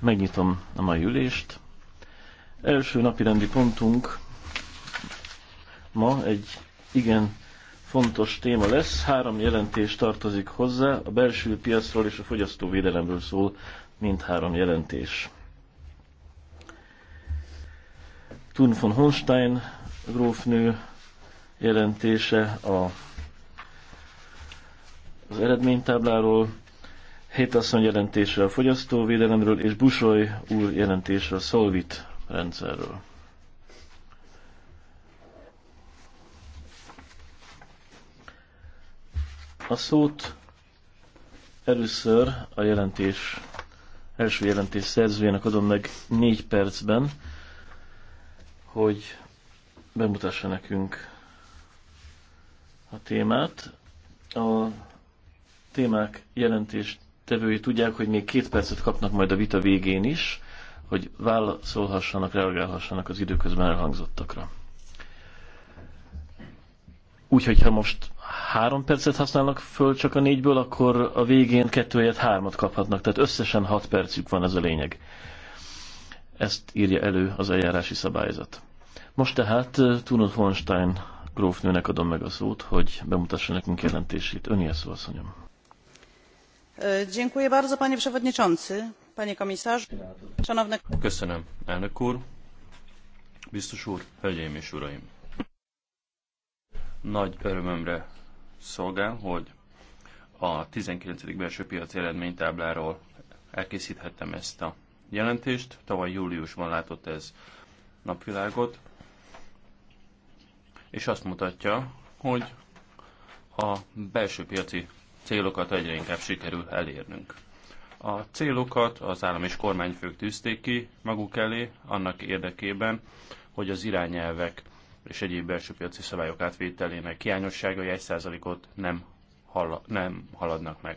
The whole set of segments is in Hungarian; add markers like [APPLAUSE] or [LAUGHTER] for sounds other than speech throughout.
Megnyitom a mai ülést. Első napi rendi pontunk ma egy igen fontos téma lesz. Három jelentés tartozik hozzá, a belső piacról és a fogyasztóvédelemről szól mindhárom jelentés. Thun von Honstein grófnő jelentése a, az eredménytábláról, Hétasszony jelentésre a fogyasztóvédelemről és Busoly úr jelentésre a Solvit rendszerről. A szót először a jelentés, első jelentés szerzőjének adom meg négy percben, hogy bemutassa nekünk a témát. A témák jelentést tevői tudják, hogy még két percet kapnak majd a vita végén is, hogy válaszolhassanak, reagálhassanak az időközben elhangzottakra. Úgyhogy ha most három percet használnak föl csak a négyből, akkor a végén kettő helyet hármat kaphatnak, tehát összesen hat percük van ez a lényeg. Ezt írja elő az eljárási szabályzat. Most tehát eh, Tunod Hornstein grófnőnek adom meg a szót, hogy bemutassa nekünk jelentését. Öni szó, asszonyom. E, panie przewodniczący, panie komisarz, szanowne... úr, Nagy örömömre szolgál, hogy a 19. belső piaci eredménytábláról elkészíthettem ezt a jelentést. Tavaly júliusban látott ez napvilágot, és azt mutatja, hogy a belső piaci célokat egyre inkább sikerül elérnünk. A célokat az állam és kormányfők tűzték ki maguk elé annak érdekében, hogy az irányelvek és egyéb belső piaci szabályok átvételének hiányosságai 1%-ot nem, halla, nem haladnak meg.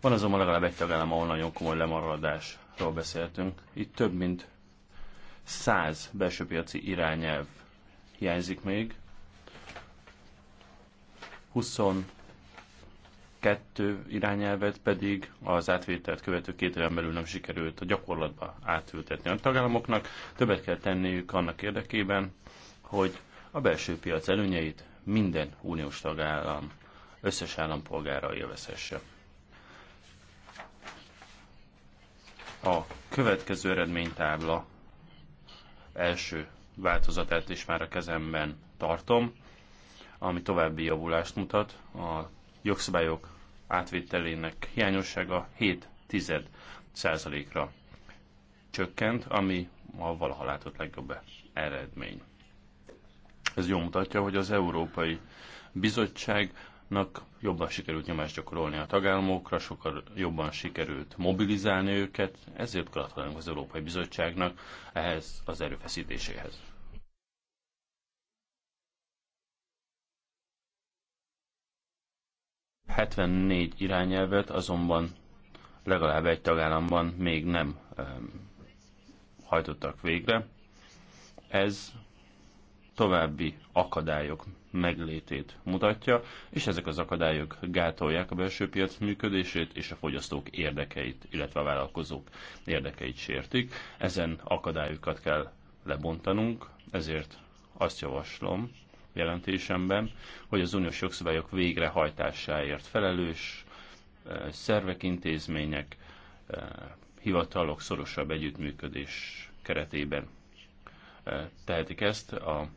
Van azonban legalább egy tagállam, ahol nagyon komoly lemaradásról beszéltünk. Itt több mint 100 belső piaci irányelv hiányzik még. 20 kettő irányelvet pedig az átvételt követő két éven belül nem sikerült a gyakorlatba átültetni a tagállamoknak. Többet kell tenniük annak érdekében, hogy a belső piac előnyeit minden uniós tagállam összes állampolgára élvezhesse. A következő eredménytábla első változatát is már a kezemben tartom, ami további javulást mutat a jogszabályok átvételének hiányossága 7 tized százalékra csökkent, ami a valaha látott legjobb eredmény. Ez jól mutatja, hogy az Európai Bizottságnak jobban sikerült nyomást gyakorolni a tagállamokra, sokkal jobban sikerült mobilizálni őket, ezért gratulálunk az Európai Bizottságnak ehhez az erőfeszítéséhez. 74 irányelvet azonban legalább egy tagállamban még nem hajtottak végre. Ez további akadályok meglétét mutatja, és ezek az akadályok gátolják a belső piac működését, és a fogyasztók érdekeit, illetve a vállalkozók érdekeit sértik. Ezen akadályokat kell lebontanunk, ezért azt javaslom, jelentésemben, hogy az uniós jogszabályok végrehajtásáért felelős eh, szervek, intézmények, eh, hivatalok szorosabb együttműködés keretében eh, tehetik ezt. A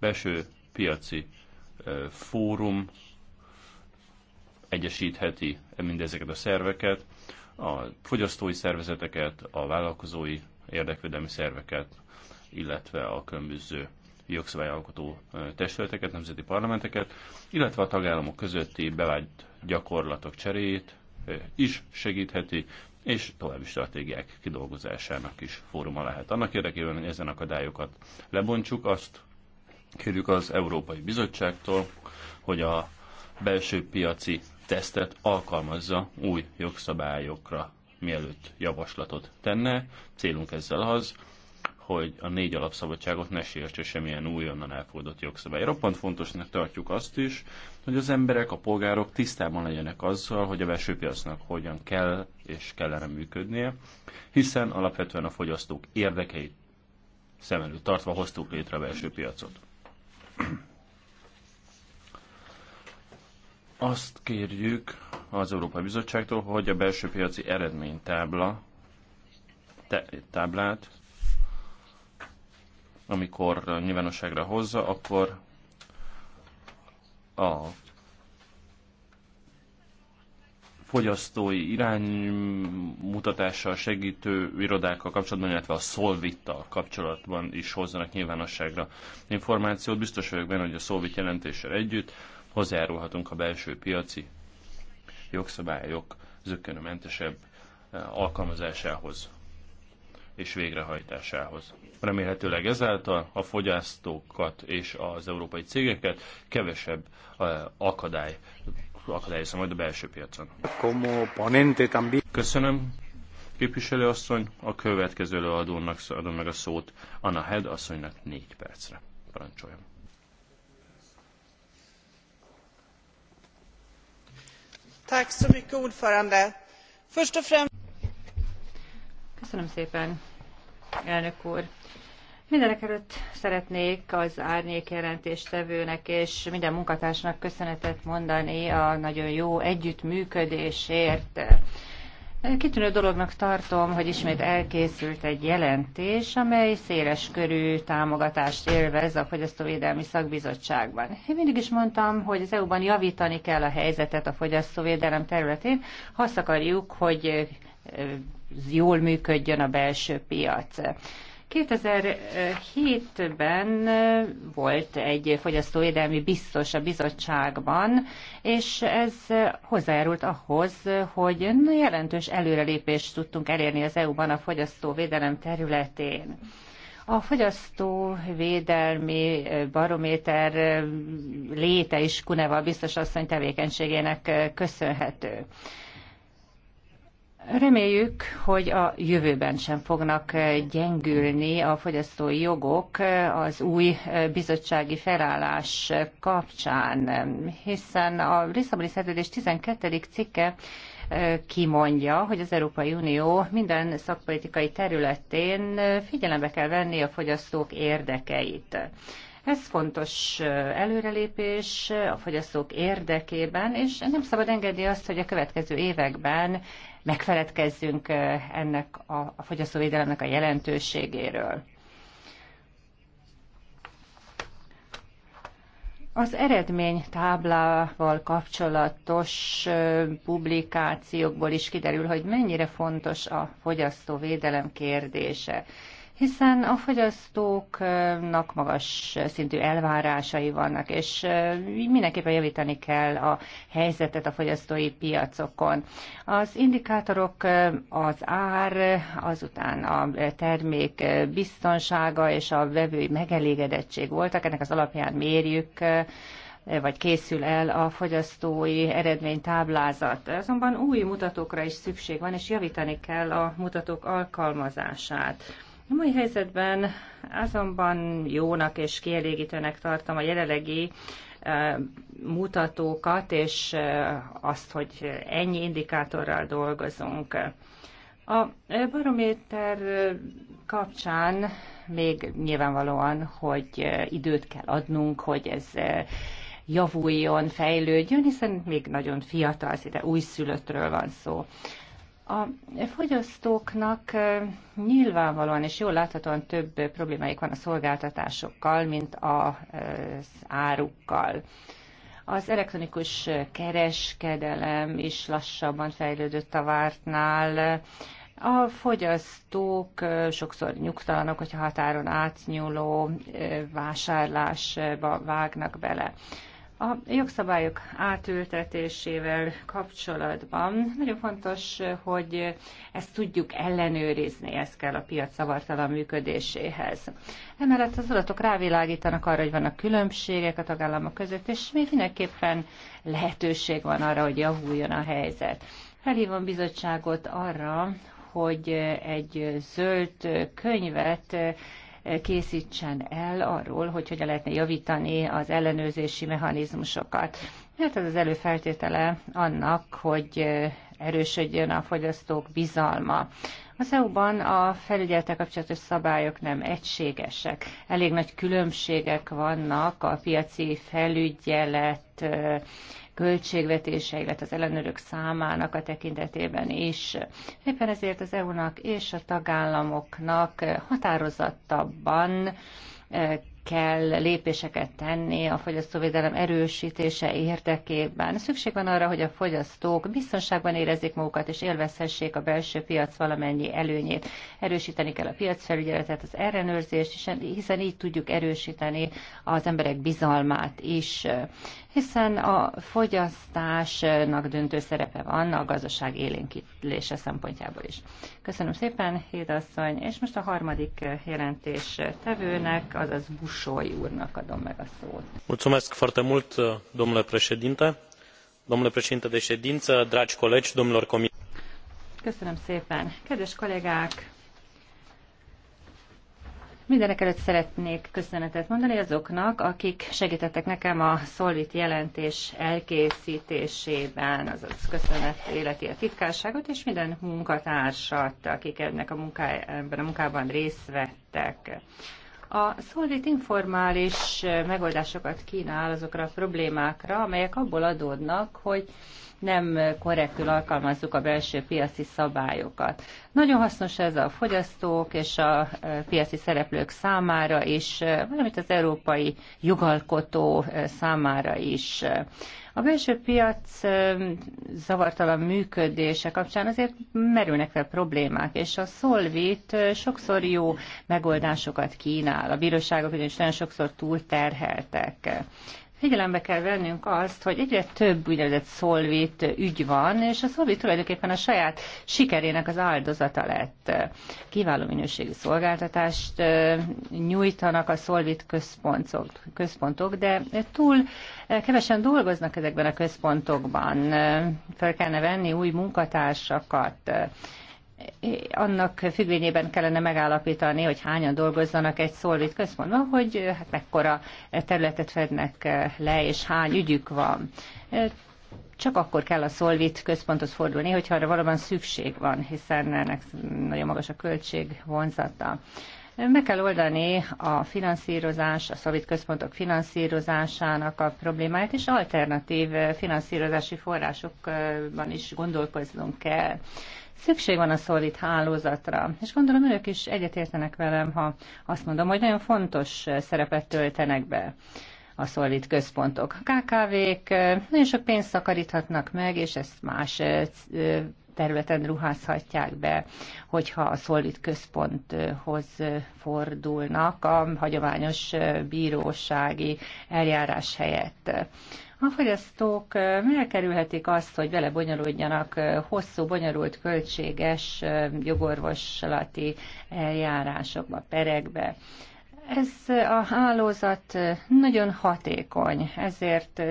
belső piaci fórum egyesítheti mindezeket a szerveket, a fogyasztói szervezeteket, a vállalkozói érdekvédelmi szerveket, illetve a különböző jogszabályalkotó testületeket, nemzeti parlamenteket, illetve a tagállamok közötti bevált gyakorlatok cseréjét is segítheti, és további stratégiák kidolgozásának is fóruma lehet. Annak érdekében, hogy ezen akadályokat lebontsuk, azt kérjük az Európai Bizottságtól, hogy a belső piaci tesztet alkalmazza új jogszabályokra, mielőtt javaslatot tenne. Célunk ezzel az, hogy a négy alapszabadságot ne sértse semmilyen újonnan elfogadott jogszabály. Roppant fontosnak tartjuk azt is, hogy az emberek, a polgárok tisztában legyenek azzal, hogy a belső piacnak hogyan kell és kellene működnie, hiszen alapvetően a fogyasztók érdekeit szem előtt tartva hoztuk létre a belső piacot. Azt kérjük az Európai Bizottságtól, hogy a belső piaci eredménytábla táblát amikor nyilvánosságra hozza, akkor a fogyasztói iránymutatással segítő irodákkal kapcsolatban, illetve a szolvitta kapcsolatban is hozzanak nyilvánosságra információt. Biztos vagyok benne, hogy a szolvit jelentéssel együtt hozzájárulhatunk a belső piaci jogszabályok zökkenőmentesebb eh, alkalmazásához és végrehajtásához. Remélhetőleg ezáltal a fogyasztókat és az európai cégeket kevesebb eh, akadály akadályozza majd a belső piacon. Köszönöm. Képviselőasszony, a következő előadónak adom meg a szót, Anna Head asszonynak négy percre. Parancsoljon. Tack så mycket, ordförande. Först och främst Köszönöm szépen, elnök úr. Mindenek előtt szeretnék az árnyék jelentéstevőnek és minden munkatársnak köszönetet mondani a nagyon jó együttműködésért. Kitűnő dolognak tartom, hogy ismét elkészült egy jelentés, amely széles körű támogatást élvez a Fogyasztóvédelmi Szakbizottságban. Én mindig is mondtam, hogy az EU-ban javítani kell a helyzetet a fogyasztóvédelem területén, ha azt akarjuk, hogy jól működjön a belső piac. 2007-ben volt egy fogyasztóvédelmi biztos a bizottságban, és ez hozzájárult ahhoz, hogy jelentős előrelépést tudtunk elérni az EU-ban a fogyasztóvédelem területén. A fogyasztóvédelmi barométer léte is Kuneva biztos asszony tevékenységének köszönhető. Reméljük, hogy a jövőben sem fognak gyengülni a fogyasztói jogok az új bizottsági felállás kapcsán, hiszen a Lisszaboni Szerződés 12. cikke kimondja, hogy az Európai Unió minden szakpolitikai területén figyelembe kell venni a fogyasztók érdekeit. Ez fontos előrelépés a fogyasztók érdekében, és nem szabad engedni azt, hogy a következő években megfeledkezzünk eh, ennek a, a fogyasztóvédelemnek a jelentőségéről. Az eredmény táblával kapcsolatos eh, publikációkból is kiderül, hogy mennyire fontos a fogyasztóvédelem kérdése hiszen a fogyasztóknak magas szintű elvárásai vannak, és mindenképpen javítani kell a helyzetet a fogyasztói piacokon. Az indikátorok az ár, azután a termék biztonsága és a vevői megelégedettség voltak, ennek az alapján mérjük vagy készül el a fogyasztói eredménytáblázat. Azonban új mutatókra is szükség van, és javítani kell a mutatók alkalmazását. A mai helyzetben azonban jónak és kielégítőnek tartom a jelenlegi e, mutatókat, és e, azt, hogy ennyi indikátorral dolgozunk. A barométer kapcsán még nyilvánvalóan, hogy e, időt kell adnunk, hogy ez javuljon, fejlődjön, hiszen még nagyon fiatal, szinte újszülöttről van szó. A fogyasztóknak nyilvánvalóan és jól láthatóan több problémáik van a szolgáltatásokkal, mint az árukkal. Az elektronikus kereskedelem is lassabban fejlődött a vártnál. A fogyasztók sokszor nyugtalanok, hogyha határon átnyúló vásárlásba vágnak bele. A jogszabályok átültetésével kapcsolatban nagyon fontos, hogy ezt tudjuk ellenőrizni, ez kell a piac szavartalan működéséhez. Emellett az adatok rávilágítanak arra, hogy vannak különbségek a tagállamok között, és még mindenképpen lehetőség van arra, hogy javuljon a helyzet. Felhívom bizottságot arra, hogy egy zöld könyvet készítsen el arról, hogy hogyan lehetne javítani az ellenőrzési mechanizmusokat. Hát ez az előfeltétele annak, hogy erősödjön a fogyasztók bizalma. Az EU-ban a felügyeltek kapcsolatos szabályok nem egységesek. Elég nagy különbségek vannak a piaci felügyelet költségvetése, illetve az ellenőrök számának a tekintetében is. Éppen ezért az EU-nak és a tagállamoknak határozottabban eh, kell lépéseket tenni a fogyasztóvédelem erősítése érdekében. Szükség van arra, hogy a fogyasztók biztonságban érezzék magukat és élvezhessék a belső piac valamennyi előnyét. Erősíteni kell a piacfelügyeletet, az ellenőrzést, hiszen így tudjuk erősíteni az emberek bizalmát is hiszen a fogyasztásnak döntő szerepe van a gazdaság élénkítése szempontjából is. Köszönöm szépen, Hédasszony, és most a harmadik jelentés tevőnek, azaz Busói úrnak adom meg a szót. Mulțumesc foarte mult, domnule președinte, domnule președinte de ședință, dragi colegi, domnilor comisari. Köszönöm szépen. Kedves kollégák, Mindenek előtt szeretnék köszönetet mondani azoknak, akik segítettek nekem a Szolvit jelentés elkészítésében, azaz köszönet életi a titkárságot, és minden munkatársat, akik ennek a, munká, ebben a munkában részt vettek. A Szolvit informális megoldásokat kínál azokra a problémákra, amelyek abból adódnak, hogy nem korrektül alkalmazzuk a belső piaci szabályokat. Nagyon hasznos ez a fogyasztók és a e, piaci szereplők számára is, e, valamint az európai jogalkotó e, számára is. A belső piac zavartalan működése kapcsán azért merülnek fel problémák, és a Solvit sokszor jó megoldásokat kínál. A bíróságok ugyanis nagyon sokszor túlterheltek. Figyelembe kell vennünk azt, hogy egyre több úgynevezett szolvét ügy van, és a szolvét tulajdonképpen a saját sikerének az áldozata lett. Kiváló minőségű szolgáltatást nyújtanak a szolvét központok, központok, de túl kevesen dolgoznak ezekben a központokban. Fel kellene venni új munkatársakat annak függvényében kellene megállapítani, hogy hányan dolgozzanak egy szolvit központban, hogy hát mekkora területet fednek eh, le, és hány ügyük van. Eh, csak akkor kell a szolvit központhoz fordulni, hogyha arra valóban szükség van, hiszen ennek nagyon magas a költség vonzata. Meg kell oldani a finanszírozás, a szolvit központok finanszírozásának a problémáját, és alternatív finanszírozási forrásokban is gondolkoznunk kell. Szükség van a szolid hálózatra, és gondolom önök is egyetértenek velem, ha azt mondom, hogy nagyon fontos szerepet töltenek be a szolid központok. A KKV-k nagyon sok pénzt szakaríthatnak meg, és ezt más területen ruházhatják be, hogyha a szolid központhoz fordulnak a hagyományos bírósági eljárás helyett. A fogyasztók elkerülhetik azt, hogy vele bonyolódjanak hosszú, bonyolult, költséges jogorvoslati eljárásokba, perekbe. Ez a hálózat nagyon hatékony, ezért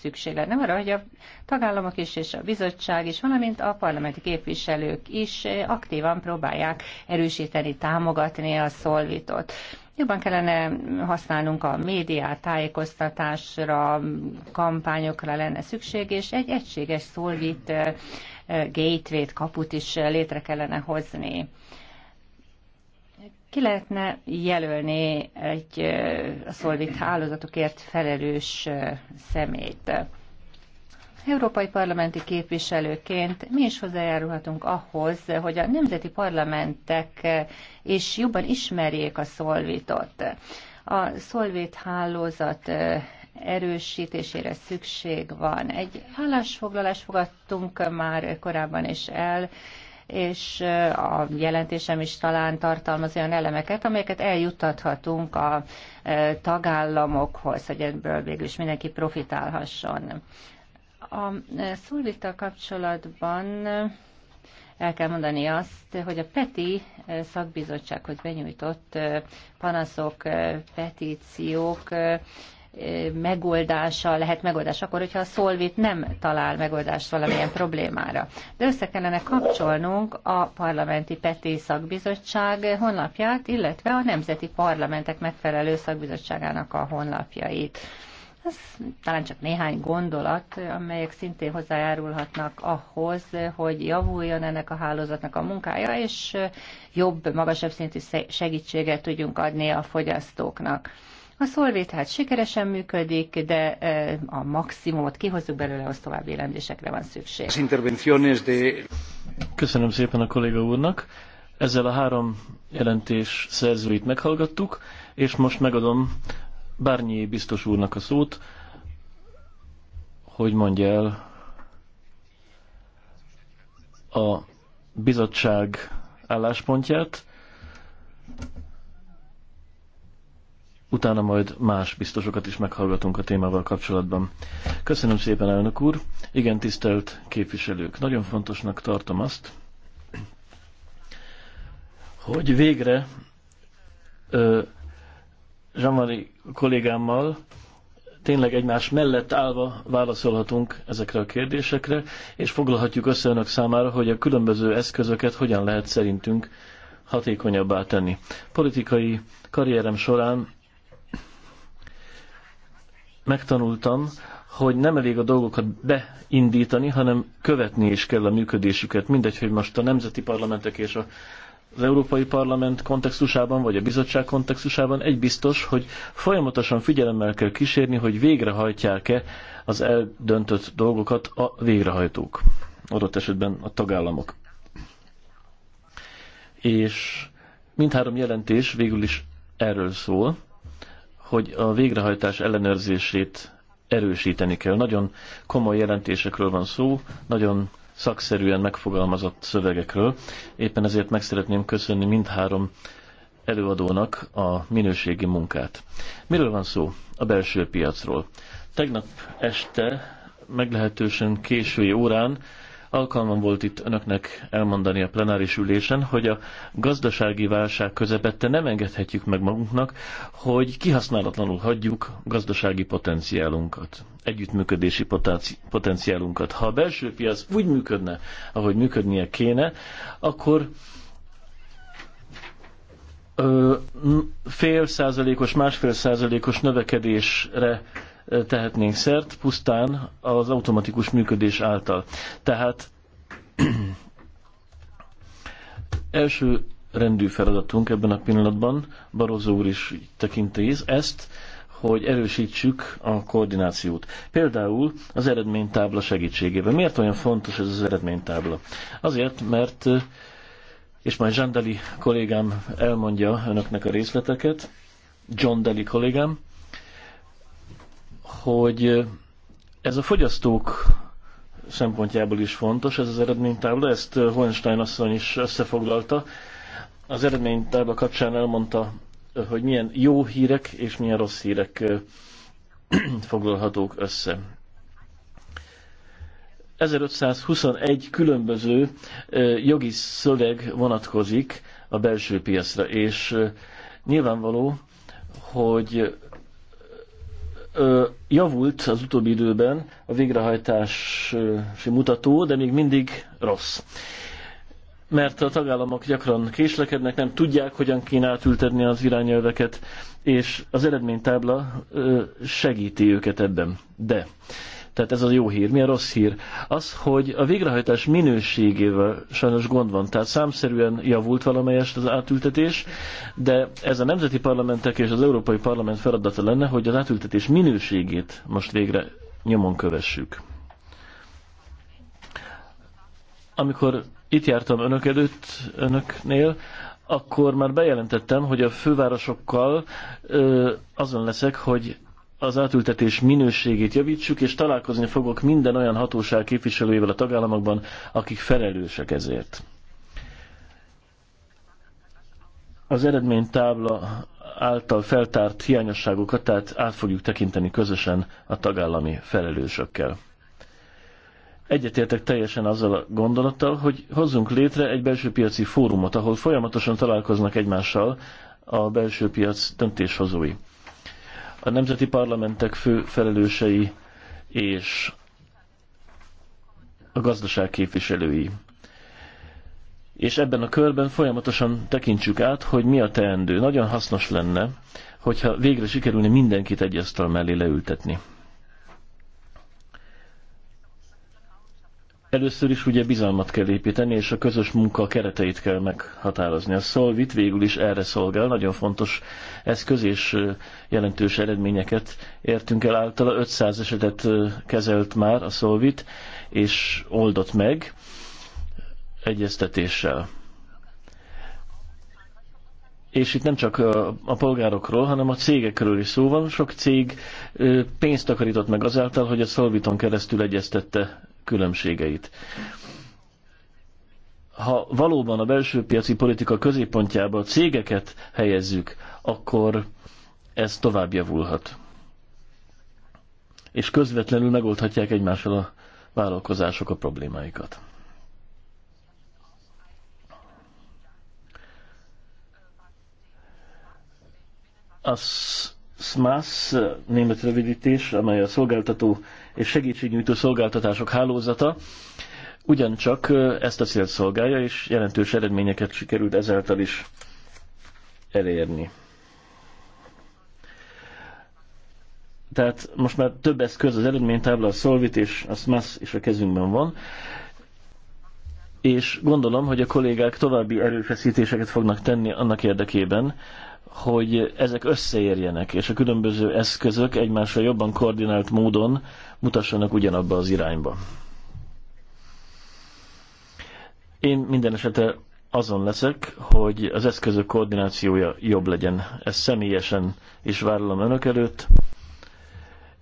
szükség lenne arra, hogy a tagállamok is és a bizottság is, valamint a parlamenti képviselők is aktívan próbálják erősíteni, támogatni a szolvitot. Jobban kellene használnunk a média tájékoztatásra, kampányokra lenne szükség, és egy egységes szolvit eh, gateway-t, kaput is létre kellene hozni ki lehetne jelölni egy eh, a szolvit hálózatokért felelős eh, szemét. Európai parlamenti képviselőként mi is hozzájárulhatunk ahhoz, hogy a nemzeti parlamentek is jobban ismerjék a szolvitot. A szolvét hálózat erősítésére szükség van. Egy állásfoglalást fogadtunk már korábban is el, és a jelentésem is talán tartalmaz olyan elemeket, amelyeket eljuttathatunk a tagállamokhoz, hogy ebből végül is mindenki profitálhasson. A szulvittal kapcsolatban el kell mondani azt, hogy a PETI szakbizottsághoz benyújtott panaszok, petíciók megoldása lehet megoldás akkor, hogyha a szolvit nem talál megoldást valamilyen problémára. De össze kellene kapcsolnunk a parlamenti PETI szakbizottság honlapját, illetve a nemzeti parlamentek megfelelő szakbizottságának a honlapjait. Ez talán csak néhány gondolat, amelyek szintén hozzájárulhatnak ahhoz, hogy javuljon ennek a hálózatnak a munkája, és jobb, magasabb szintű segítséget tudjunk adni a fogyasztóknak. A szolvét hát sikeresen működik, de e, a maximumot kihozzuk belőle, az további jelentésekre van szükség. Köszönöm szépen a kolléga úrnak. Ezzel a három jelentés szerzőit meghallgattuk, és most megadom Bárnyi biztos úrnak a szót, hogy mondja el a bizottság álláspontját, utána majd más biztosokat is meghallgatunk a témával kapcsolatban. Köszönöm szépen, elnök úr! Igen, tisztelt képviselők! Nagyon fontosnak tartom azt, hogy végre ö, Zsamari kollégámmal tényleg egymás mellett állva válaszolhatunk ezekre a kérdésekre, és foglalhatjuk össze önök számára, hogy a különböző eszközöket hogyan lehet szerintünk hatékonyabbá tenni. Politikai karrierem során megtanultam, hogy nem elég a dolgokat beindítani, hanem követni is kell a működésüket. Mindegy, hogy most a nemzeti parlamentek és a az Európai Parlament kontextusában, vagy a bizottság kontextusában egy biztos, hogy folyamatosan figyelemmel kell kísérni, hogy végrehajtják-e az eldöntött dolgokat a végrehajtók, adott esetben a tagállamok. És mindhárom jelentés végül is erről szól, hogy a végrehajtás ellenőrzését erősíteni kell. Nagyon komoly jelentésekről van szó, nagyon szakszerűen megfogalmazott szövegekről. Éppen ezért meg szeretném köszönni mindhárom előadónak a minőségi munkát. Miről van szó? A belső piacról. Tegnap este, meglehetősen késői órán alkalmam volt itt önöknek elmondani a plenáris ülésen, hogy a gazdasági válság közepette nem engedhetjük meg magunknak, hogy kihasználatlanul hagyjuk gazdasági potenciálunkat együttműködési potenciálunkat. Ha a belső piac úgy működne, ahogy működnie kéne, akkor fél százalékos, másfél százalékos növekedésre tehetnénk szert, pusztán az automatikus működés által. Tehát [CLEARS THROAT] első rendű feladatunk ebben a pillanatban, Barozó úr is tekintéz ezt, hogy erősítsük a koordinációt. Például az eredménytábla segítségével. Miért olyan fontos ez az eredménytábla? Azért, mert, és majd Daly kollégám elmondja önöknek a részleteket, John Daly kollégám, hogy ez a fogyasztók szempontjából is fontos, ez az eredménytábla, ezt Hohenstein asszony is összefoglalta. Az eredménytábla kapcsán elmondta hogy milyen jó hírek és milyen rossz hírek [CLEARS THROAT] foglalhatók össze. 1521 különböző jogi szöveg vonatkozik a belső piacra, és nyilvánvaló, hogy javult az utóbbi időben a végrehajtási mutató, de még mindig rossz mert a tagállamok gyakran késlekednek, nem tudják, hogyan kéne átültetni az irányelveket, és az eredménytábla segíti őket ebben. De, tehát ez az jó hír. Mi a rossz hír? Az, hogy a végrehajtás minőségével sajnos gond van. Tehát számszerűen javult valamelyest az átültetés, de ez a nemzeti parlamentek és az Európai Parlament feladata lenne, hogy az átültetés minőségét most végre nyomon kövessük. Amikor itt jártam önök előtt, önöknél, akkor már bejelentettem, hogy a fővárosokkal ö, azon leszek, hogy az átültetés minőségét javítsuk, és találkozni fogok minden olyan hatóság képviselőjével a tagállamokban, akik felelősek ezért. Az eredménytábla által feltárt hiányosságokat, tehát át fogjuk tekinteni közösen a tagállami felelősökkel egyetértek teljesen azzal a gondolattal, hogy hozzunk létre egy belső piaci fórumot, ahol folyamatosan találkoznak egymással a belső piac döntéshozói. A nemzeti parlamentek fő felelősei és a gazdaság képviselői. És ebben a körben folyamatosan tekintsük át, hogy mi a teendő. Nagyon hasznos lenne, hogyha végre sikerülne mindenkit egy asztal mellé leültetni. Először is ugye bizalmat kell építeni, és a közös munka kereteit kell meghatározni. A Solvit végül is erre szolgál, nagyon fontos eszköz, és jelentős eredményeket értünk el általa. 500 esetet kezelt már a Solvit, és oldott meg egyeztetéssel. És itt nem csak a polgárokról, hanem a cégekről is szó van. Sok cég pénzt takarított meg azáltal, hogy a szolviton keresztül egyeztette különbségeit. Ha valóban a belső piaci politika középpontjába a cégeket helyezzük, akkor ez tovább javulhat. És közvetlenül megoldhatják egymással a vállalkozások a problémáikat. A SMAS német rövidítés, amely a szolgáltató és segítségnyújtó szolgáltatások hálózata ugyancsak ezt a célt szolgálja, és jelentős eredményeket sikerült ezáltal is elérni. Tehát most már több eszköz, az eredménytábla, a Solvit és a SMAS is a kezünkben van, és gondolom, hogy a kollégák további erőfeszítéseket fognak tenni annak érdekében, hogy ezek összeérjenek, és a különböző eszközök egymásra jobban koordinált módon mutassanak ugyanabba az irányba. Én minden esetre azon leszek, hogy az eszközök koordinációja jobb legyen. Ezt személyesen is vállalom önök előtt,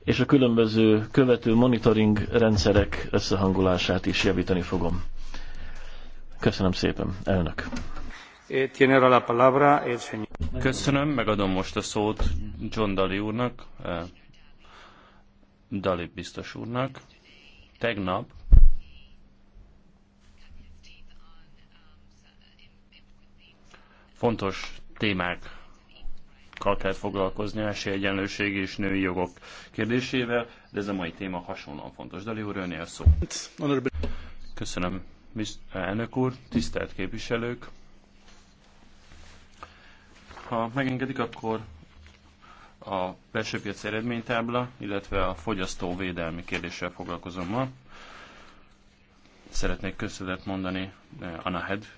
és a különböző követő monitoring rendszerek összehangolását is javítani fogom. Köszönöm szépen, elnök. Eh, Köszönöm, megadom most a szót John Daly úrnak, eh, Dali biztos úrnak. Tegnap fontos témák kell foglalkozni, esélyegyenlőség és női jogok kérdésével, de ez a mai téma hasonlóan fontos. Dali úr, önél szó. Köszönöm, elnök úr, tisztelt képviselők. Ha megengedik, akkor a belső eredménytábla, illetve a védelmi kérdéssel foglalkozom ma. Szeretnék köszönet mondani eh, Anna Hednek,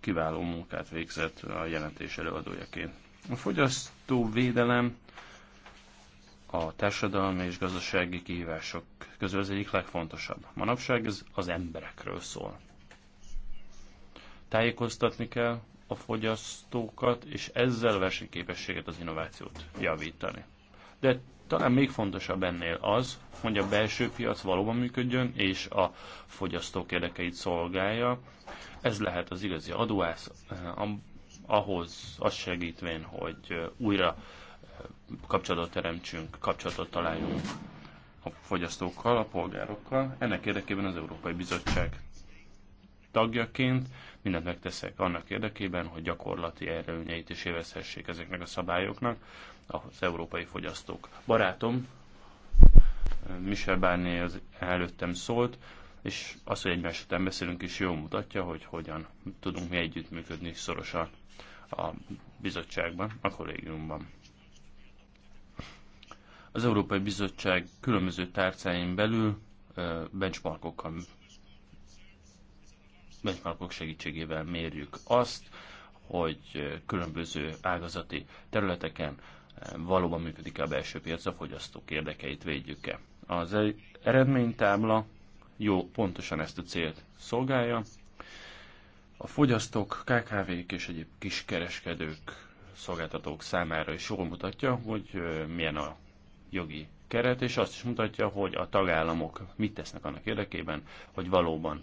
kiváló munkát végzett a jelentés előadójaként. A fogyasztóvédelem a társadalmi és gazdasági kihívások közül az egyik legfontosabb. Manapság ez az emberekről szól. Tájékoztatni kell a fogyasztókat, és ezzel versenyképességet az innovációt javítani. De talán még fontosabb ennél az, hogy a belső piac valóban működjön, és a fogyasztók érdekeit szolgálja. Ez lehet az igazi adóász, eh, ahhoz az segítvén, hogy eh, újra eh, kapcsolatot teremtsünk, kapcsolatot találjunk a fogyasztókkal, a polgárokkal. Ennek érdekében az Európai Bizottság tagjaként mindent megteszek annak érdekében, hogy gyakorlati előnyeit is évezhessék ezeknek a szabályoknak az európai fogyasztók. Barátom, Michel Barnier az előttem szólt, és az, hogy egymás után beszélünk is jól mutatja, hogy hogyan tudunk mi együttműködni szorosan a bizottságban, a kollégiumban. Az Európai Bizottság különböző tárcáin belül benchmarkokkal benchmarkok segítségével mérjük azt, hogy különböző ágazati területeken eh, valóban működik-e a belső piac, a fogyasztók érdekeit védjük-e. Az e- eredménytábla jó, pontosan ezt a célt szolgálja. A fogyasztók, KKV-k és egyéb kiskereskedők, szolgáltatók számára is jól mutatja, hogy eh, milyen a jogi keret, és azt is mutatja, hogy a tagállamok mit tesznek annak érdekében, hogy valóban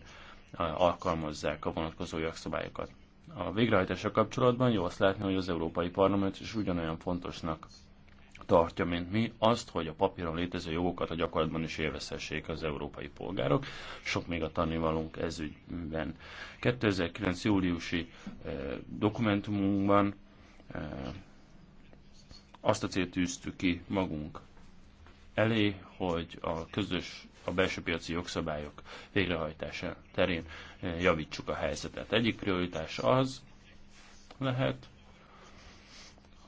alkalmazzák a vonatkozó jogszabályokat. A végrehajtása kapcsolatban jó azt látni, hogy az Európai Parlament is ugyanolyan fontosnak tartja, mint mi, azt, hogy a papíron létező jogokat a gyakorlatban is élvezhessék az európai polgárok. Sok még a tanulvalunk ez ügyben. 2009. júliusi eh, dokumentumunkban eh, azt a célt tűztük ki magunk elé, hogy a közös a belső piaci jogszabályok végrehajtása terén eh, javítsuk a helyzetet. Egyik prioritás az lehet,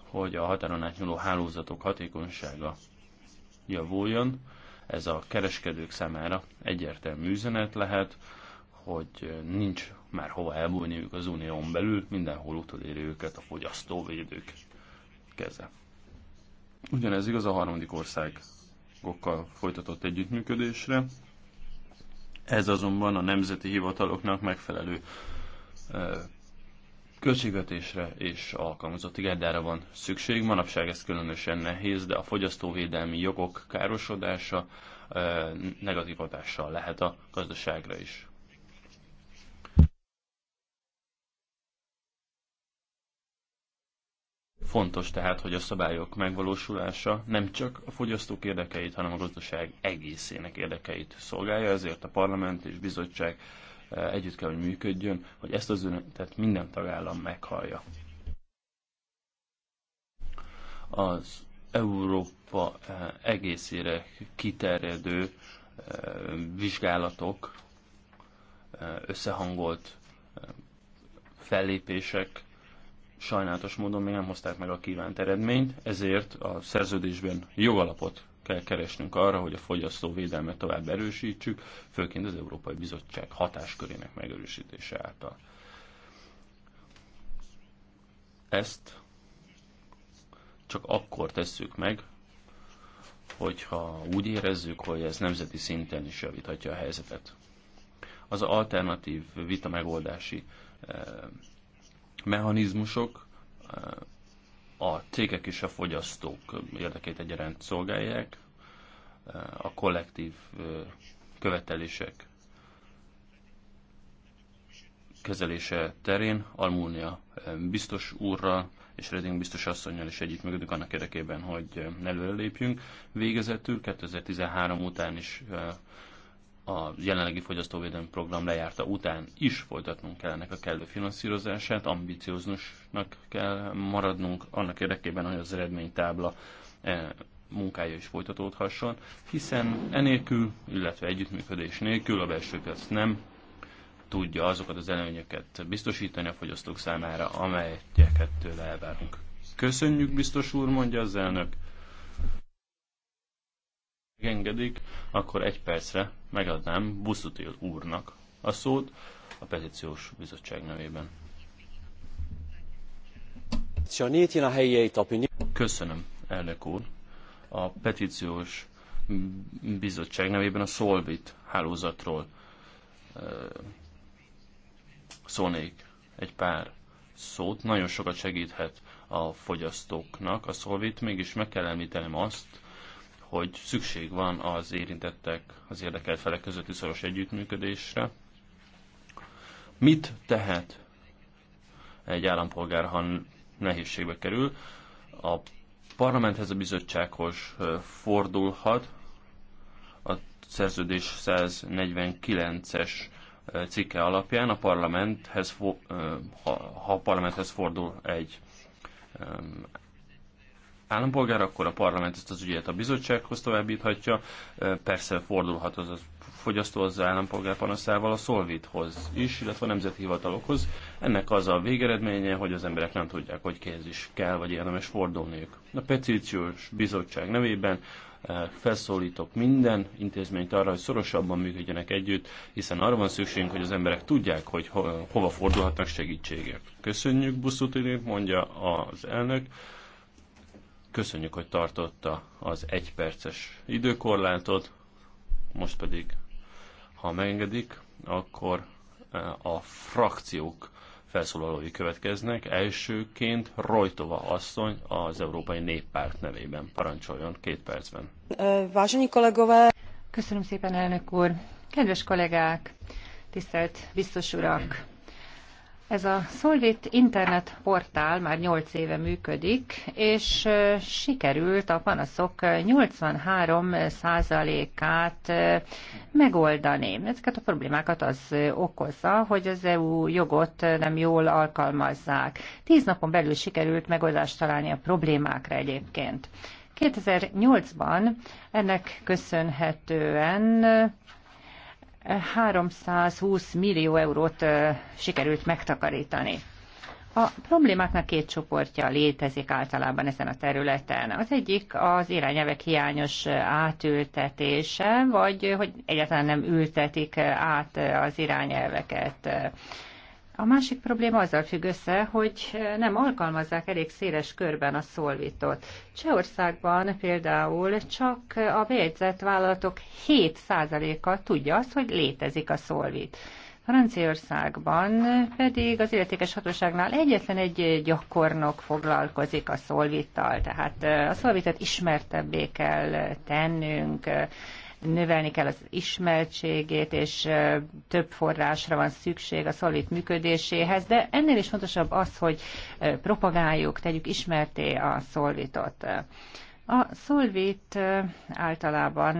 hogy a határon átnyúló hálózatok hatékonysága javuljon. Ez a kereskedők számára egyértelmű üzenet lehet, hogy nincs már hova elbújniuk az unión belül, mindenhol utolérő őket a fogyasztóvédők keze. Ugyanez igaz a harmadik ország bankokkal folytatott együttműködésre. Ez azonban a nemzeti hivataloknak megfelelő költségvetésre és alkalmazotti gárdára van szükség. Manapság ez különösen nehéz, de a fogyasztóvédelmi jogok károsodása negatív hatással lehet a gazdaságra is. Fontos tehát, hogy a szabályok megvalósulása nem csak a fogyasztók érdekeit, hanem a gazdaság egészének érdekeit szolgálja, ezért a parlament és bizottság eh, együtt kell, hogy működjön, hogy ezt az üzenetet minden tagállam meghallja. Az Európa eh, egészére kiterjedő eh, vizsgálatok, összehangolt fellépések sajnálatos módon még nem hozták meg a kívánt eredményt, ezért a szerződésben jogalapot kell keresnünk arra, hogy a fogyasztó védelmet tovább erősítsük, főként az Európai Bizottság hatáskörének megerősítése által. Ezt csak akkor tesszük meg, hogyha úgy érezzük, hogy ez nemzeti szinten is javíthatja a helyzetet. Az alternatív vita megoldási eh, mechanizmusok a cégek és a fogyasztók érdekét egyaránt szolgálják, a kollektív követelések kezelése terén Almúnia biztos úrral és Reding biztos asszonynal is mögöttük annak érdekében, hogy lépjünk. Végezetül 2013 után is a jelenlegi fogyasztóvédelmi program lejárta után is folytatnunk kell ennek a kellő finanszírozását, ambiciózusnak kell maradnunk annak érdekében, hogy az eredménytábla e, munkája is folytatódhasson, hiszen enélkül, illetve együttműködés nélkül a belső piac nem tudja azokat az előnyöket biztosítani a fogyasztók számára, amelyeket tőle elvárunk. Köszönjük, biztos úr, mondja az elnök engedik, akkor egy percre megadnám Buszutil úrnak a szót a petíciós bizottság nevében. Köszönöm, elnök úr. A petíciós bizottság nevében a Solvit hálózatról szólnék egy pár szót. Nagyon sokat segíthet a fogyasztóknak a Solvit, mégis meg kell említenem azt, hogy szükség van az érintettek, az érdekelt felek közötti szoros együttműködésre. Mit tehet egy állampolgár, ha nehézségbe kerül? A parlamenthez, a bizottsághoz fordulhat, a szerződés 149-es cikke alapján a parlamenthez, ha a parlamenthez fordul egy állampolgár, akkor a parlament ezt az ügyet a bizottsághoz továbbíthatja, persze fordulhat az a fogyasztó az állampolgár panaszával a Szolvithoz is, illetve a nemzeti hivatalokhoz. Ennek az a végeredménye, hogy az emberek nem tudják, hogy kihez is kell vagy érdemes fordulniuk. A petíciós bizottság nevében felszólítok minden intézményt arra, hogy szorosabban működjenek együtt, hiszen arra van szükségünk, hogy az emberek tudják, hogy hova fordulhatnak segítségért. Köszönjük, Buszutilint, mondja az elnök. Köszönjük, hogy tartotta az egyperces időkorlátot, most pedig, ha megengedik, akkor e, a frakciók felszólalói következnek. Elsőként Rojtova asszony az Európai Néppárt nevében. Parancsoljon két percben. E, Váženyi kollégové! Köszönöm szépen, elnök úr! Kedves kollégák! Tisztelt biztos urak! Ez a Solvit internet portál már 8 éve működik, és sikerült a panaszok 83%-át megoldani. Ezeket a problémákat az okozza, hogy az EU jogot nem jól alkalmazzák. Tíz napon belül sikerült megoldást találni a problémákra egyébként. 2008-ban ennek köszönhetően 320 millió eurót sikerült megtakarítani. A problémáknak két csoportja létezik általában ezen a területen. Az egyik az irányelvek hiányos átültetése, vagy hogy egyáltalán nem ültetik át az irányelveket. A másik probléma azzal függ össze, hogy nem alkalmazzák elég széles körben a szolvitot. Csehországban például csak a bejegyzett vállalatok 7%-a tudja azt, hogy létezik a szolvit. Franciaországban pedig az illetékes hatóságnál egyetlen egy gyakornok foglalkozik a szolvittal, tehát a szolvitet ismertebbé kell tennünk, növelni kell az ismertségét, és több forrásra van szükség a szolid működéséhez, de ennél is fontosabb az, hogy propagáljuk, tegyük ismerté a szolvitot. A szolvit általában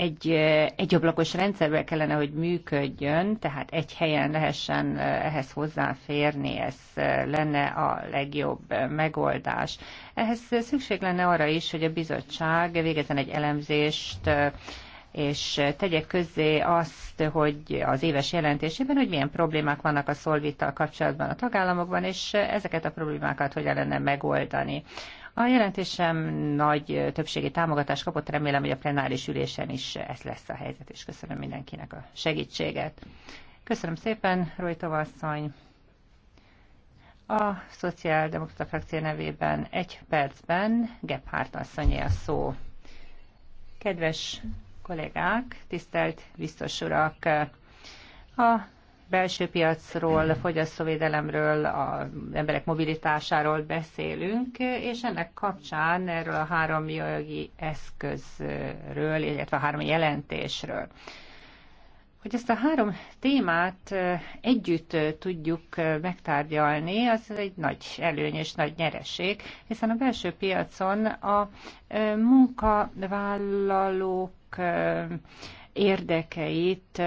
egy egyablakos rendszerben kellene, hogy működjön, tehát egy helyen lehessen ehhez hozzáférni, ez lenne a legjobb megoldás. Ehhez szükség lenne arra is, hogy a bizottság végezzen egy elemzést, és tegye közzé azt, hogy az éves jelentésében, hogy milyen problémák vannak a szolvittal kapcsolatban a tagállamokban, és ezeket a problémákat hogyan lenne megoldani. A jelentésem nagy többségi támogatást kapott, remélem, hogy a plenáris ülésen is ez lesz a helyzet, és köszönöm mindenkinek a segítséget. Köszönöm szépen, Rojtova asszony. A Szociáldemokrata frakció nevében egy percben Gebhardt asszonyé a szó. Kedves kollégák, tisztelt biztos urak! A belső piacról, fogyasztóvédelemről, az emberek mobilitásáról beszélünk, és ennek kapcsán erről a három jogi eszközről, illetve a három jelentésről. Hogy ezt a három témát együtt tudjuk megtárgyalni, az egy nagy előny és nagy nyereség, hiszen a belső piacon a munkavállalók érdekeit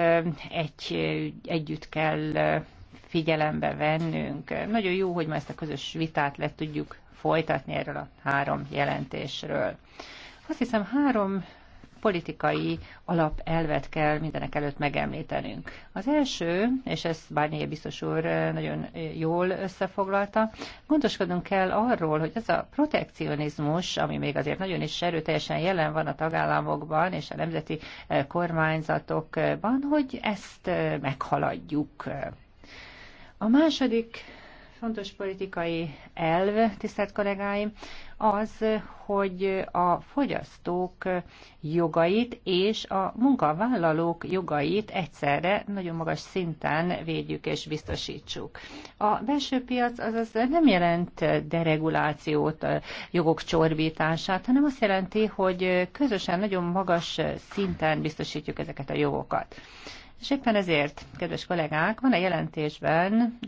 egy, együtt kell figyelembe vennünk. Nagyon jó, hogy ma ezt a közös vitát le tudjuk folytatni erről a három jelentésről. Azt hiszem három politikai alapelvet kell mindenek előtt megemlítenünk. Az első, és ezt Barnier biztos úr eh, nagyon eh, jól összefoglalta, gondoskodnunk kell arról, hogy ez a protekcionizmus, ami még azért nagyon is erőteljesen jelen van a tagállamokban és a nemzeti eh, kormányzatokban, hogy ezt meghaladjuk. A második fontos politikai elv, tisztelt kollégáim, az, hogy a fogyasztók jogait és a munkavállalók jogait egyszerre nagyon magas szinten védjük és biztosítsuk. A belső piac azaz nem jelent deregulációt, jogok csorbítását, hanem azt jelenti, hogy közösen nagyon magas szinten biztosítjuk ezeket a jogokat. És éppen ezért, kedves kollégák, van a jelentésben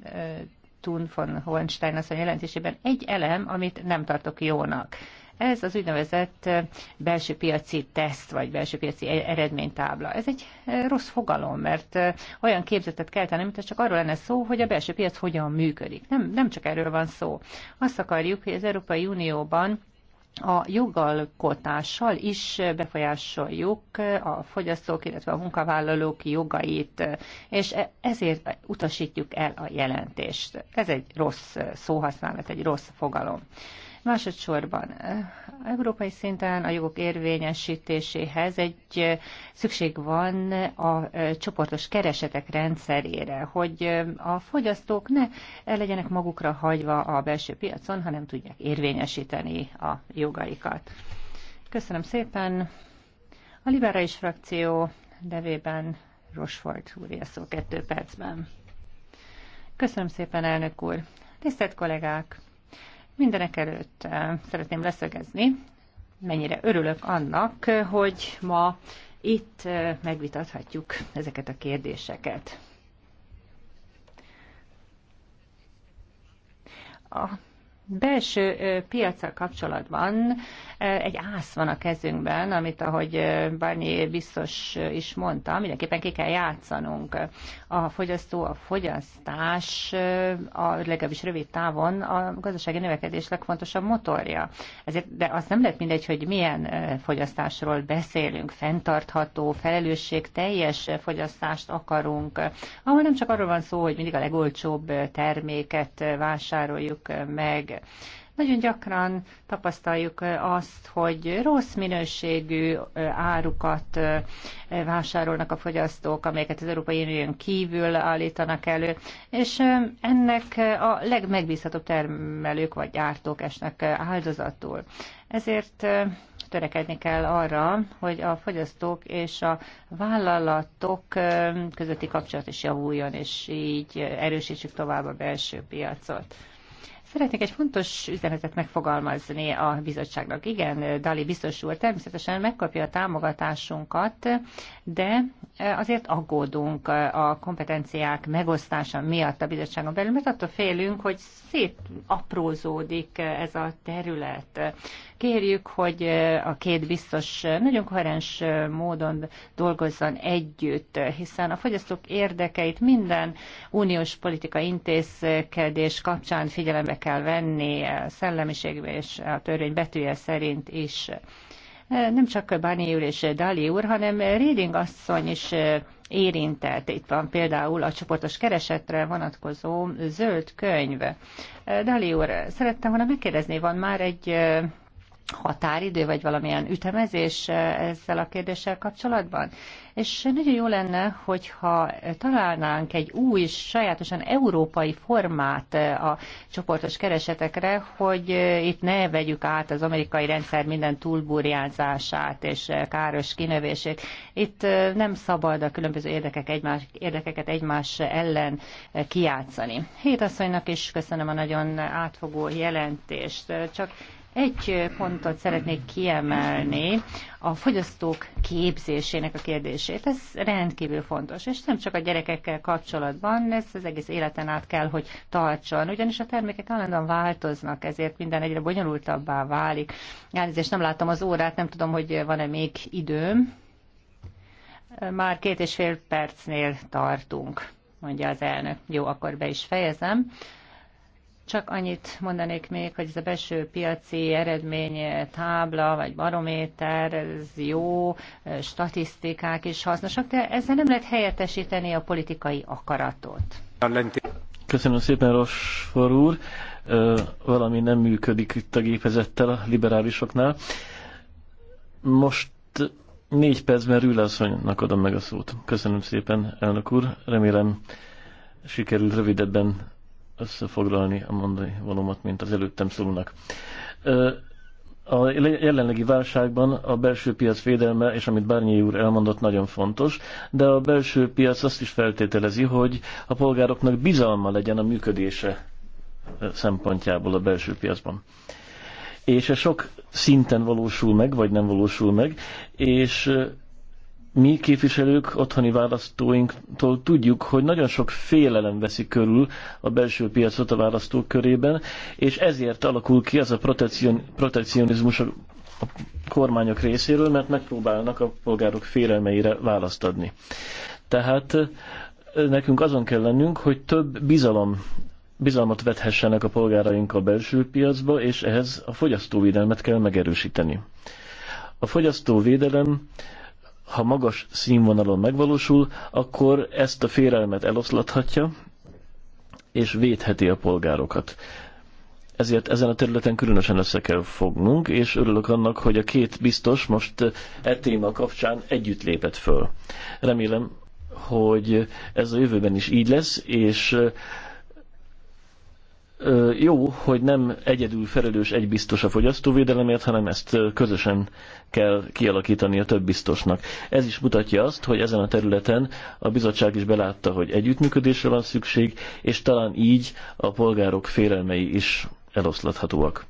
Thun von Hohenstein asszony jelentésében egy elem, amit nem tartok jónak. Ez az úgynevezett belső piaci teszt, vagy belső piaci e- eredménytábla. Ez egy rossz fogalom, mert olyan képzetet kell tenni, mint csak arról lenne szó, hogy a belső piac hogyan működik. Nem, nem csak erről van szó. Azt akarjuk, hogy az Európai Unióban a jogalkotással is befolyásoljuk a fogyasztók, illetve a munkavállalók jogait, és e- ezért utasítjuk el a jelentést. Ez egy rossz szóhasználat, egy rossz fogalom. Másodszorban eh, európai szinten a jogok érvényesítéséhez egy eh, szükség van a eh, csoportos keresetek rendszerére, hogy a fogyasztók ne legyenek magukra hagyva a belső piacon, hanem tudják érvényesíteni a jogaikat. Köszönöm szépen. A liberális frakció nevében Rosford úr szó kettő percben. Köszönöm szépen, elnök úr. Tisztelt kollégák! Mindenek előtt eh, szeretném leszögezni, mennyire örülök annak, eh, hogy ma itt eh, megvitathatjuk ezeket a kérdéseket. A belső piacsal kapcsolatban egy ász van a kezünkben, amit ahogy Barney biztos is mondta, mindenképpen ki kell játszanunk. A fogyasztó, a fogyasztás, a legalábbis rövid távon a gazdasági növekedés legfontosabb motorja. Ezért, de azt nem lehet mindegy, hogy milyen fogyasztásról beszélünk, fenntartható, felelősség teljes fogyasztást akarunk, ahol nem csak arról van szó, hogy mindig a legolcsóbb terméket vásároljuk meg, nagyon gyakran tapasztaljuk azt, hogy rossz minőségű árukat vásárolnak a fogyasztók, amelyeket az Európai Unión kívül állítanak elő, és ennek a legmegbízhatóbb termelők vagy gyártók esnek áldozatul. Ezért törekedni kell arra, hogy a fogyasztók és a vállalatok közötti kapcsolat is javuljon, és így erősítsük tovább a belső piacot. Szeretnék egy fontos üzenetet megfogalmazni a bizottságnak. Igen, Dali biztos úr, természetesen megkapja a támogatásunkat, de azért aggódunk a kompetenciák megosztása miatt a bizottságon belül, mert attól félünk, hogy szétaprózódik ez a terület. Kérjük, hogy a két biztos nagyon koherens módon dolgozzon együtt, hiszen a fogyasztók érdekeit minden uniós politika intézkedés kapcsán figyelembe kell venni a szellemiségbe és a törvény betűje szerint is nem csak Báni úr és Dali úr, hanem Reading asszony is érintett. Itt van például a csoportos keresetre vonatkozó zöld könyv. Dali úr, szerettem volna megkérdezni, van már egy határidő, vagy valamilyen ütemezés eh, ezzel a kérdéssel kapcsolatban? És nagyon jó lenne, hogyha találnánk egy új, sajátosan európai formát eh, a csoportos keresetekre, hogy eh, itt ne vegyük át az amerikai rendszer minden túlburjánzását és káros kinövését. Itt nem szabad a különböző érdekek egymás, érdekeket egymás ellen kiátszani. Hét asszonynak is köszönöm a nagyon átfogó jelentést. Csak egy pontot szeretnék kiemelni, a fogyasztók képzésének a kérdését. Ez rendkívül fontos, és nem csak a gyerekekkel kapcsolatban, ez az egész életen át kell, hogy tartson, ugyanis a termékek állandóan változnak, ezért minden egyre bonyolultabbá válik. Elnézést, nem látom az órát, nem tudom, hogy van-e még időm. Már két és fél percnél tartunk, mondja az elnök. Jó, akkor be is fejezem. Csak annyit mondanék még, hogy ez a belső piaci eredmény tábla vagy barométer, ez jó, statisztikák is hasznosak, de ezzel nem lehet helyettesíteni a politikai akaratot. Köszönöm szépen, Rosfor úr. Valami nem működik itt a gépezettel a liberálisoknál. Most négy percben Rülászonynak adom meg a szót. Köszönöm szépen, elnök úr. Remélem sikerült rövidebben összefoglalni a mondani valómat, mint az előttem szólnak. A jelenlegi válságban a belső piac védelme, és amit Bárnyi úr elmondott, nagyon fontos, de a belső piac azt is feltételezi, hogy a polgároknak bizalma legyen a működése szempontjából a belső piacban. És ez sok szinten valósul meg, vagy nem valósul meg, és mi képviselők, otthoni választóinktól tudjuk, hogy nagyon sok félelem veszi körül a belső piacot a választók körében, és ezért alakul ki az a protekcionizmus a, a kormányok részéről, mert megpróbálnak a polgárok félelmeire választ adni. Tehát nekünk azon kell lennünk, hogy több bizalom bizalmat vethessenek a polgáraink a belső piacba, és ehhez a fogyasztóvédelmet kell megerősíteni. A fogyasztóvédelem védelem ha magas színvonalon megvalósul, akkor ezt a félelmet eloszlathatja, és védheti a polgárokat. Ezért ezen a területen különösen össze kell fognunk, és örülök annak, hogy a két biztos most e téma kapcsán együtt lépett föl. Remélem, hogy ez a jövőben is így lesz, és jó, hogy nem egyedül felelős egy biztos a fogyasztóvédelemért, hanem ezt közösen kell kialakítani a több biztosnak. Ez is mutatja azt, hogy ezen a területen a bizottság is belátta, hogy együttműködésre van szükség, és talán így a polgárok félelmei is eloszlathatóak.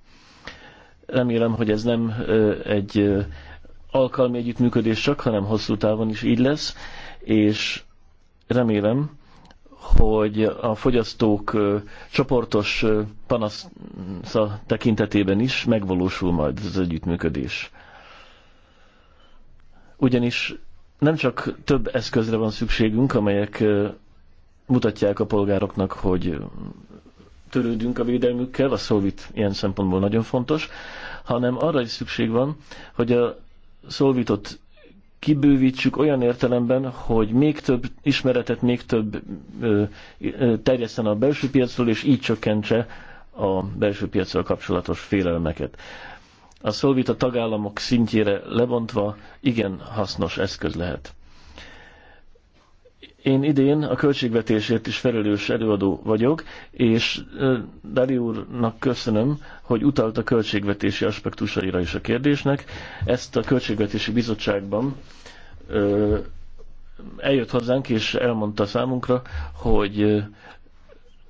Remélem, hogy ez nem egy alkalmi együttműködés csak, hanem hosszú távon is így lesz, és remélem, hogy a fogyasztók csoportos panasza tekintetében is megvalósul majd az együttműködés. Ugyanis nem csak több eszközre van szükségünk, amelyek mutatják a polgároknak, hogy törődünk a védelmükkel, a szolvit, ilyen szempontból nagyon fontos, hanem arra is szükség van, hogy a szolvitot kibővítsük olyan értelemben, hogy még több ismeretet, még több ö, ö, terjeszten a belső piacról, és így csökkentse a belső piacról kapcsolatos félelmeket. A szolvit a tagállamok szintjére lebontva igen hasznos eszköz lehet. Én idén a költségvetésért is felelős előadó vagyok, és Dali úrnak köszönöm, hogy utalt a költségvetési aspektusaira is a kérdésnek. Ezt a költségvetési bizottságban ö, eljött hozzánk, és elmondta számunkra, hogy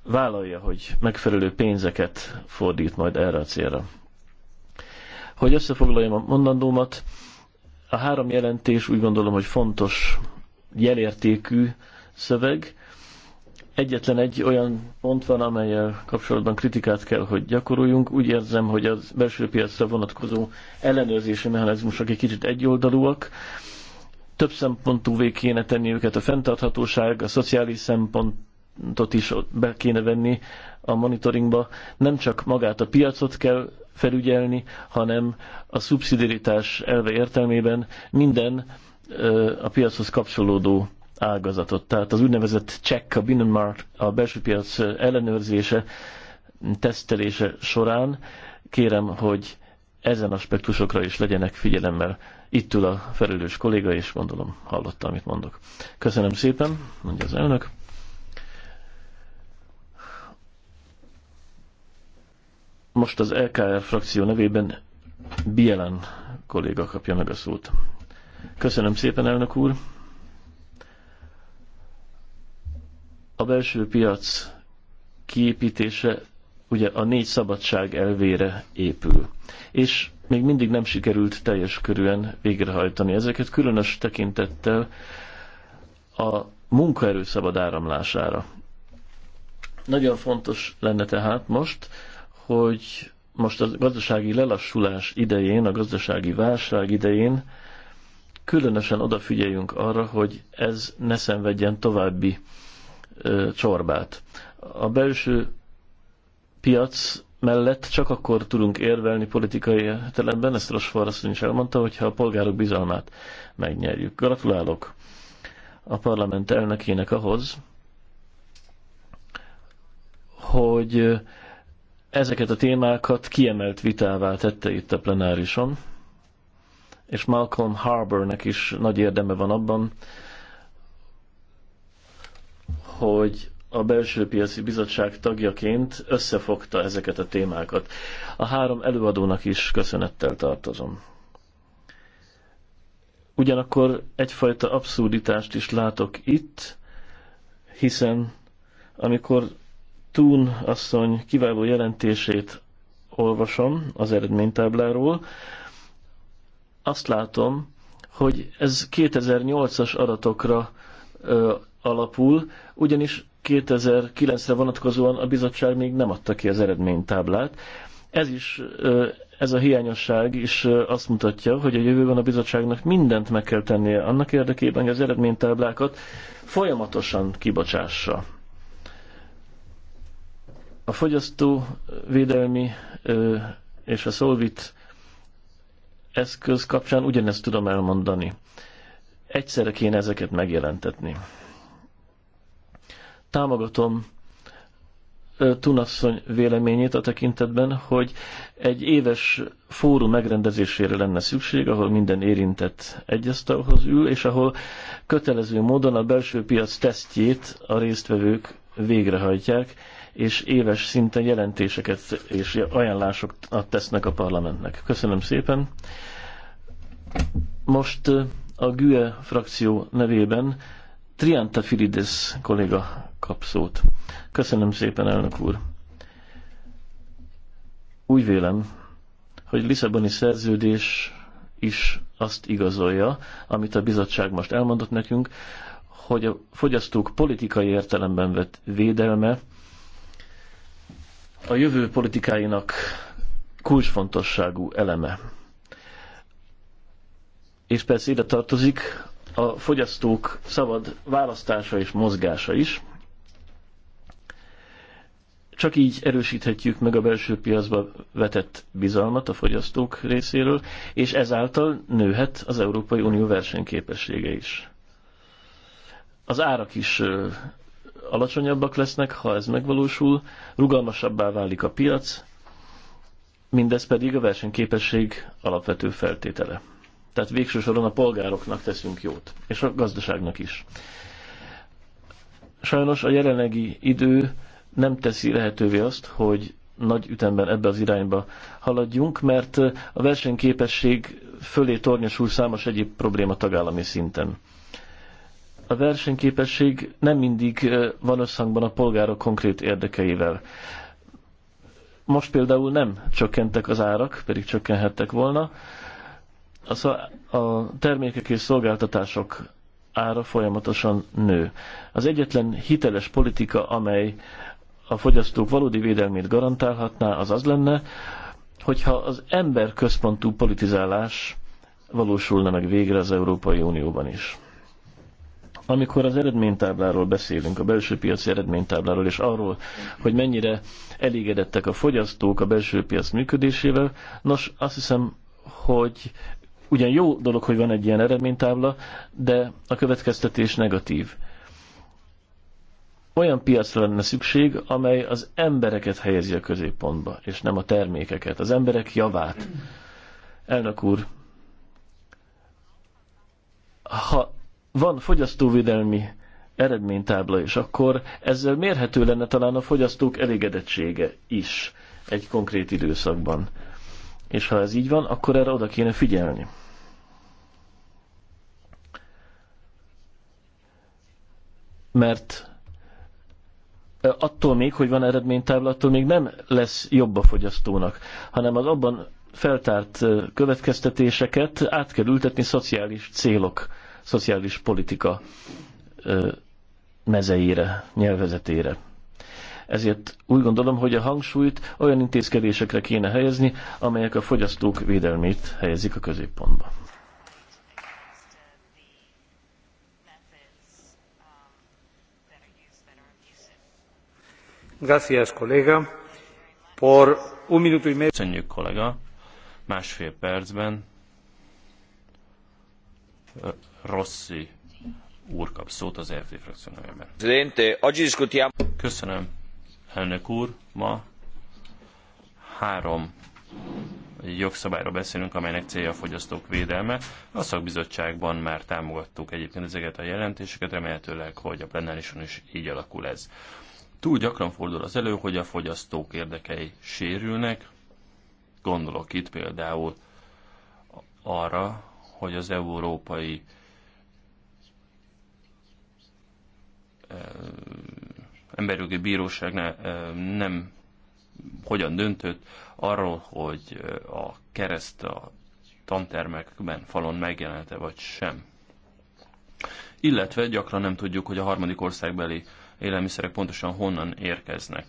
vállalja, hogy megfelelő pénzeket fordít majd erre a célra. Hogy összefoglaljam a mondandómat, a három jelentés úgy gondolom, hogy fontos jelértékű szöveg. Egyetlen egy olyan pont van, amelyel kapcsolatban kritikát kell, hogy gyakoroljunk. Úgy érzem, hogy az belső piacra vonatkozó ellenőrzési mechanizmusok egy kicsit egyoldalúak. Több szempontúvé kéne tenni őket a fenntarthatóság, a szociális szempontot is be kéne venni a monitoringba. Nem csak magát a piacot kell felügyelni, hanem a szubszidiritás elve értelmében minden a piachoz kapcsolódó ágazatot. Tehát az úgynevezett check, a binnenmark, a belső piac ellenőrzése, tesztelése során kérem, hogy ezen aspektusokra is legyenek figyelemmel. Itt ül a felelős kolléga, és gondolom hallotta, amit mondok. Köszönöm szépen, mondja az elnök. Most az LKR frakció nevében Bielen kolléga kapja meg a szót. Köszönöm szépen, elnök úr. A belső piac kiépítése ugye a négy szabadság elvére épül. És még mindig nem sikerült teljes körűen végrehajtani ezeket, különös tekintettel a munkaerő szabad áramlására. Nagyon fontos lenne tehát most, hogy most a gazdasági lelassulás idején, a gazdasági válság idején különösen odafigyeljünk arra, hogy ez ne szenvedjen további ö, csorbát. A belső piac mellett csak akkor tudunk érvelni politikai értelemben, ezt Rosfor asszony is elmondta, hogyha a polgárok bizalmát megnyerjük. Gratulálok a parlament elnökének ahhoz, hogy ezeket a témákat kiemelt vitává tette itt a plenárison és Malcolm Harbournek is nagy érdeme van abban, hogy a belső piaci bizottság tagjaként összefogta ezeket a témákat. A három előadónak is köszönettel tartozom. Ugyanakkor egyfajta abszurditást is látok itt, hiszen amikor Tún asszony kiváló jelentését olvasom az eredménytábláról, azt látom, hogy ez 2008-as adatokra ö, alapul, ugyanis 2009-re vonatkozóan a bizottság még nem adta ki az eredménytáblát. Ez is, ö, ez a hiányosság is ö, azt mutatja, hogy a jövőben a bizottságnak mindent meg kell tennie annak érdekében, hogy az eredménytáblákat folyamatosan kibocsássa. A fogyasztóvédelmi ö, és a Solvit eszköz kapcsán ugyanezt tudom elmondani. Egyszerre kéne ezeket megjelentetni. Támogatom Tunasszony véleményét a tekintetben, hogy egy éves fórum megrendezésére lenne szükség, ahol minden érintett egyesztalhoz ül, és ahol kötelező módon a belső piac tesztjét a résztvevők végrehajtják, és éves szinten jelentéseket és ajánlásokat tesznek a parlamentnek. Köszönöm szépen. Most a GÜE frakció nevében Trianta Filides kolléga kap szót. Köszönöm szépen, elnök úr. Úgy vélem, hogy Lisszaboni szerződés is azt igazolja, amit a bizottság most elmondott nekünk, hogy a fogyasztók politikai értelemben vett védelme a jövő politikáinak kulcsfontosságú eleme. És persze ide tartozik a fogyasztók szabad választása és mozgása is. Csak így erősíthetjük meg a belső piacba vetett bizalmat a fogyasztók részéről, és ezáltal nőhet az Európai Unió versenyképessége is. Az árak is alacsonyabbak lesznek, ha ez megvalósul, rugalmasabbá válik a piac, mindez pedig a versenyképesség alapvető feltétele. Tehát végső soron a polgároknak teszünk jót, és a gazdaságnak is. Sajnos a jelenlegi idő nem teszi lehetővé azt, hogy nagy ütemben ebbe az irányba haladjunk, mert a versenyképesség fölé tornyosul számos egyéb probléma tagállami szinten a versenyképesség nem mindig eh, van összhangban a polgárok konkrét érdekeivel. Most például nem csökkentek az árak, pedig csökkenhettek volna. A termékek és szolgáltatások ára folyamatosan nő. Az egyetlen hiteles politika, amely a fogyasztók valódi védelmét garantálhatná, az az lenne, hogyha az emberközpontú politizálás valósulna meg végre az Európai Unióban is. Amikor az eredménytábláról beszélünk, a belső piaci eredménytábláról, és arról, hogy mennyire elégedettek a fogyasztók a belső piac működésével, nos, azt hiszem, hogy ugyan jó dolog, hogy van egy ilyen eredménytábla, de a következtetés negatív. Olyan piacra lenne szükség, amely az embereket helyezi a középpontba, és nem a termékeket, az emberek javát. Elnök úr, ha van fogyasztóvédelmi eredménytábla is, akkor ezzel mérhető lenne talán a fogyasztók elégedettsége is egy konkrét időszakban. És ha ez így van, akkor erre oda kéne figyelni. Mert attól még, hogy van eredménytábla, attól még nem lesz jobb a fogyasztónak, hanem az abban feltárt következtetéseket át kell ültetni szociális célok szociális politika mezeire, nyelvezetére. Ezért úgy gondolom, hogy a hangsúlyt olyan intézkedésekre kéne helyezni, amelyek a fogyasztók védelmét helyezik a középpontba. Gracias, kollega. Por un minuto y medio. Köszönjük, kollega. Másfél percben Rossi úr kap szót az EFD frakció nevében. Köszönöm, elnök úr. Ma három jogszabályról beszélünk, amelynek célja a fogyasztók védelme. A szakbizottságban már támogattuk egyébként ezeket a jelentéseket, remélhetőleg, hogy a plenárison is így alakul ez. Túl gyakran fordul az elő, hogy a fogyasztók érdekei sérülnek. Gondolok itt például arra, hogy az európai emberjogi ne nem hogyan döntött arról, hogy a kereszt a tantermekben falon megjelente vagy sem. Illetve gyakran nem tudjuk, hogy a harmadik országbeli élelmiszerek pontosan honnan érkeznek.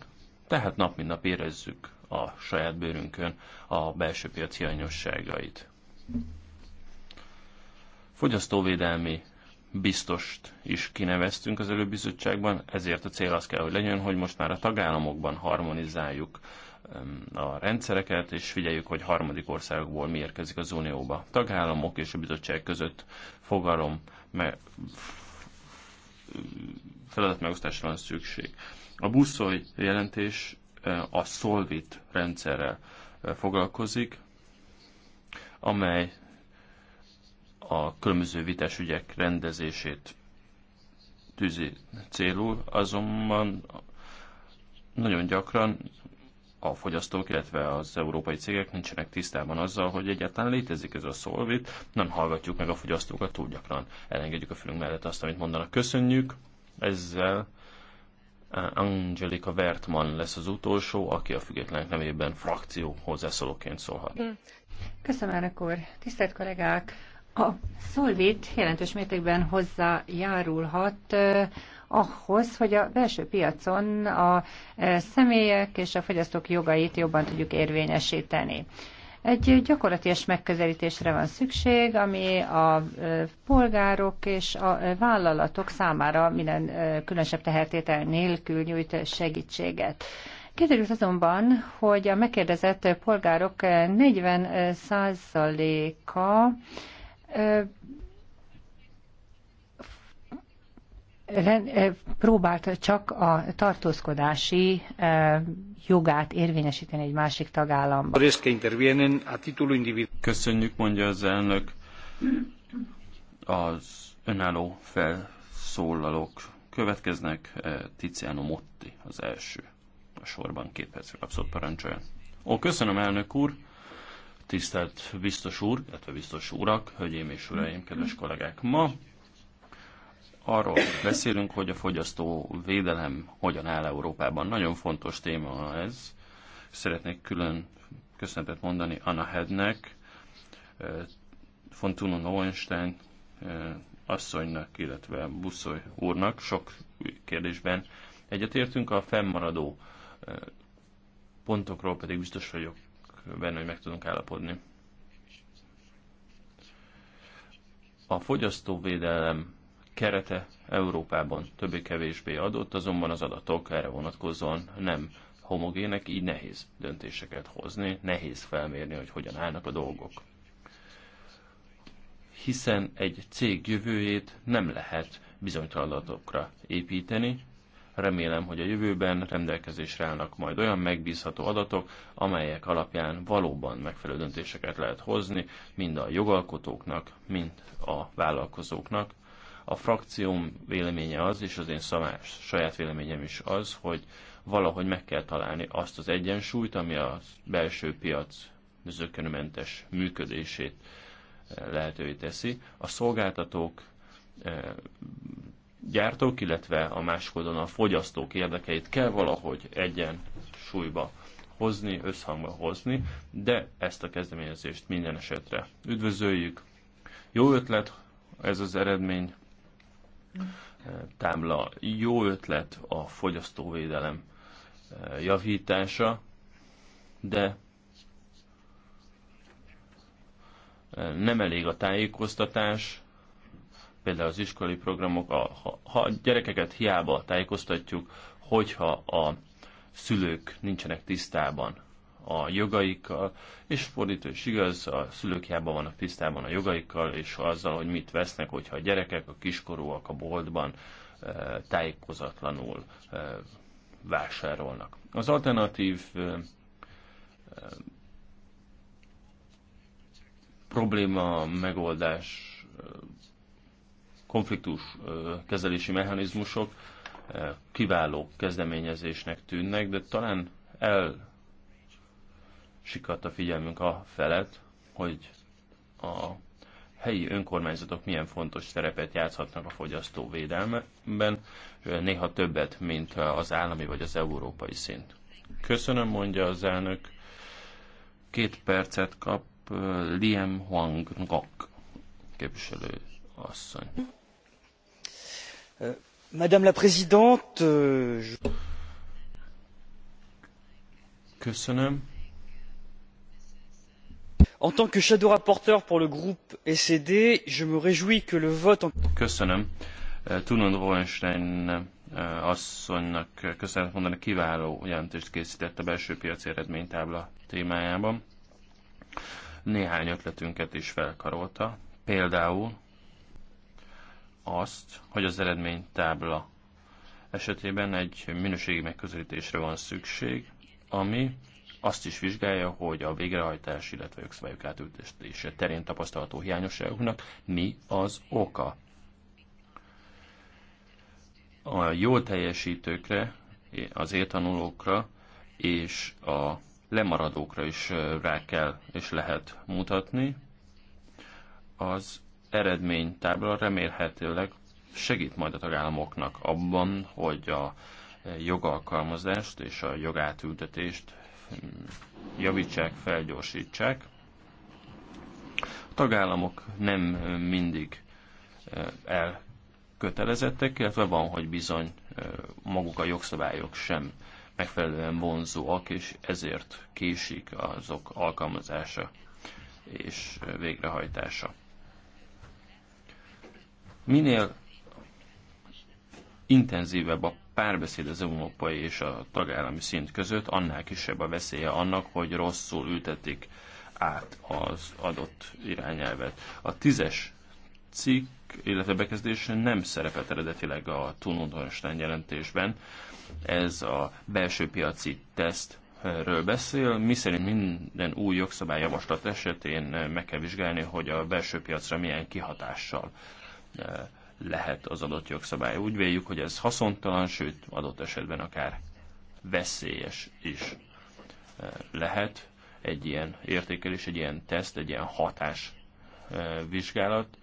Tehát nap mint nap érezzük a saját bőrünkön a belső piac hiányosságait. Fogyasztóvédelmi biztost is kineveztünk az előbizottságban, ezért a cél az kell, hogy legyen, hogy most már a tagállamokban harmonizáljuk a rendszereket, és figyeljük, hogy harmadik országokból mi érkezik az Unióba. Tagállamok és a bizottság között fogalom, mert feladat megosztásra van szükség. A buszolj jelentés e, a Solvit rendszerrel e, foglalkozik, amely a különböző vitásügyek rendezését tűzi célul, azonban nagyon gyakran a fogyasztók, illetve az európai cégek nincsenek tisztában azzal, hogy egyáltalán létezik ez a szolvit, nem hallgatjuk meg a fogyasztókat túl gyakran, elengedjük a fülünk mellett azt, amit mondanak. Köszönjük, ezzel eh, Angelika Vertman lesz az utolsó, aki a függetlenek nevében frakció hozzászólóként szólhat. Köszönöm, elnök úr. Tisztelt kollégák! A Solvit jelentős mértékben hozzájárulhat ahhoz, hogy a belső piacon a személyek és a fogyasztók jogait jobban tudjuk érvényesíteni. Egy gyakorlatilag megközelítésre van szükség, ami a polgárok és a vállalatok számára minden különösebb tehertétel nélkül nyújt segítséget. Kiderült azonban, hogy a megkérdezett polgárok 40 százaléka próbált csak a tartózkodási jogát érvényesíteni egy másik tagállamban. Köszönjük, mondja az elnök. Az önálló felszólalók következnek. Tiziano Motti az első a sorban két percre kapszott parancsoljon. Ó, köszönöm, elnök úr! tisztelt biztos úr, illetve biztos urak, hölgyeim és uraim, kedves kollégák! Ma arról beszélünk, hogy a fogyasztó védelem hogyan áll Európában. Nagyon fontos téma ez. Szeretnék külön köszönetet mondani Anna Hednek, Fontunon Owenstein eh, asszonynak, illetve Buszoly úrnak. Sok kérdésben egyetértünk, a fennmaradó eh, pontokról pedig biztos vagyok benne, hogy meg tudunk állapodni. A fogyasztóvédelem kerete Európában többé-kevésbé adott, azonban az adatok erre vonatkozóan nem homogének, így nehéz döntéseket hozni, nehéz felmérni, hogy hogyan állnak a dolgok. Hiszen egy cég jövőjét nem lehet bizonytalan adatokra építeni, Remélem, hogy a jövőben rendelkezésre állnak majd olyan megbízható adatok, amelyek alapján valóban megfelelő döntéseket lehet hozni, mind a jogalkotóknak, mind a vállalkozóknak. A frakcióm véleménye az, és az én szavás saját véleményem is az, hogy valahogy meg kell találni azt az egyensúlyt, ami a belső piac zökkenőmentes működését eh, lehetővé teszi. A szolgáltatók eh, gyártók, illetve a másik oldalon a fogyasztók érdekeit kell valahogy egyen súlyba hozni, összhangba hozni, de ezt a kezdeményezést minden esetre üdvözöljük. Jó ötlet ez az eredmény e, tábla, jó ötlet a fogyasztóvédelem e, javítása, de e, nem elég a tájékoztatás, például az iskolai programok, a, ha, ha a gyerekeket hiába tájékoztatjuk, hogyha a szülők nincsenek tisztában a jogaikkal, és fordítva is igaz, a szülők hiába vannak tisztában a jogaikkal, és azzal, hogy mit vesznek, hogyha a gyerekek, a kiskorúak a boltban e, tájékozatlanul e, vásárolnak. Az alternatív e, e probléma megoldás e, konfliktus kezelési mechanizmusok kiváló kezdeményezésnek tűnnek, de talán el sikadt a figyelmünk a felett, hogy a helyi önkormányzatok milyen fontos szerepet játszhatnak a fogyasztó védelmeben, néha többet, mint az állami vagy az európai szint. Köszönöm, mondja az elnök. Két percet kap Liam Huang Ngok képviselő asszony. Euh, Madame la Présidente, euh, Köszönöm. En tant que shadow rapporteur pour le groupe SED, je me réjouis que le vote en... Köszönöm. Euh, Tunon Rohenstein asszonynak köszönet mondani, kiváló jelentést készített a belső piaci eredménytábla témájában. Néhány ötletünket is felkarolta. Például azt, hogy az eredménytábla esetében egy minőségi megközelítésre van szükség, ami azt is vizsgálja, hogy a végrehajtás, illetve jogszabályok átültetése terén tapasztalható hiányosságoknak mi az oka. A jó teljesítőkre, az éltanulókra és a lemaradókra is rá kell és lehet mutatni. Az eredménytábla remélhetőleg segít majd a tagállamoknak abban, hogy a jogalkalmazást és a jogátültetést hm, javítsák, felgyorsítsák. A tagállamok nem hm, mindig hm, elkötelezettek, illetve van, hogy bizony maguk a jogszabályok sem megfelelően vonzóak, és ezért késik azok alkalmazása és végrehajtása. Minél intenzívebb a párbeszéd az európai és a tagállami szint között, annál kisebb a veszélye annak, hogy rosszul ültetik át az adott irányelvet. A tízes cikk, illetve bekezdés nem szerepelt eredetileg a Tunundonstein jelentésben. Ez a belső piaci teszt ről beszél, miszerint minden új jogszabályjavaslat esetén meg kell vizsgálni, hogy a belső piacra milyen kihatással Eh, lehet az adott jogszabály. Úgy véljük, hogy ez haszontalan, sőt adott esetben akár veszélyes is eh, lehet egy ilyen értékelés, egy ilyen teszt, egy ilyen hatás eh, vizsgálat.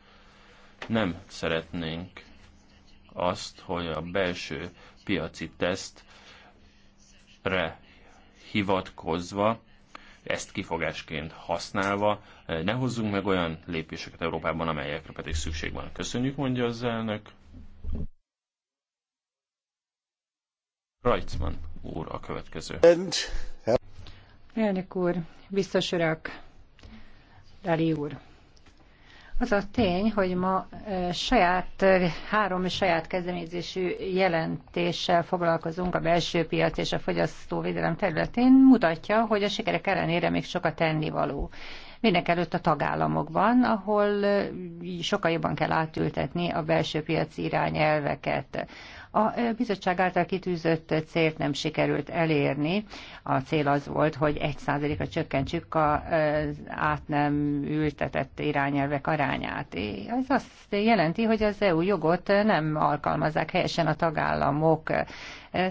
Nem szeretnénk azt, hogy a belső piaci tesztre hivatkozva ezt kifogásként használva eh, ne hozzunk meg olyan lépéseket Európában, amelyekre pedig szükség van. Köszönjük, mondja az elnök. Reitzmann úr a következő. Elnök úr, biztos urak, Dali úr. Az a tény, hogy ma saját, három saját kezdeményezésű jelentéssel foglalkozunk a belső piac és a fogyasztóvédelem területén, mutatja, hogy a sikerek ellenére még sokat tennivaló. Mindenek előtt a tagállamokban, ahol sokkal jobban kell átültetni a belső piaci irányelveket. A bizottság által kitűzött célt nem sikerült elérni. A cél az volt, hogy 1%-ra csökkentsük az át nem ültetett irányelvek arányát. Ez azt jelenti, hogy az EU jogot nem alkalmazzák helyesen a tagállamok.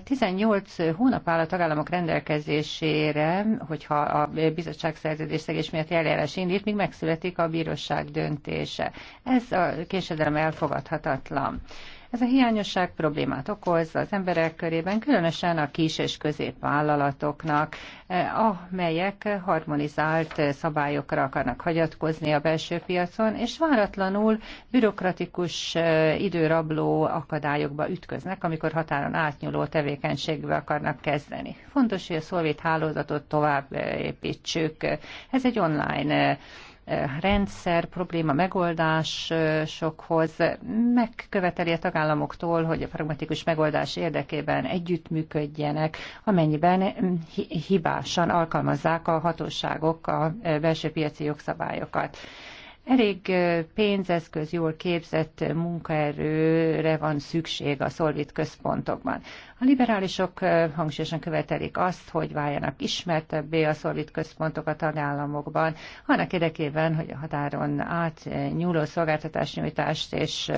18 hónap áll a tagállamok rendelkezésére, hogyha a bizottság szegés miatt eljárás indít, míg megszületik a bíróság döntése. Ez a késedelem elfogadhatatlan. Ez a hiányosság problémát okoz az emberek körében, különösen a kis és középvállalatoknak, eh, amelyek harmonizált szabályokra akarnak hagyatkozni a belső piacon, és váratlanul bürokratikus eh, időrabló akadályokba ütköznek, amikor határon átnyúló tevékenységbe akarnak kezdeni. Fontos, hogy a szolvét hálózatot tovább eh, építsük. Ez egy online rendszer, probléma megoldásokhoz, megköveteli a tagállamoktól, hogy a pragmatikus megoldás érdekében együttműködjenek, amennyiben hibásan alkalmazzák a hatóságok a belső piaci jogszabályokat. Elég pénzeszköz, jól képzett munkaerőre van szükség a szolvit központokban. A liberálisok hangsúlyosan követelik azt, hogy váljanak ismertebbé a szolvit központok a tagállamokban, annak érdekében, hogy a határon át nyúló szolgáltatásnyújtást és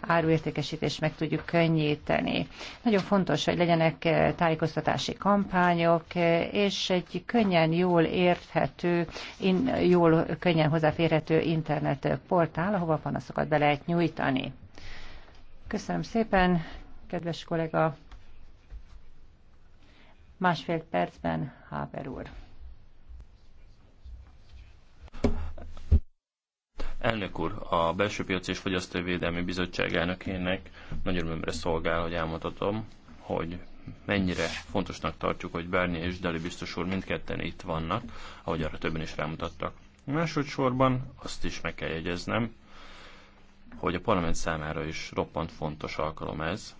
áruértékesítést meg tudjuk könnyíteni. Nagyon fontos, hogy legyenek tájékoztatási kampányok, és egy könnyen jól érthető, jól könnyen hozzáférhető internet portál, ahova panaszokat be lehet nyújtani. Köszönöm szépen, kedves kollega! Másfél percben Háber úr. Elnök úr, a Belső Piac és Védelmi Bizottság elnökének nagy örömömre szolgál, hogy elmutatom, hogy mennyire fontosnak tartjuk, hogy Berni és Deli biztos úr mindketten itt vannak, ahogy arra többen is rámutattak. Másodszorban azt is meg kell jegyeznem, hogy a parlament számára is roppant fontos alkalom ez,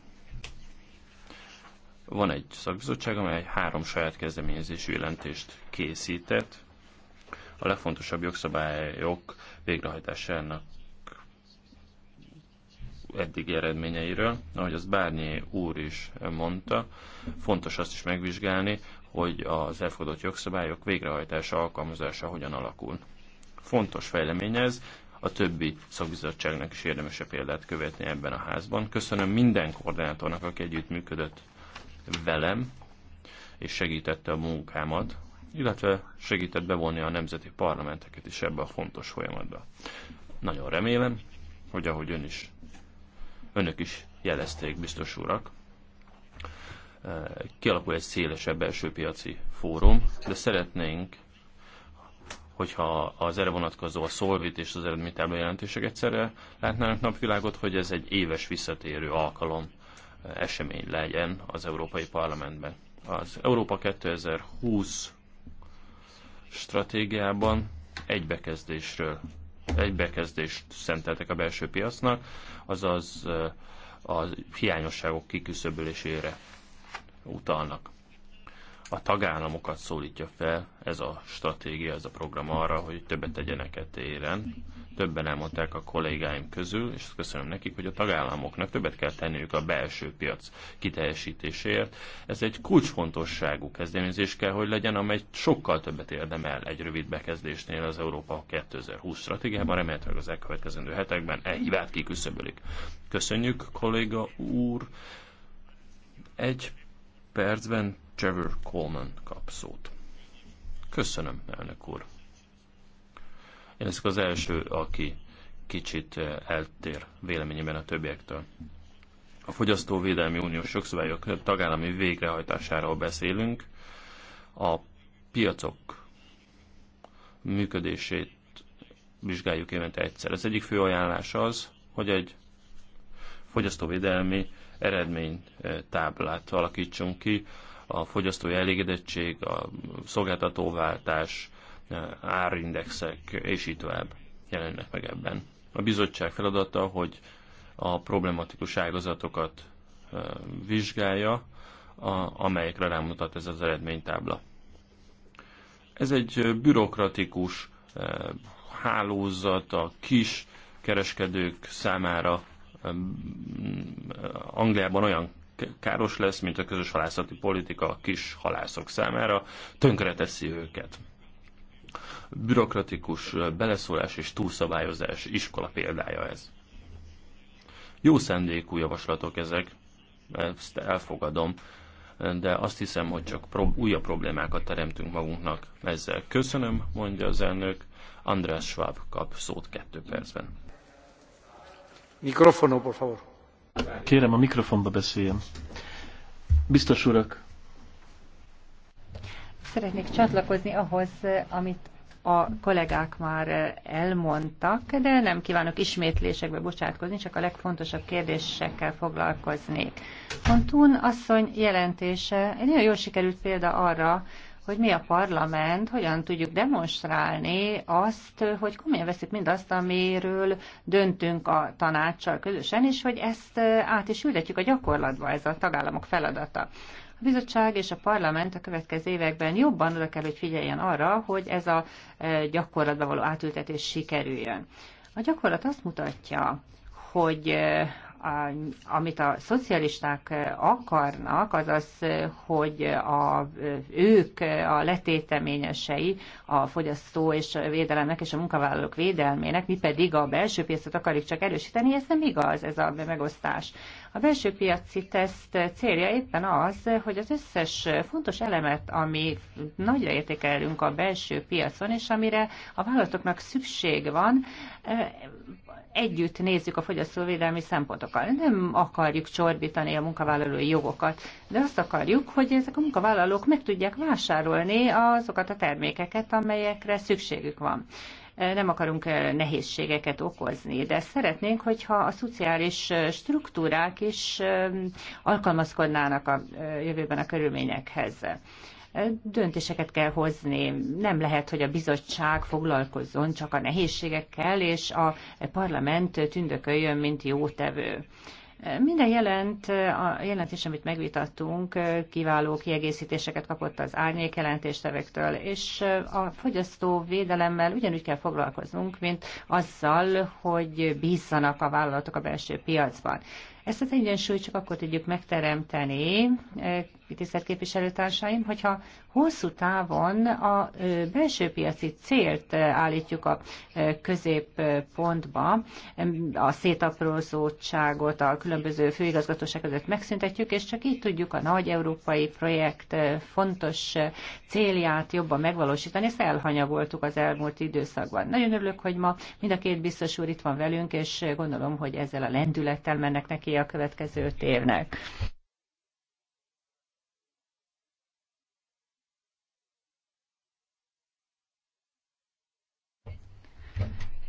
van egy szakbizottság, amely három saját kezdeményezésű jelentést készített. A legfontosabb jogszabályok végrehajtásának eddigi eredményeiről. Ahogy az Bárnyi úr is mondta, fontos azt is megvizsgálni, hogy az elfogadott jogszabályok végrehajtása, alkalmazása hogyan alakul. Fontos fejlemény ez, a többi szakbizottságnak is érdemesebb példát követni ebben a házban. Köszönöm minden koordinátornak, aki együttműködött velem, és segítette a munkámat, illetve segített bevonni a nemzeti parlamenteket is ebbe a fontos folyamatba. Nagyon remélem, hogy ahogy ön is, önök is jelezték, biztos urak, eh, kialakul egy szélesebb belső piaci fórum, de szeretnénk, hogyha az erre vonatkozó a szolvit és az eredménytábló jelentések egyszerre látnának napvilágot, hogy ez egy éves visszatérő alkalom esemény legyen az Európai Parlamentben. Az Európa 2020 stratégiában egybekezdésről egybekezdést szenteltek a belső piacnak, azaz a hiányosságok kiküszöbölésére utalnak a tagállamokat szólítja fel ez a stratégia, ez a program arra, hogy többet tegyenek e téren. Többen elmondták a kollégáim közül, és köszönöm nekik, hogy a tagállamoknak többet kell tenniük a belső piac kiteljesítéséért. Ez egy kulcsfontosságú kezdeményezés kell, hogy legyen, amely sokkal többet érdemel egy rövid bekezdésnél az Európa 2020 stratégiában. Remélhetőleg az elkövetkezendő hetekben e hibát kiküszöbölik. Köszönjük, kolléga úr! Egy percben Trevor Coleman kap szót. Köszönöm, elnök úr. Én ezek az első, aki kicsit eh, eltér véleményében a többiektől. A Fogyasztóvédelmi Uniós jogszabályok tagállami végrehajtásáról beszélünk. A piacok működését vizsgáljuk évente egyszer. Az egyik fő ajánlás az, hogy egy fogyasztóvédelmi eredménytáblát alakítsunk ki a fogyasztói elégedettség, a szolgáltatóváltás, árindexek, és így tovább jelennek meg ebben. A bizottság feladata, hogy a problematikus ágazatokat vizsgálja, a, amelyekre rámutat ez az eredménytábla. Ez egy bürokratikus hálózat a kis kereskedők számára Angliában olyan káros lesz, mint a közös halászati politika a kis halászok számára, tönkreteszi őket. Bürokratikus beleszólás és túlszabályozás iskola példája ez. Jó szendékú javaslatok ezek, ezt elfogadom, de azt hiszem, hogy csak prob- újabb problémákat teremtünk magunknak ezzel. Köszönöm, mondja az elnök. András Schwab kap szót kettő percben. Mikrofonó, por favor Kérem, a mikrofonba beszéljen. Biztos urak! Szeretnék csatlakozni ahhoz, amit a kollégák már elmondtak, de nem kívánok ismétlésekbe bocsátkozni, csak a legfontosabb kérdésekkel foglalkoznék. Fontún asszony jelentése egy nagyon jól sikerült példa arra, hogy mi a parlament, hogyan tudjuk demonstrálni azt, hogy komolyan veszük mindazt, amiről döntünk a tanácssal közösen, és hogy ezt át is ültetjük a gyakorlatba, ez a tagállamok feladata. A bizottság és a parlament a következő években jobban oda kell, hogy figyeljen arra, hogy ez a gyakorlatba való átültetés sikerüljön. A gyakorlat azt mutatja, hogy amit a szocialisták akarnak, az az, hogy a, ők a letéteményesei a fogyasztó és a védelemnek és a munkavállalók védelmének, mi pedig a belső piacot akarjuk csak erősíteni, ez nem igaz, ez a megosztás. A belső piaci teszt célja éppen az, hogy az összes fontos elemet, ami nagyra értékelünk a belső piacon, és amire a vállalatoknak szükség van, együtt nézzük a fogyasztóvédelmi szempontokkal. Nem akarjuk csorbítani a munkavállalói jogokat, de azt akarjuk, hogy ezek a munkavállalók meg tudják vásárolni azokat a termékeket, amelyekre szükségük van nem akarunk eh, nehézségeket okozni, de szeretnénk, hogyha a szociális eh, struktúrák is eh, alkalmazkodnának a jövőben a körülményekhez döntéseket kell hozni. Nem lehet, hogy a bizottság foglalkozzon csak a nehézségekkel, és a parlament tündököljön, mint jótevő. Minden jelent, a jelentés, amit megvitattunk, kiváló kiegészítéseket kapott az árnyék jelentéstevektől, és a fogyasztó védelemmel ugyanúgy kell foglalkoznunk, mint azzal, hogy bízzanak a vállalatok a belső piacban. Ezt az egyensúlyt csak akkor tudjuk megteremteni, tisztelt képviselőtársaim, hogyha hosszú távon a belső piaci célt állítjuk a középpontba, a szétaprózótságot a különböző főigazgatóság között megszüntetjük, és csak így tudjuk a nagy európai projekt fontos célját jobban megvalósítani. Ezt elhanyagoltuk az elmúlt időszakban. Nagyon örülök, hogy ma mind a két biztos úr itt van velünk, és gondolom, hogy ezzel a lendülettel mennek neki a következő évnek.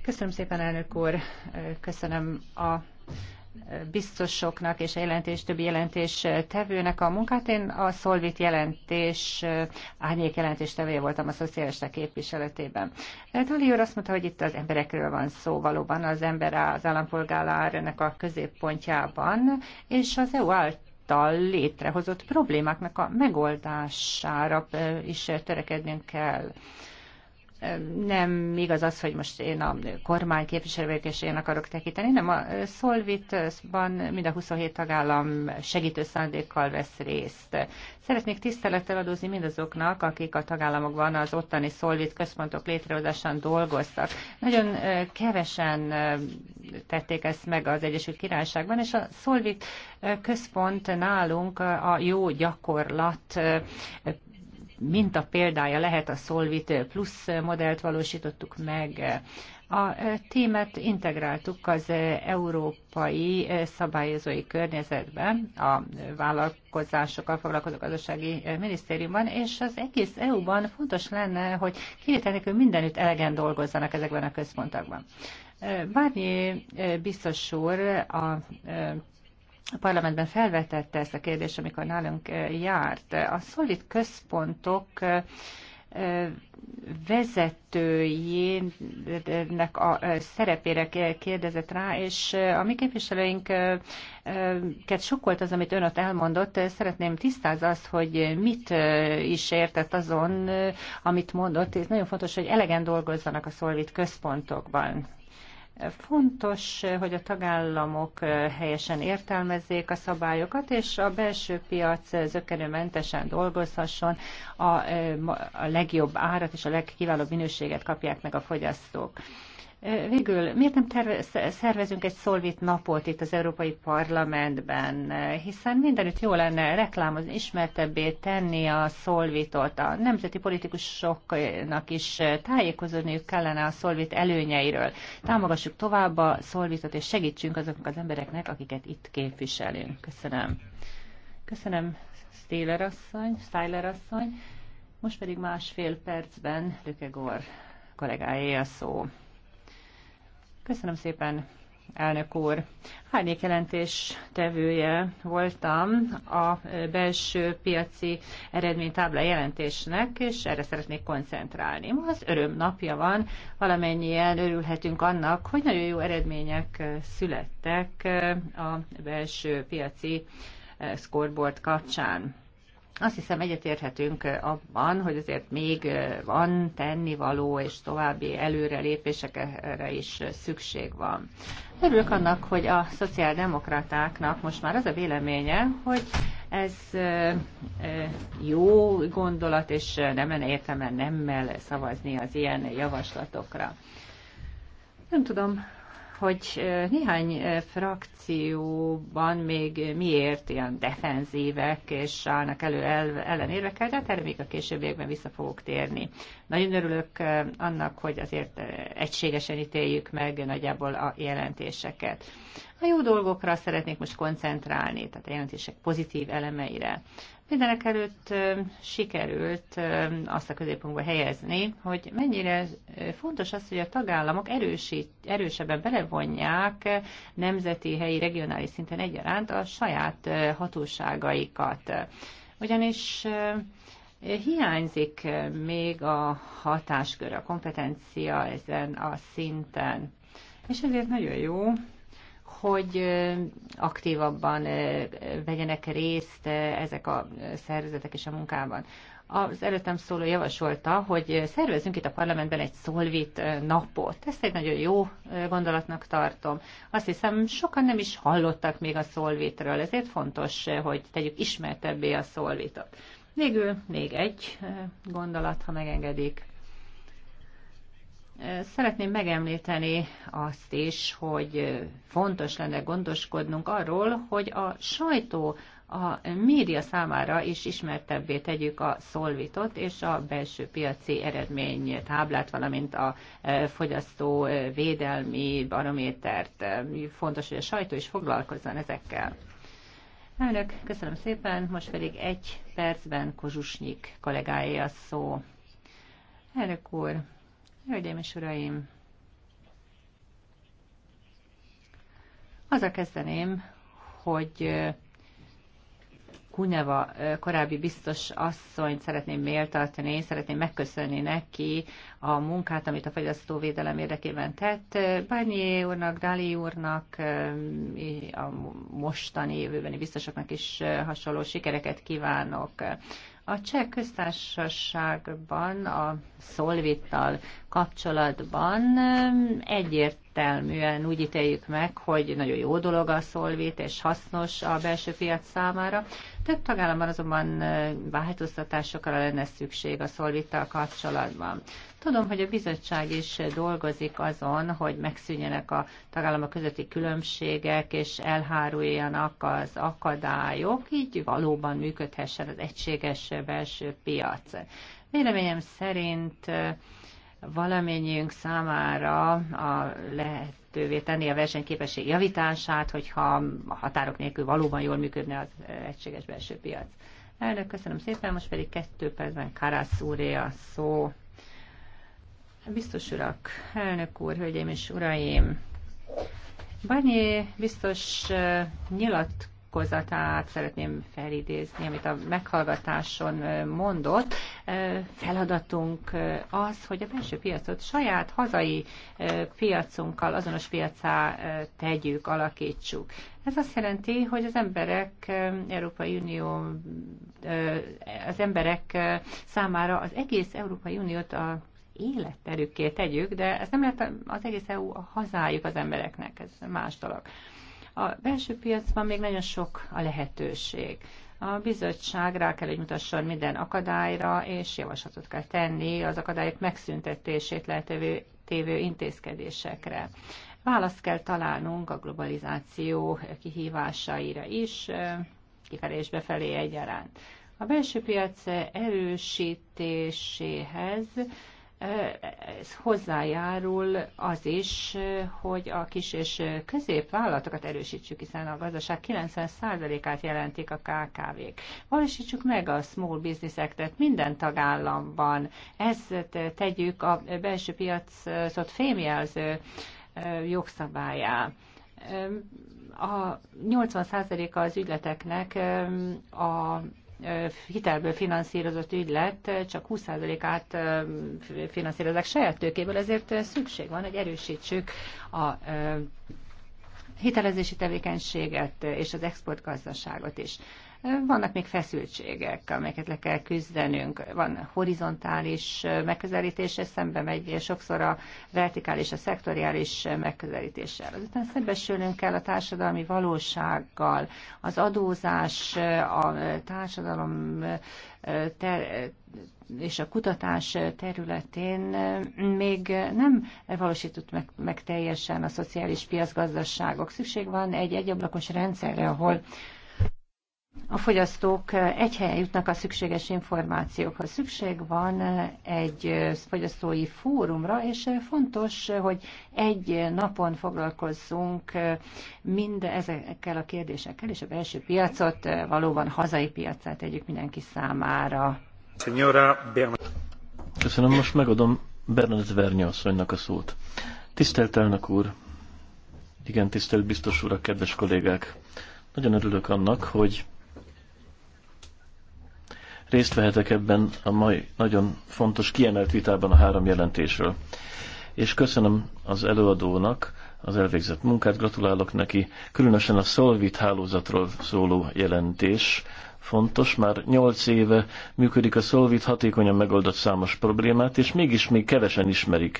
Köszönöm szépen, elnök úr. Köszönöm a biztosoknak és a jelentés, többi jelentés tevőnek a munkát. Én a Szolvit jelentés, árnyék jelentés tevője voltam a szociálista képviseletében. Dali úr azt mondta, hogy itt az emberekről van szó valóban, az ember az állampolgálár ennek a középpontjában, és az EU állt által létrehozott problémáknak a megoldására is törekednünk kell nem igaz az, hogy most én a kormány képviselő vagyok, és én akarok tekinteni, nem a Solvitban mind a 27 tagállam segítő szándékkal vesz részt. Szeretnék tisztelettel adózni mindazoknak, akik a tagállamokban az ottani Szolvit központok létrehozásán dolgoztak. Nagyon kevesen tették ezt meg az Egyesült Királyságban, és a Szolvit központ nálunk a jó gyakorlat mint a példája lehet a Solvit Plus modellt valósítottuk meg. A témát integráltuk az európai szabályozói környezetben, a vállalkozásokkal foglalkozó gazdasági minisztériumban, és az egész EU-ban fontos lenne, hogy kivételekül mindenütt elegen dolgozzanak ezekben a központokban. Bárnyi biztos úr a a parlamentben felvetette ezt a kérdést, amikor nálunk járt. A szolid központok vezetőjének a szerepére kérdezett rá, és a mi képviselőinket volt az, amit ön ott elmondott. Szeretném tisztázni azt, hogy mit is értett azon, amit mondott. Ez nagyon fontos, hogy elegen dolgozzanak a szolvit központokban. Fontos, hogy a tagállamok eh, helyesen értelmezzék a szabályokat, és a belső piac eh, zökkenőmentesen dolgozhasson, a, eh, a legjobb árat és a legkiválóbb minőséget kapják meg a fogyasztók. Végül, miért nem tervez, szervezünk egy szolvit napot itt az Európai Parlamentben? Hiszen mindenütt jó lenne reklámozni, ismertebbé tenni a szolvitot. A nemzeti politikusoknak is tájékozódniuk kellene a szolvit előnyeiről. Támogassuk tovább a szolvitot, és segítsünk azoknak az embereknek, akiket itt képviselünk. Köszönöm. Köszönöm, Stéler asszony, Styler asszony. Most pedig másfél percben Lökegor kollégájé a szó. Köszönöm szépen, elnök úr. Hányék jelentés tevője voltam a belső piaci eredménytábla jelentésnek, és erre szeretnék koncentrálni. Ma az öröm napja van, valamennyien örülhetünk annak, hogy nagyon jó eredmények születtek a belső piaci scoreboard kapcsán. Azt hiszem egyetérthetünk abban, hogy azért még van tennivaló és további előrelépésekre is szükség van. Örülök annak, hogy a szociáldemokratáknak most már az a véleménye, hogy ez jó gondolat, és nem értem nemmel szavazni az ilyen javaslatokra. Nem tudom, hogy néhány frakcióban még miért ilyen defenzívek és állnak elő ellenérvekkel, de hát erre még a későbbiekben vissza fogok térni. Nagyon örülök annak, hogy azért egységesen ítéljük meg nagyjából a jelentéseket. A jó dolgokra szeretnék most koncentrálni, tehát a jelentések pozitív elemeire. Mindenek előtt sikerült azt a középpontba helyezni, hogy mennyire fontos az, hogy a tagállamok erősít, erősebben belevonják nemzeti, helyi, regionális szinten egyaránt a saját hatóságaikat. Ugyanis hiányzik még a hatáskör, a kompetencia ezen a szinten. És ezért nagyon jó, hogy aktívabban vegyenek részt ezek a szervezetek és a munkában. Az előttem szóló javasolta, hogy szervezünk itt a parlamentben egy szolvit napot. Ezt egy nagyon jó gondolatnak tartom. Azt hiszem, sokan nem is hallottak még a szolvitről, ezért fontos, hogy tegyük ismertebbé a szolvitot. Végül még egy gondolat, ha megengedik. Szeretném megemlíteni azt is, hogy fontos lenne gondoskodnunk arról, hogy a sajtó a média számára is ismertebbé tegyük a szolvitot és a belső piaci eredmény táblát, valamint a e, fogyasztó e, védelmi barométert. Fontos, hogy a sajtó is foglalkozzon ezekkel. Elnök, köszönöm szépen, most pedig egy percben Kozsusnyik kollégája a szó. Elnök úr, Hölgyeim és Uraim! az a kezdeném, hogy Kuneva korábbi biztos asszonyt szeretném méltatni, szeretném megköszönni neki a munkát, amit a fogyasztóvédelem érdekében tett. Bányi úrnak, Dali úrnak, a mostani jövőbeni biztosoknak is hasonló sikereket kívánok. A cseh köztársaságban a szolvittal kapcsolatban egyértelműen úgy ítéljük meg, hogy nagyon jó dolog a szolvét, és hasznos a belső piac számára. Több tagállamban azonban változtatásokra lenne szükség a szolvittal kapcsolatban. Tudom, hogy a bizottság is dolgozik azon, hogy megszűnjenek a tagállamok közötti különbségek, és elháruljanak az akadályok, így valóban működhessen az egységes belső piac. Véleményem szerint valamennyiünk számára a lehetővé tenni a versenyképesség javítását, hogyha a határok nélkül valóban jól működne az egységes belső piac. Elnök, köszönöm szépen, most pedig kettő percben Karász úré a szó. Biztos urak, elnök úr, hölgyeim és uraim! Banyé biztos nyilat nyilatkozatát szeretném felidézni, amit a meghallgatáson mondott. Feladatunk az, hogy a belső piacot saját hazai piacunkkal, azonos piacá tegyük, alakítsuk. Ez azt jelenti, hogy az emberek, Európai Unió, az emberek számára az egész Európai Uniót a életterükké tegyük, de ez nem lehet az egész EU a hazájuk az embereknek, ez más dolog. A belső piacban még nagyon sok a lehetőség. A bizottság rá kell, hogy mutasson minden akadályra, és javaslatot kell tenni az akadályok megszüntetését lehetővé tévő intézkedésekre. Választ kell találnunk a globalizáció kihívásaira is, kifelé és befelé egyaránt. A belső piac erősítéséhez ez hozzájárul az is, hogy a kis és középvállalatokat erősítsük, hiszen a gazdaság 90%-át jelentik a KKV-k. Valósítsuk meg a Small Business Act-et minden tagállamban. Ezt tegyük a belső piacot fémjelző jogszabályá a 80%-a az ügyleteknek a hitelből finanszírozott ügylet csak 20%-át finanszírozák saját tőkéből, ezért szükség van, hogy erősítsük a hitelezési tevékenységet és az exportgazdaságot is. Vannak még feszültségek, amelyeket le kell küzdenünk. Van horizontális megközelítése, szembe megy sokszor a vertikális, a szektoriális megközelítéssel. Azután szembesülnünk kell a társadalmi valósággal, az adózás, a társadalom ter- és a kutatás területén még nem valósított meg, meg teljesen a szociális piacgazdaságok. Szükség van egy egyablakos rendszerre, ahol a fogyasztók egy helyen jutnak a szükséges információkhoz. Szükség van egy fogyasztói fórumra, és fontos, hogy egy napon foglalkozzunk mind ezekkel a kérdésekkel, és a belső piacot valóban hazai piacát tegyük mindenki számára. Köszönöm, most megadom Bernadett Vernyi asszonynak a szót. Tisztelt elnök úr, igen, tisztelt biztos úr, kedves kollégák! Nagyon örülök annak, hogy részt vehetek ebben a mai nagyon fontos kiemelt vitában a három jelentésről. És köszönöm az előadónak az elvégzett munkát, gratulálok neki. Különösen a Solvit hálózatról szóló jelentés fontos, már nyolc éve működik a Solvit, hatékonyan megoldott számos problémát, és mégis még kevesen ismerik.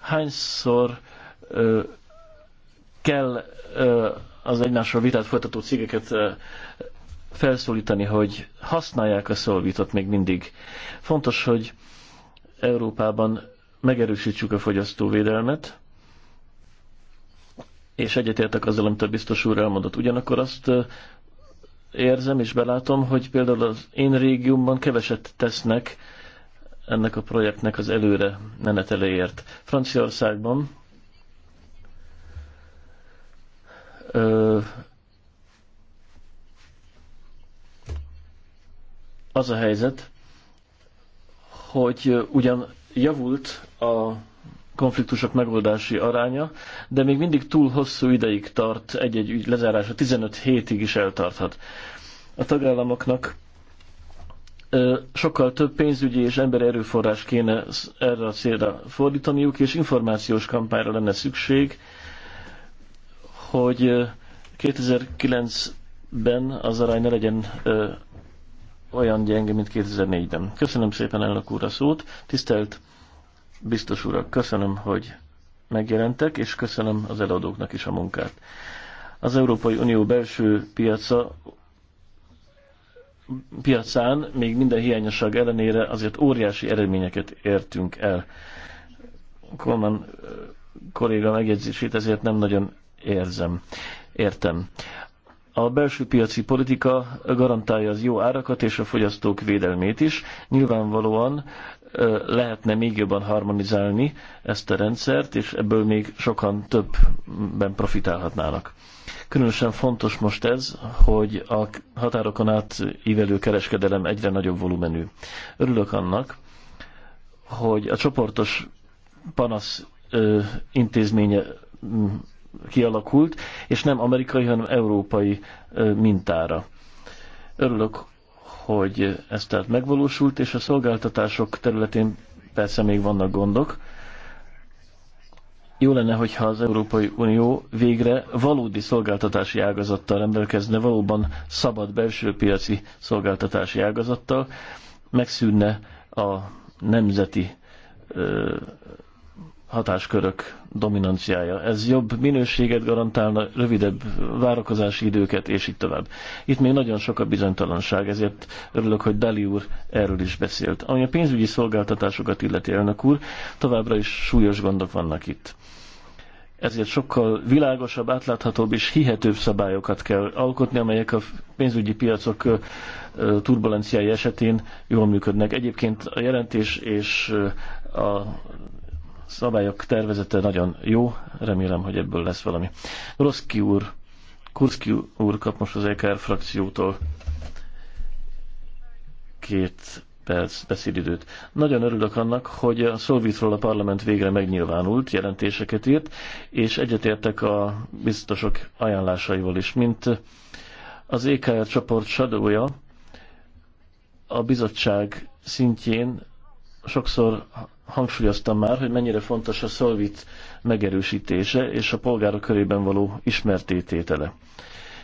Hányszor ö, kell ö, az egymásról vitát folytató cégeket felszólítani, hogy használják a szolvítot még mindig. Fontos, hogy Európában megerősítsük a fogyasztóvédelmet, és egyetértek azzal, amit a biztos úr elmondott. Ugyanakkor azt érzem és belátom, hogy például az én régiumban keveset tesznek ennek a projektnek az előre meneteleért. Franciaországban az a helyzet, hogy ugyan javult a konfliktusok megoldási aránya, de még mindig túl hosszú ideig tart egy-egy ügy lezárása, 15 hétig is eltarthat. A tagállamoknak sokkal több pénzügyi és emberi erőforrás kéne erre a célra fordítaniuk, és információs kampányra lenne szükség, hogy 2009-ben az arány ne legyen olyan gyenge, mint 2004-ben. Köszönöm szépen elnök úr a szót. Tisztelt biztos urak, köszönöm, hogy megjelentek, és köszönöm az eladóknak is a munkát. Az Európai Unió belső piaca piacán még minden hiányosság ellenére azért óriási eredményeket értünk el. Kolman kolléga megjegyzését ezért nem nagyon érzem. Értem a belső piaci politika garantálja az jó árakat és a fogyasztók védelmét is. Nyilvánvalóan lehetne még jobban harmonizálni ezt a rendszert, és ebből még sokan többben profitálhatnának. Különösen fontos most ez, hogy a határokon át ívelő kereskedelem egyre nagyobb volumenű. Örülök annak, hogy a csoportos panasz intézménye kialakult, és nem amerikai, hanem európai mintára. Örülök, hogy ez tehát megvalósult, és a szolgáltatások területén persze még vannak gondok. Jó lenne, hogyha az Európai Unió végre valódi szolgáltatási ágazattal rendelkezne, valóban szabad belső piaci szolgáltatási ágazattal, megszűnne a nemzeti ö, hatáskörök dominanciája. Ez jobb minőséget garantálna, rövidebb várakozási időket, és így tovább. Itt még nagyon sok a bizonytalanság, ezért örülök, hogy Dali úr erről is beszélt. Ami a pénzügyi szolgáltatásokat illeti elnök úr, továbbra is súlyos gondok vannak itt. Ezért sokkal világosabb, átláthatóbb és hihetőbb szabályokat kell alkotni, amelyek a pénzügyi piacok turbulenciái esetén jól működnek. Egyébként a jelentés és a szabályok tervezete nagyon jó, remélem, hogy ebből lesz valami. Roszki úr, Kurszki úr kap most az EKR frakciótól két perc beszédidőt. Nagyon örülök annak, hogy a Szolvítról a parlament végre megnyilvánult, jelentéseket írt, és egyetértek a biztosok ajánlásaival is. Mint az EKR csoport sadója a bizottság szintjén sokszor hangsúlyoztam már, hogy mennyire fontos a Solvit megerősítése és a polgárok körében való ismertététele.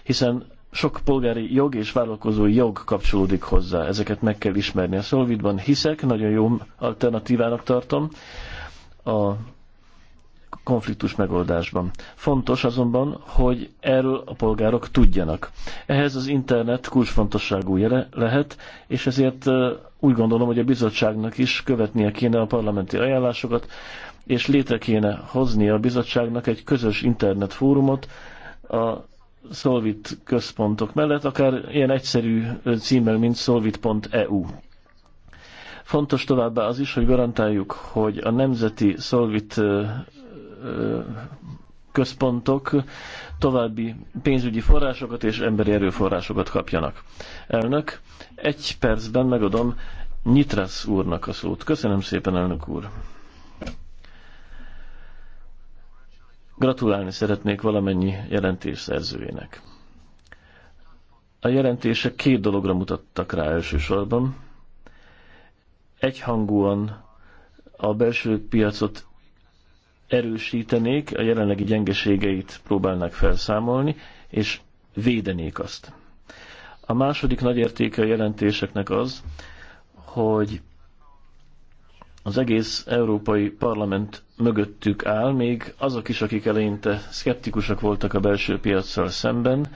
Hiszen sok polgári jog és vállalkozói jog kapcsolódik hozzá, ezeket meg kell ismerni. A Solvitban hiszek, nagyon jó alternatívának tartom. A konfliktus megoldásban. Fontos azonban, hogy erről a polgárok tudjanak. Ehhez az internet kulcsfontosságú jele lehet, és ezért úgy gondolom, hogy a bizottságnak is követnie kéne a parlamenti ajánlásokat, és létre kéne hozni a bizottságnak egy közös internetfórumot a Solvit központok mellett, akár ilyen egyszerű címmel, mint solvit.eu. Fontos továbbá az is, hogy garantáljuk, hogy a nemzeti Solvit központok további pénzügyi forrásokat és emberi erőforrásokat kapjanak. Elnök, egy percben megadom Nyitrasz úrnak a szót. Köszönöm szépen, elnök úr! Gratulálni szeretnék valamennyi jelentés szerzőjének. A jelentések két dologra mutattak rá elsősorban. Egyhangúan a belső piacot erősítenék, a jelenlegi gyengeségeit próbálnák felszámolni, és védenék azt. A második nagy értéke a jelentéseknek az, hogy az egész Európai Parlament mögöttük áll, még azok is, akik eleinte szkeptikusak voltak a belső piacsal szemben,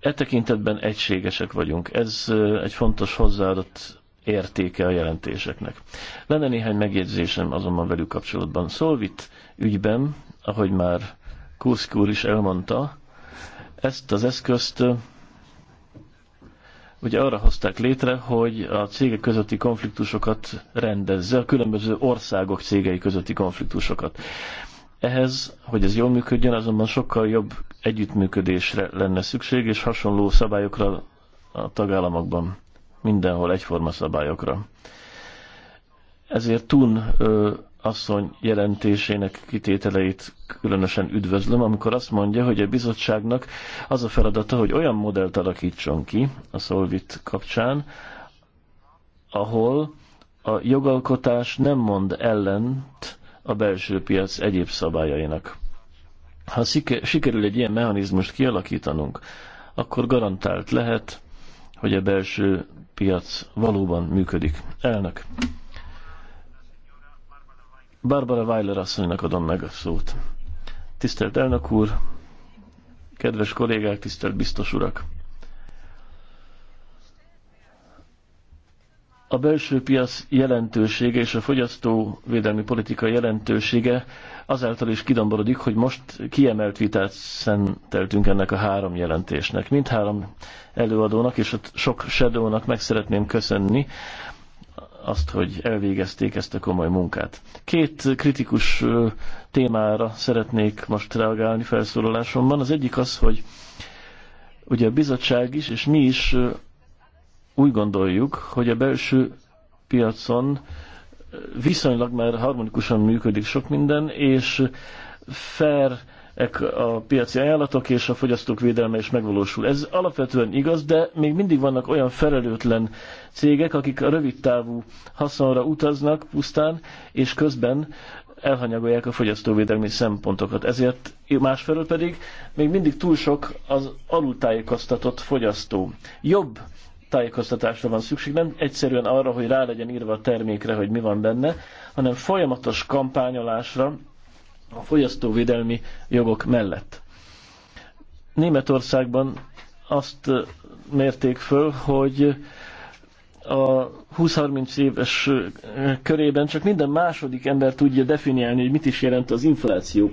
e tekintetben egységesek vagyunk. Ez egy fontos hozzáadott értéke a jelentéseknek. Lenne néhány megjegyzésem azonban velük kapcsolatban. Szolvit ügyben, ahogy már Kurszk úr is elmondta, ezt az eszközt ugye arra hozták létre, hogy a cégek közötti konfliktusokat rendezze, a különböző országok cégei közötti konfliktusokat. Ehhez, hogy ez jól működjön, azonban sokkal jobb együttműködésre lenne szükség, és hasonló szabályokra a tagállamokban mindenhol egyforma szabályokra. Ezért Tun ö, asszony jelentésének kitételeit különösen üdvözlöm, amikor azt mondja, hogy a bizottságnak az a feladata, hogy olyan modellt alakítson ki a Solvit kapcsán, ahol a jogalkotás nem mond ellent a belső piac egyéb szabályainak. Ha sikerül egy ilyen mechanizmust kialakítanunk, akkor garantált lehet, hogy a belső piac valóban működik. Elnök. Barbara Weiler asszonynak adom meg a szót. Tisztelt elnök úr, kedves kollégák, tisztelt biztos urak! a belső piac jelentősége és a fogyasztóvédelmi politika jelentősége azáltal is kidomborodik, hogy most kiemelt vitát szenteltünk ennek a három jelentésnek. Mindhárom előadónak és a sok shadownak meg szeretném köszönni azt, hogy elvégezték ezt a komoly munkát. Két kritikus témára szeretnék most reagálni felszólalásomban. Az egyik az, hogy ugye a bizottság is, és mi is úgy gondoljuk, hogy a belső piacon viszonylag már harmonikusan működik sok minden, és fair a piaci ajánlatok és a fogyasztók védelme is megvalósul. Ez alapvetően igaz, de még mindig vannak olyan felelőtlen cégek, akik a rövidtávú haszonra utaznak pusztán, és közben elhanyagolják a fogyasztóvédelmi szempontokat. Ezért másfelől pedig még mindig túl sok az alultájékoztatott fogyasztó. Jobb tájékoztatásra van szükség, nem egyszerűen arra, hogy rá legyen írva a termékre, hogy mi van benne, hanem folyamatos kampányolásra a fogyasztóvédelmi jogok mellett. Németországban azt mérték föl, hogy a 20-30 éves körében csak minden második ember tudja definiálni, hogy mit is jelent az infláció.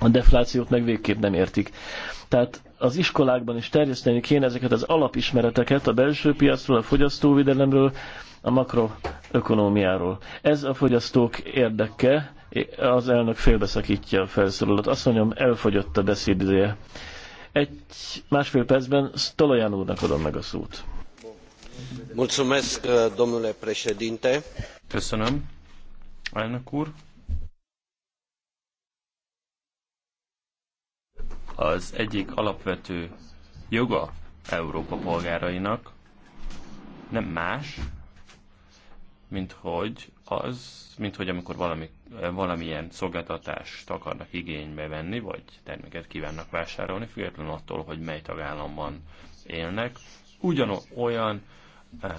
A deflációt meg végképp nem értik. Tehát az iskolákban is terjeszteni kéne ezeket az alapismereteket a belső piacról, a fogyasztóvédelemről, a makroökonómiáról. Ez a fogyasztók érdeke, az elnök félbeszakítja a felszólalat. Azt mondjam, elfogyott a beszédidője. Egy másfél percben Stolojan úrnak adom meg a szót. Köszönöm, elnök úr. Az egyik alapvető joga Európa polgárainak nem más, mint hogy az, mint hogy amikor valami, valamilyen szolgáltatást akarnak igénybe venni, vagy terméket kívánnak vásárolni, függetlenül attól, hogy mely tagállamban élnek, ugyanolyan eh,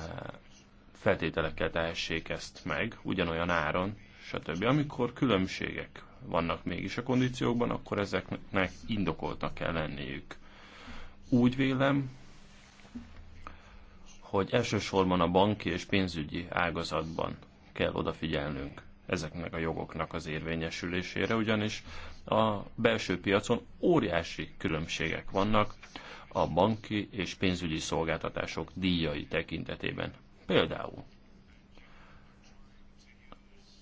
feltételekkel tehessék ezt meg, ugyanolyan áron, stb. Amikor különbségek vannak mégis a kondíciókban, akkor ezeknek indokoltak kell lenniük. Úgy vélem, hogy elsősorban a banki és pénzügyi ágazatban kell odafigyelnünk ezeknek a jogoknak az érvényesülésére, ugyanis a belső piacon óriási különbségek vannak a banki és pénzügyi szolgáltatások díjai tekintetében. Például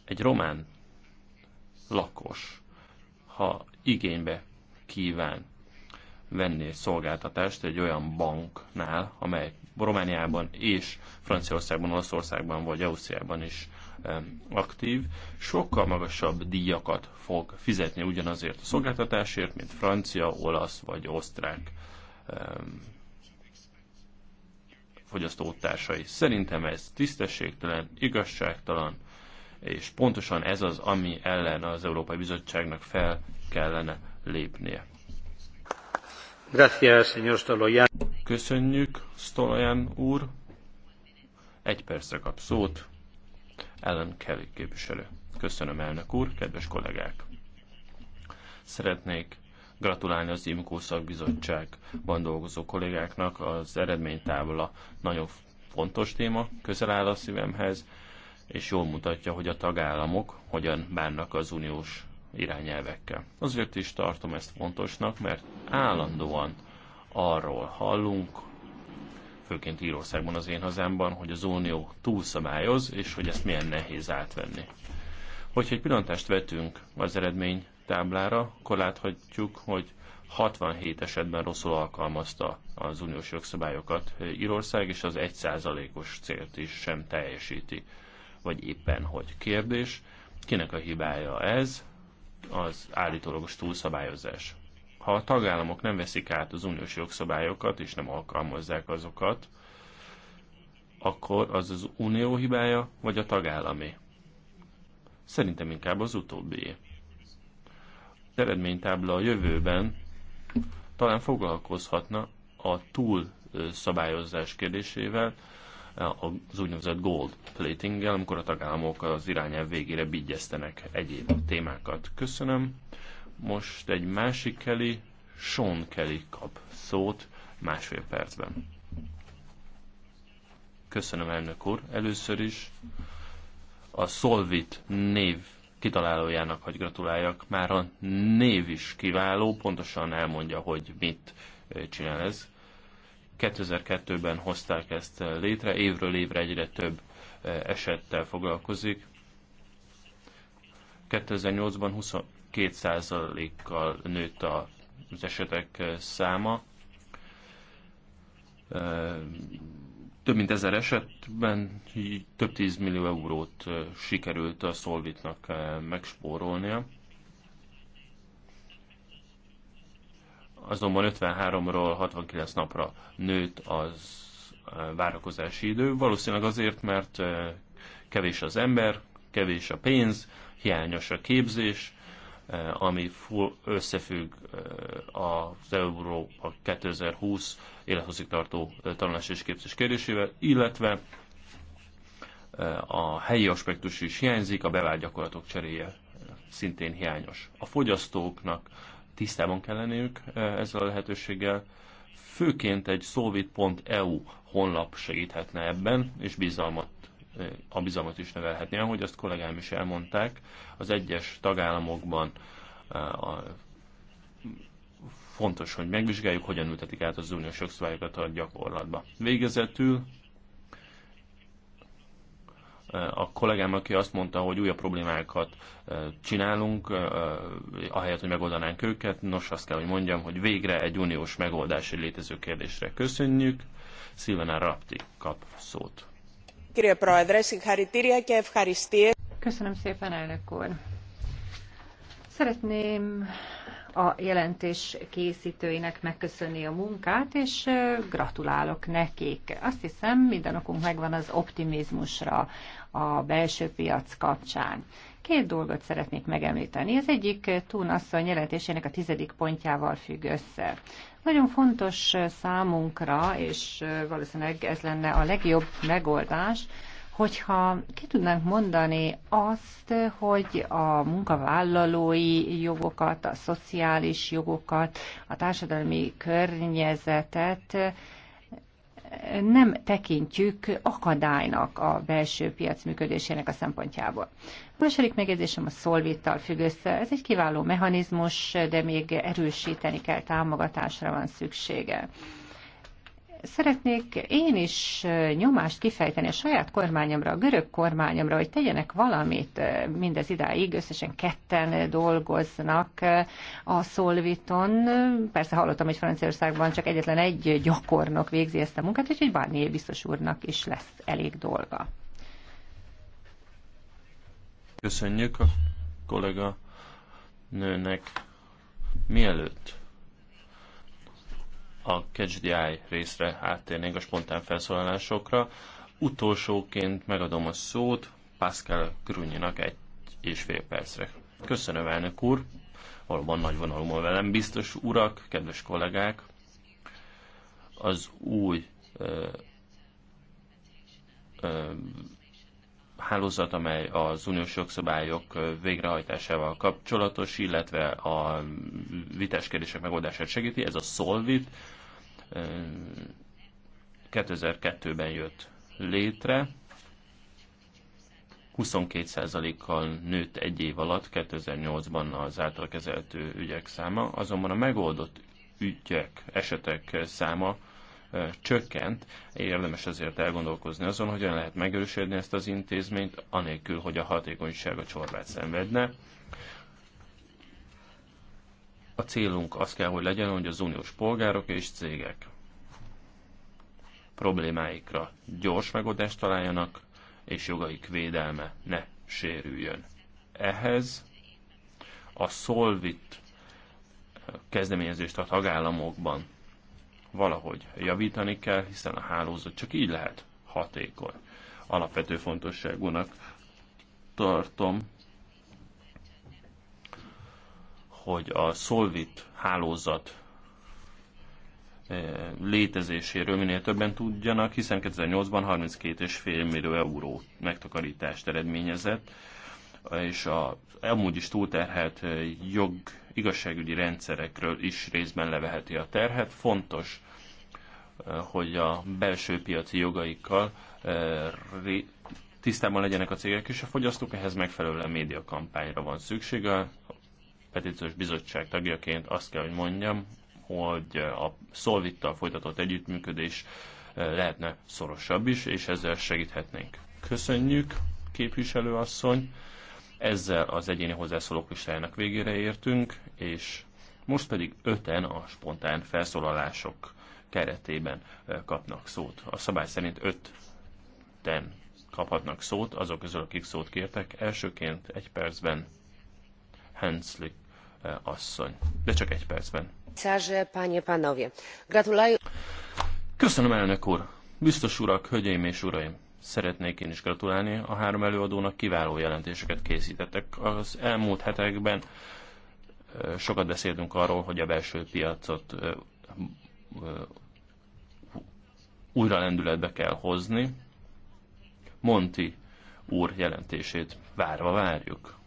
egy román lakos, ha igénybe kíván venni egy szolgáltatást egy olyan banknál, amely Romániában és Franciaországban, Olaszországban vagy Ausztriában is aktív, sokkal magasabb díjakat fog fizetni ugyanazért a szolgáltatásért, mint francia, olasz vagy osztrák fogyasztótársai. Szerintem ez tisztességtelen, igazságtalan, és pontosan ez az, ami ellen az Európai Bizottságnak fel kellene lépnie. Köszönjük, Stolajan úr. Egy percre kap szót. Ellen Kelly képviselő. Köszönöm, elnök úr, kedves kollégák. Szeretnék gratulálni az IMKO szakbizottságban dolgozó kollégáknak. Az eredménytábla nagyon fontos téma, közel áll a szívemhez és jól mutatja, hogy a tagállamok hogyan bánnak az uniós irányelvekkel. Azért is tartom ezt fontosnak, mert állandóan arról hallunk, főként Írországban, az én hazámban, hogy az Unió túlszabályoz, és hogy ezt milyen nehéz átvenni. Hogyha egy pillantást vetünk az eredmény táblára, akkor láthatjuk, hogy 67 esetben rosszul alkalmazta az uniós jogszabályokat Írország, és az 1%-os célt is sem teljesíti vagy éppen hogy kérdés. Kinek a hibája ez? Az állítólagos túlszabályozás. Ha a tagállamok nem veszik át az uniós jogszabályokat és nem alkalmazzák azokat, akkor az az unió hibája, vagy a tagállami? Szerintem inkább az utóbbi. Az eredménytábla a jövőben talán foglalkozhatna a túlszabályozás kérdésével, az úgynevezett gold platinggel, amikor a tagállamok az irányelv végére bigyeztenek egyéb témákat. Köszönöm. Most egy másik Kelly, Sean Kelly kap szót másfél percben. Köszönöm, elnök úr. Először is a Solvit név kitalálójának, hogy gratuláljak. Már a név is kiváló, pontosan elmondja, hogy mit csinál ez. 2002-ben hozták ezt létre, évről évre egyre több e, esettel foglalkozik. 2008-ban 22%-kal nőtt az esetek e, száma. E, több mint ezer esetben több tízmillió eurót sikerült a Szolvitnak megspórolnia. azonban 53-ról 69 napra nőtt az várakozási idő, valószínűleg azért, mert kevés az ember, kevés a pénz, hiányos a képzés, ami összefügg az Európa 2020 tartó tanulás és képzés kérdésével, illetve a helyi aspektus is hiányzik, a bevált gyakorlatok cseréje szintén hiányos. A fogyasztóknak tisztában kell lenniük e, ezzel a lehetőséggel. Főként egy szolvit.eu honlap segíthetne ebben, és bizalmat, e, a bizalmat is nevelhetné. Ahogy azt kollégám is elmondták, az egyes tagállamokban e, a fontos, hogy megvizsgáljuk, hogyan ültetik át az uniós jogszabályokat a gyakorlatba. Végezetül a kollégám, aki azt mondta, hogy újabb problémákat csinálunk, ahelyett, hogy megoldanánk őket. Nos, azt kell, hogy mondjam, hogy végre egy uniós megoldás egy létező kérdésre. Köszönjük. Szilvana Rapti kap szót. Köszönöm szépen, elnök úr. Szeretném a jelentés készítőinek megköszönni a munkát, és gratulálok nekik. Azt hiszem, minden okunk megvan az optimizmusra a belső piac kapcsán. Két dolgot szeretnék megemlíteni. Az egyik Thun a jelentésének a tizedik pontjával függ össze. Nagyon fontos számunkra, és valószínűleg ez lenne a legjobb megoldás, hogyha ki tudnánk mondani azt, hogy a munkavállalói jogokat, a szociális jogokat, a társadalmi környezetet nem tekintjük akadálynak a belső piac működésének a szempontjából. A második megjegyzésem a szolvittal függ össze. Ez egy kiváló mechanizmus, de még erősíteni kell, támogatásra van szüksége szeretnék én is nyomást kifejteni a saját kormányomra, a görög kormányomra, hogy tegyenek valamit mindez idáig. Összesen ketten dolgoznak a Szolviton. Persze hallottam, hogy Franciaországban csak egyetlen egy gyakornok végzi ezt a munkát, úgyhogy bármi biztos úrnak is lesz elég dolga. Köszönjük a kollega nőnek. Mielőtt a CatchDI részre áttérnénk a spontán felszólalásokra. Utolsóként megadom a szót Pascal Grunyinak egy és fél percre. Köszönöm, elnök úr! Valóban nagy vonalúban velem, biztos urak, kedves kollégák! Az új ö, ö, hálózat, amely az uniós jogszabályok végrehajtásával kapcsolatos, illetve a vitás kérdések megoldását segíti, ez a Solvit. 2002-ben jött létre, 22%-kal nőtt egy év alatt 2008-ban az által kezelhető ügyek száma, azonban a megoldott ügyek, esetek száma csökkent. Érdemes azért elgondolkozni azon, hogyan lehet megerősödni ezt az intézményt, anélkül, hogy a hatékonysága csorbát szenvedne. A célunk az kell, hogy legyen, hogy az uniós polgárok és cégek problémáikra gyors megoldást találjanak, és jogaik védelme ne sérüljön. Ehhez a Solvit kezdeményezést a tagállamokban valahogy javítani kell, hiszen a hálózat csak így lehet hatékony. Alapvető fontosságúnak tartom hogy a Solvit hálózat eh, létezéséről minél többen tudjanak, hiszen 2008-ban 32,5 millió euró megtakarítást eredményezett, és a amúgy is túlterhelt eh, jog igazságügyi rendszerekről is részben leveheti a terhet. Fontos, eh, hogy a belső piaci jogaikkal tisztában legyenek a cégek és a fogyasztók, ehhez megfelelően médiakampányra van szüksége petíciós bizottság tagjaként azt kell, hogy mondjam, hogy a Szolvittal folytatott együttműködés eh, lehetne szorosabb is, és ezzel segíthetnénk. Köszönjük, képviselőasszony! Ezzel az egyéni hozzászólók listájának végére értünk, és most pedig öten a spontán felszólalások keretében eh, kapnak szót. A szabály szerint ötten kaphatnak szót, azok közül, akik szót kértek. Elsőként egy percben Henslik asszony. De csak egy percben. Köszönöm, elnök úr! Biztos urak, hölgyeim és uraim! Szeretnék én is gratulálni a három előadónak, kiváló jelentéseket készítettek. Az elmúlt hetekben sokat beszéltünk arról, hogy a belső piacot újra lendületbe kell hozni. Monti úr jelentését várva várjuk.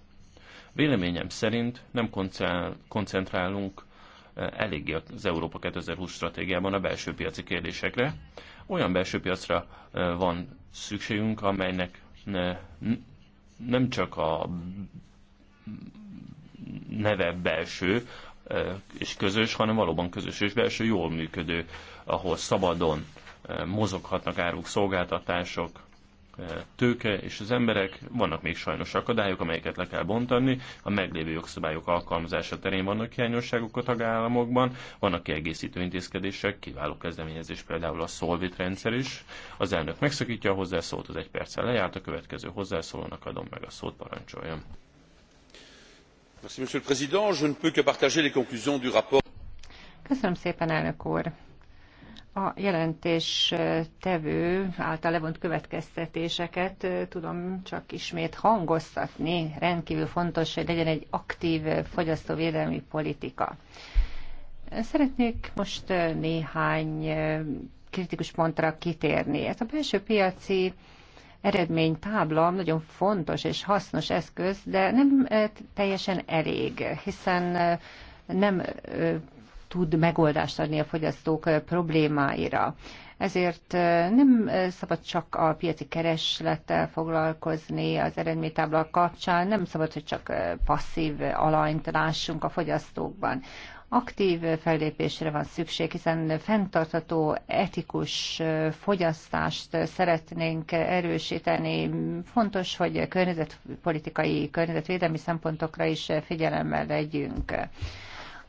Véleményem szerint nem koncentrálunk e, eléggé az Európa 2020 stratégiában a belső piaci kérdésekre. Olyan belső piacra e, van szükségünk, amelynek ne, nem csak a neve belső e, és közös, hanem valóban közös és belső jól működő, ahol szabadon mozoghatnak áruk, szolgáltatások, tőke és az emberek, vannak még sajnos akadályok, amelyeket le kell bontani, a meglévő jogszabályok alkalmazása terén vannak hiányosságok a tagállamokban, vannak kiegészítő intézkedések, kiváló kezdeményezés például a szolvit rendszer is. Az elnök megszakítja a hozzászólt, az egy perccel lejárt, a következő hozzászólónak adom meg a szót, parancsoljam. Köszönöm szépen, elnök úr! a jelentés tevő által levont következtetéseket tudom csak ismét hangoztatni. Rendkívül fontos, hogy legyen egy aktív fogyasztóvédelmi politika. Szeretnék most néhány kritikus pontra kitérni. Ez a belső piaci eredmény tábla nagyon fontos és hasznos eszköz, de nem teljesen elég, hiszen nem tud megoldást adni a fogyasztók problémáira. Ezért nem szabad csak a piaci kereslettel foglalkozni az eredménytábla kapcsán, nem szabad, hogy csak passzív alanyt lássunk a fogyasztókban aktív fellépésre van szükség, hiszen fenntartható, etikus fogyasztást szeretnénk erősíteni. Fontos, hogy környezetpolitikai, környezetvédelmi szempontokra is figyelemmel legyünk.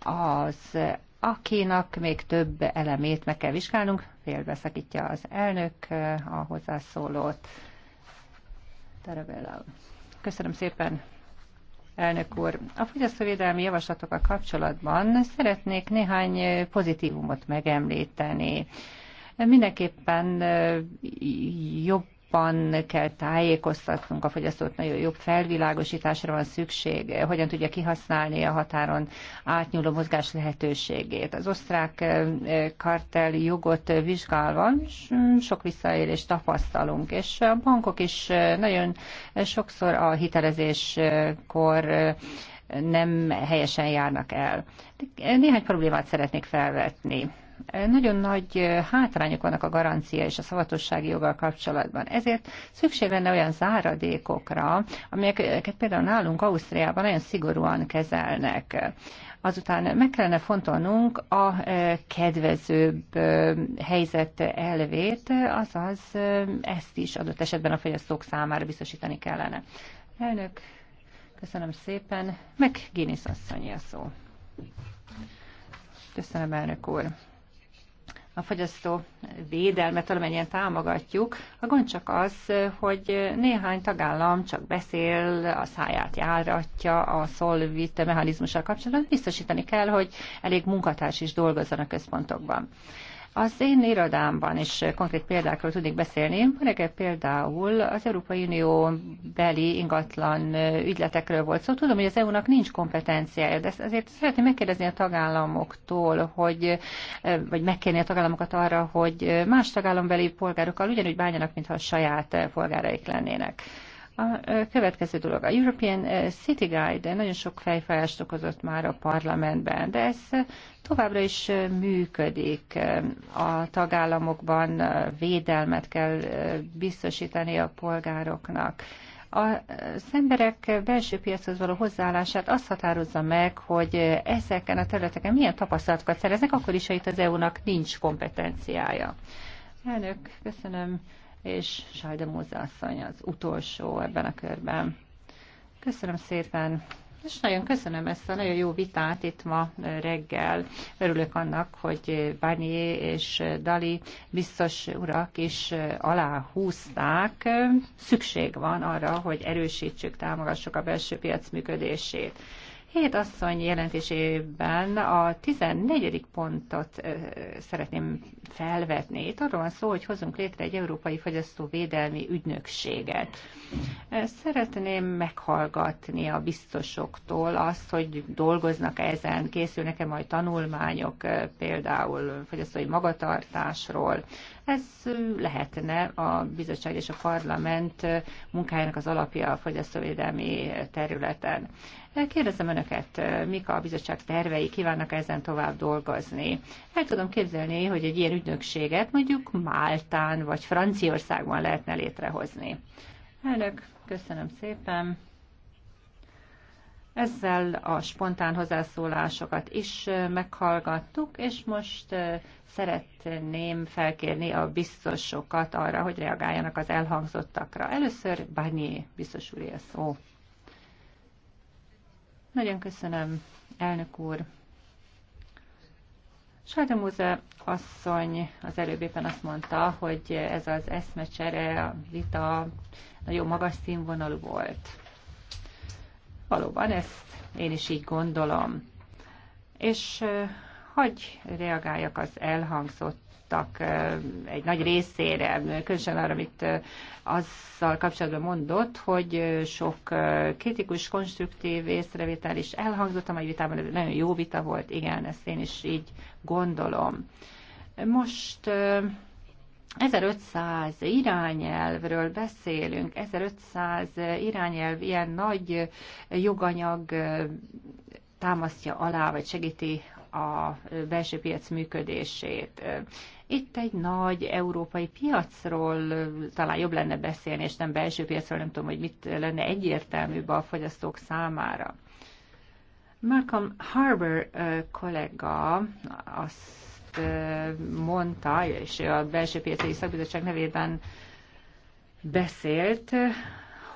Az akinek még több elemét meg kell vizsgálnunk, félbeszakítja az elnök eh, a hozzászólót. Tarabella. Köszönöm szépen, elnök úr. A fogyasztóvédelmi javaslatokkal kapcsolatban szeretnék néhány eh, pozitívumot megemlíteni mindenképpen eh, jobb jobban kell tájékoztatnunk a fogyasztót, nagyon jobb felvilágosításra van szükség, hogyan tudja kihasználni a határon átnyúló mozgás lehetőségét. Az osztrák eh, kartel jogot vizsgálva mm, sok visszaélést tapasztalunk, és a bankok is eh, nagyon sokszor a hitelezéskor eh, nem helyesen járnak el. Néhány problémát szeretnék felvetni nagyon nagy hátrányok vannak a garancia és a szavatossági joggal kapcsolatban. Ezért szükség lenne olyan záradékokra, amelyeket például nálunk Ausztriában nagyon szigorúan kezelnek. Azután meg kellene fontolnunk a kedvezőbb helyzet elvét, azaz ezt is adott esetben a fogyasztók számára biztosítani kellene. Elnök, köszönöm szépen. Meg Guinness asszonyi a szó. Köszönöm, elnök úr a fogyasztó védelmet valamennyien támogatjuk, a gond csak az, hogy néhány tagállam csak beszél, a száját járatja a szolvit mechanizmussal kapcsolatban, biztosítani kell, hogy elég munkatárs is dolgozzon a központokban. Az én irodámban is konkrét példákról tudnék beszélni. Van például az Európai Unió beli ingatlan ügyletekről volt szó. Szóval tudom, hogy az EU-nak nincs kompetenciája, de azért szeretném megkérdezni a tagállamoktól, hogy, vagy megkérni a tagállamokat arra, hogy más tagállambeli polgárokkal ugyanúgy bánjanak, mintha a saját polgáraik lennének. A következő dolog, a European City Guide nagyon sok fejfájást okozott már a parlamentben, de ez továbbra is működik. A tagállamokban védelmet kell biztosítani a polgároknak. Az emberek belső piachoz való hozzáállását azt határozza meg, hogy ezeken a területeken milyen tapasztalatokat szereznek, akkor is, ha itt az EU-nak nincs kompetenciája. Elnök, köszönöm és Sajdemóza asszony az utolsó ebben a körben. Köszönöm szépen! És nagyon köszönöm ezt a nagyon jó vitát itt ma reggel. Örülök annak, hogy Barnier és Dali biztos urak is aláhúzták. Szükség van arra, hogy erősítsük, támogassuk a belső piac működését. Hét asszony jelentésében a 14. pontot szeretném felvetni. Itt arról van szó, hogy hozunk létre egy Európai Fogyasztóvédelmi Ügynökséget. Szeretném meghallgatni a biztosoktól azt, hogy dolgoznak -e ezen, készülnek-e majd tanulmányok például fogyasztói magatartásról, ez lehetne a bizottság és a parlament munkájának az alapja a fogyasztóvédelmi területen. Kérdezem Önöket, mik a bizottság tervei, kívánnak ezen tovább dolgozni? El tudom képzelni, hogy egy ilyen ügynökséget mondjuk Máltán vagy Franciaországban lehetne létrehozni. Elnök, köszönöm szépen. Ezzel a spontán hozzászólásokat is meghallgattuk, és most szeretném felkérni a biztosokat arra, hogy reagáljanak az elhangzottakra. Először Barnier biztos úr szó. Nagyon köszönöm, elnök úr. Sajdamúze asszony az előbb éppen azt mondta, hogy ez az eszmecsere, a vita nagyon magas színvonalú volt. Valóban ezt én is így gondolom. És hagy reagáljak az elhangzott egy nagy részére, különösen arra, amit azzal kapcsolatban mondott, hogy sok kritikus, konstruktív észrevétel is elhangzott a mai vitában, ez nagyon jó vita volt, igen, ezt én is így gondolom. Most 1500 irányelvről beszélünk, 1500 irányelv ilyen nagy joganyag támasztja alá, vagy segíti a belső piac működését. Itt egy nagy európai piacról talán jobb lenne beszélni, és nem belső piacról, nem tudom, hogy mit lenne egyértelműbb a fogyasztók számára. Malcolm Harbour kollega azt mondta, és a belső piaci szakbizottság nevében beszélt,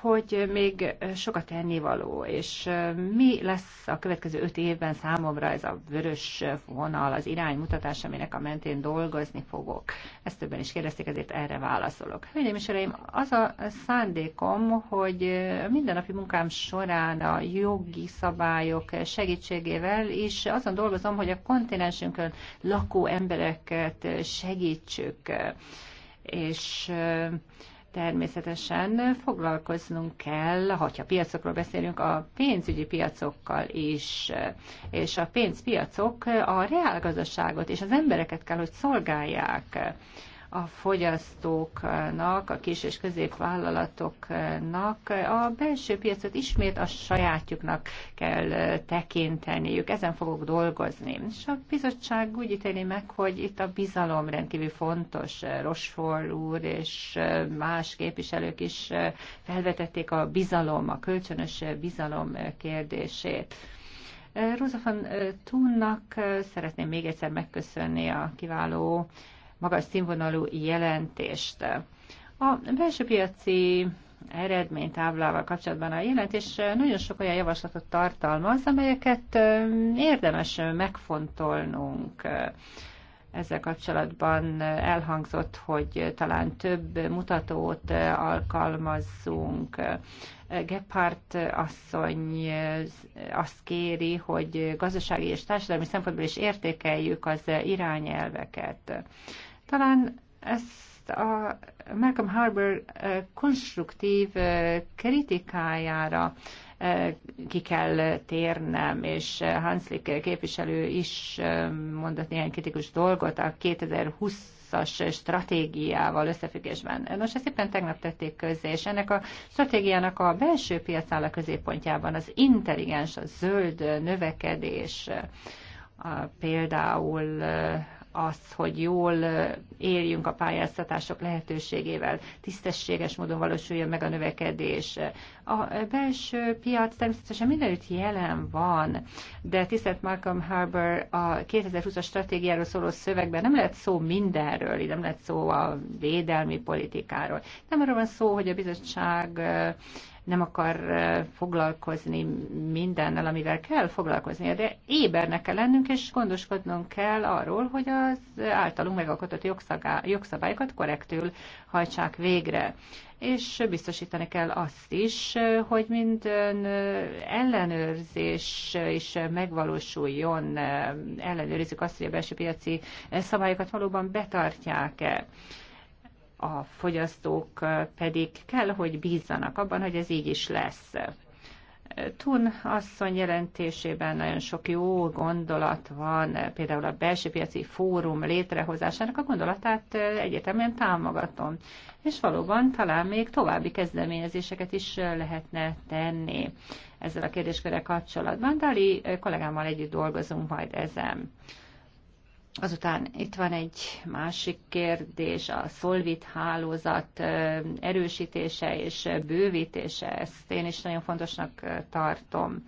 hogy még sokat tennivaló, és mi lesz a következő öt évben számomra ez a vörös vonal, az iránymutatás, aminek a mentén dolgozni fogok. Ezt többen is kérdezték, ezért erre válaszolok. Hölgyeim és Uraim, az a szándékom, hogy mindennapi munkám során a jogi szabályok segítségével is azon dolgozom, hogy a kontinensünkön lakó embereket segítsük, és természetesen foglalkoznunk kell, ha a piacokról beszélünk, a pénzügyi piacokkal is, és a pénzpiacok a reálgazdaságot és az embereket kell, hogy szolgálják a fogyasztóknak, a kis- és középvállalatoknak a belső piacot ismét a sajátjuknak kell tekinteniük. Ezen fogok dolgozni. És a bizottság úgy ítéli meg, hogy itt a bizalom rendkívül fontos. Rosfor úr és más képviselők is felvetették a bizalom, a kölcsönös bizalom kérdését. Rosa van Thunnak szeretném még egyszer megköszönni a kiváló magas színvonalú jelentést. A belső piaci eredménytáblával kapcsolatban a jelentés nagyon sok olyan javaslatot tartalmaz, amelyeket érdemes megfontolnunk ezzel kapcsolatban elhangzott, hogy talán több mutatót alkalmazzunk. Gephardt asszony azt kéri, hogy gazdasági és társadalmi szempontból is értékeljük az irányelveket. Talán ezt a Malcolm Harbour konstruktív kritikájára ki kell térnem, és Hanslik képviselő is mondott néhány kritikus dolgot a 2020 as stratégiával összefüggésben. Nos, ezt éppen tegnap tették közzé, és ennek a stratégiának a belső piac áll a középpontjában az intelligens, a zöld növekedés, a, például az, hogy jól éljünk a pályáztatások lehetőségével, tisztességes módon valósuljon meg a növekedés. A belső piac természetesen mindenütt jelen van, de tisztelt Malcolm Harbour a 2020-as stratégiáról szóló szövegben nem lehet szó mindenről, így nem lehet szó a védelmi politikáról. Nem arról van szó, hogy a bizottság nem akar foglalkozni mindennel, amivel kell foglalkoznia, de ébernek kell lennünk, és gondoskodnunk kell arról, hogy az általunk megalkotott jogszabályokat korrektül hajtsák végre és biztosítani kell azt is, hogy minden ellenőrzés is megvalósuljon, ellenőrizzük azt, hogy a belső piaci szabályokat valóban betartják-e a fogyasztók pedig kell, hogy bízzanak abban, hogy ez így is lesz. Tun asszony jelentésében nagyon sok jó gondolat van, például a belső piaci fórum létrehozásának a gondolatát egyetemen támogatom. És valóban talán még további kezdeményezéseket is lehetne tenni ezzel a kérdéskörrel kapcsolatban. Dali kollégámmal együtt dolgozunk majd ezen. Azután itt van egy másik kérdés, a Solvit hálózat erősítése és bővítése, ezt én is nagyon fontosnak tartom.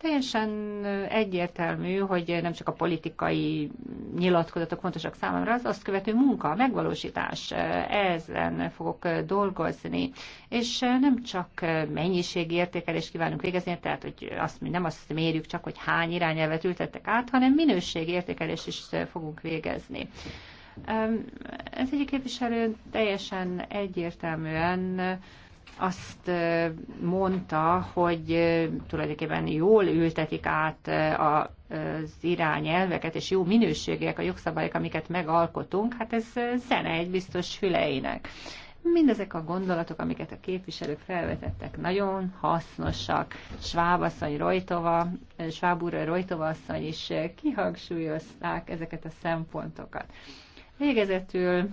Teljesen egyértelmű, hogy nem csak a politikai nyilatkozatok fontosak számomra, az azt követő munka, a megvalósítás, ezen fogok dolgozni, és nem csak mennyiségi értékelés kívánunk végezni, tehát hogy azt, nem azt mérjük csak, hogy hány irányelvet ültettek át, hanem minőségi értékelés is fogunk végezni. Ez egyik képviselő teljesen egyértelműen azt mondta, hogy tulajdonképpen jól ültetik át a az irányelveket, és jó minőségek a jogszabályok, amiket megalkotunk, hát ez zene egy biztos füleinek. Mindezek a gondolatok, amiket a képviselők felvetettek, nagyon hasznosak. Schwab asszony Rojtova, Schwab úr Rojtova asszony is kihangsúlyozták ezeket a szempontokat. Végezetül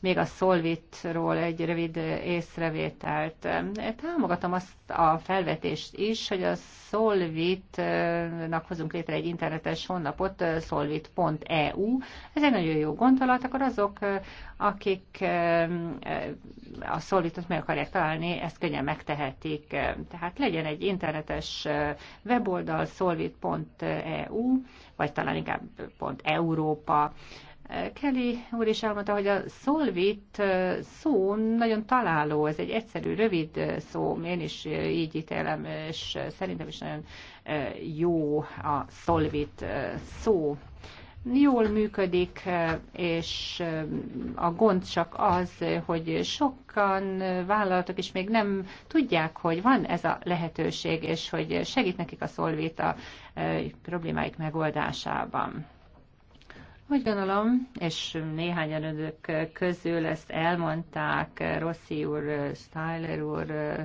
még a Szolvitról egy rövid észrevételt. Támogatom azt a felvetést is, hogy a Solvitnak hozunk létre egy internetes honlapot, solvit.eu. Ez egy nagyon jó gondolat, akkor azok, akik eh, a Solvitot meg akarják találni, ezt könnyen megtehetik. Tehát legyen egy internetes eh, weboldal solvit.eu, vagy talán inkább pont Európa, Kelly úr is elmondta, hogy a szolvit szó nagyon találó, ez egy egyszerű, rövid szó, én is így ítélem, és szerintem is nagyon jó a szolvit szó. Jól működik, és a gond csak az, hogy sokan vállalatok is még nem tudják, hogy van ez a lehetőség, és hogy segít nekik a szolvét a problémáik megoldásában. Úgy gondolom, és néhányan önök közül ezt elmondták, Rossi úr, Styler úr,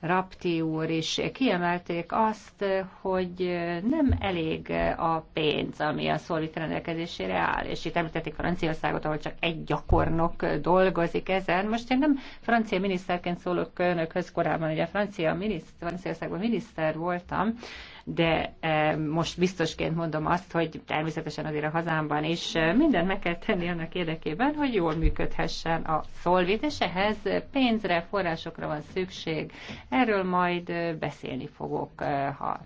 Rapti úr is kiemelték azt, hogy nem elég a pénz, ami a szólít rendelkezésére áll. És itt említették Franciaországot, ahol csak egy gyakornok dolgozik ezen. Most én nem francia miniszterként szólok önökhöz, korábban ugye francia miniszt, Franciaországban miniszter voltam, de e, most biztosként mondom azt, hogy természetesen azért a hazámban is e, mindent meg kell tenni annak érdekében, hogy jól működhessen a szolvét, és ehhez pénzre, forrásokra van szükség. Erről majd e, beszélni fogok, ha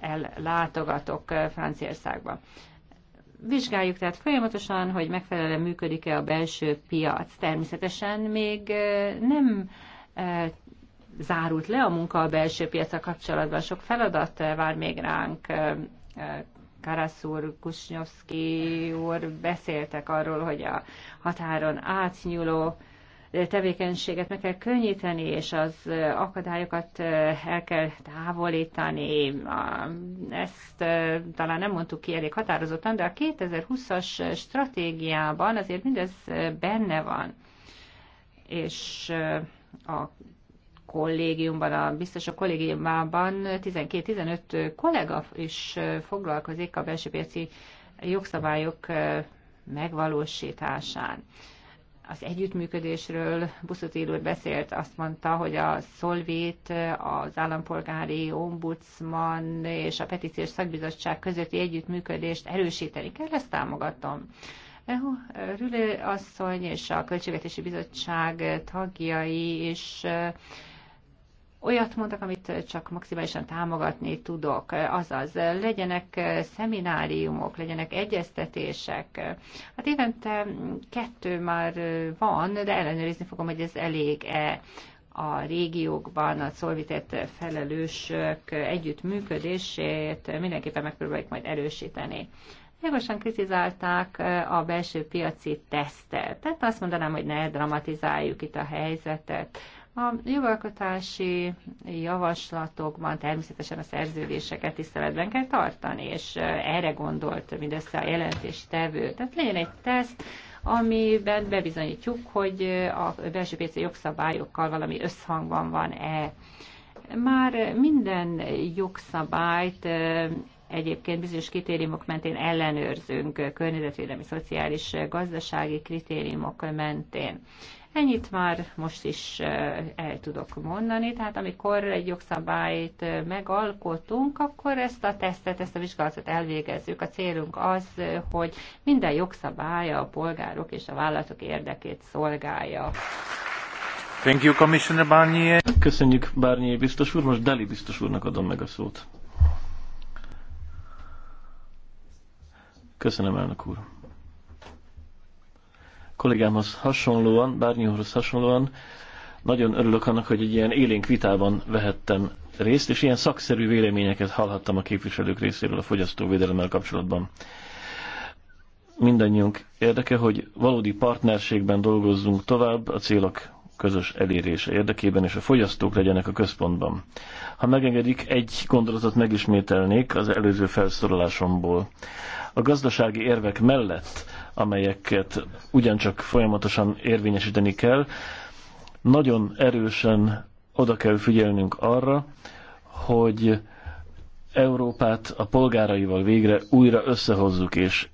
ellátogatok Franciaországba vizsgáljuk tehát folyamatosan, hogy megfelelően működik-e a belső piac. Természetesen még nem zárult le a munka a belső piaca kapcsolatban. Sok feladat eh, vár még ránk. Eh, eh, Karasz úr, Kusnyovszki úr beszéltek arról, hogy a határon átnyúló tevékenységet meg kell könnyíteni, és az akadályokat el kell távolítani. Ezt talán nem mondtuk ki elég határozottan, de a 2020-as stratégiában azért mindez benne van. És a kollégiumban, a biztos a kollégiumában 12-15 kollega is foglalkozik a belső piaci jogszabályok megvalósításán. Az együttműködésről Buszutil úr beszélt, azt mondta, hogy a Szolvét, az állampolgári ombudsman és a petíciós szakbizottság közötti együttműködést erősíteni kell, ezt támogatom. Rülő asszony és a Költségvetési Bizottság tagjai is olyat mondtak, amit csak maximálisan támogatni tudok, azaz legyenek szemináriumok, legyenek egyeztetések. Hát évente kettő már van, de ellenőrizni fogom, hogy ez elég-e a régiókban a szolvitett felelősök együttműködését mindenképpen megpróbáljuk majd erősíteni. Jogosan kritizálták a belső piaci tesztet. Tehát azt mondanám, hogy ne dramatizáljuk itt a helyzetet. A jogalkotási javaslatokban természetesen a szerződéseket tiszteletben kell tartani, és erre gondolt mindössze a jelentéstevő. Tehát legyen egy teszt, amiben bebizonyítjuk, hogy a belső PC jogszabályokkal valami összhangban van-e. Már minden jogszabályt egyébként bizonyos kritériumok mentén ellenőrzünk, környezetvédelmi, szociális, gazdasági kritériumok mentén. Ennyit már most is el tudok mondani, tehát amikor egy jogszabályt megalkotunk, akkor ezt a tesztet, ezt a vizsgálatot elvégezzük. A célunk az, hogy minden jogszabály a polgárok és a vállalatok érdekét szolgálja. Thank you, Commissioner Barnier. Köszönjük Barnier biztos úr, most Deli biztos úrnak adom meg a szót. Köszönöm, elnök úr kollégámhoz hasonlóan, Bárnyóhoz hasonlóan, nagyon örülök annak, hogy egy ilyen élénk vitában vehettem részt, és ilyen szakszerű véleményeket hallhattam a képviselők részéről a fogyasztóvédelemmel kapcsolatban. Mindannyiunk érdeke, hogy valódi partnerségben dolgozzunk tovább a célok közös elérése érdekében, és a fogyasztók legyenek a központban. Ha megengedik, egy gondolatot megismételnék az előző felszorolásomból a gazdasági érvek mellett, amelyeket ugyancsak folyamatosan érvényesíteni kell, nagyon erősen oda kell figyelnünk arra, hogy Európát a polgáraival végre újra összehozzuk, és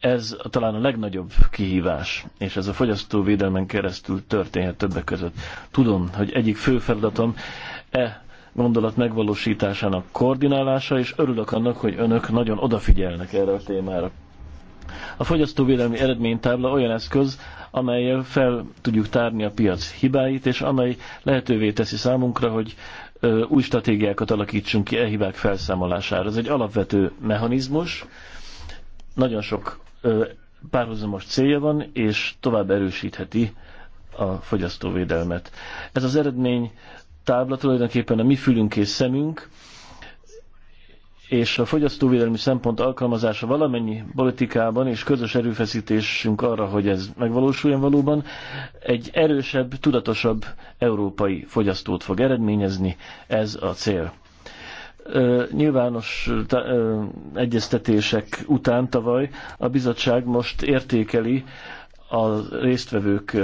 ez talán a legnagyobb kihívás, és ez a fogyasztóvédelmen keresztül történhet többek között. Tudom, hogy egyik fő feladatom e gondolat megvalósításának koordinálása, és örülök annak, hogy önök nagyon odafigyelnek erre a témára. A fogyasztóvédelmi eredménytábla olyan eszköz, amelyel fel tudjuk tárni a piac hibáit, és amely lehetővé teszi számunkra, hogy új stratégiákat alakítsunk ki e hibák felszámolására. Ez egy alapvető mechanizmus, nagyon sok párhuzamos célja van, és tovább erősítheti a fogyasztóvédelmet. Ez az eredmény tábla tulajdonképpen a mi fülünk és szemünk, és a fogyasztóvédelmi szempont alkalmazása valamennyi politikában és közös erőfeszítésünk arra, hogy ez megvalósuljon valóban, egy erősebb, tudatosabb európai fogyasztót fog eredményezni, ez a cél. Nyilvános egyeztetések után tavaly a bizottság most értékeli a résztvevők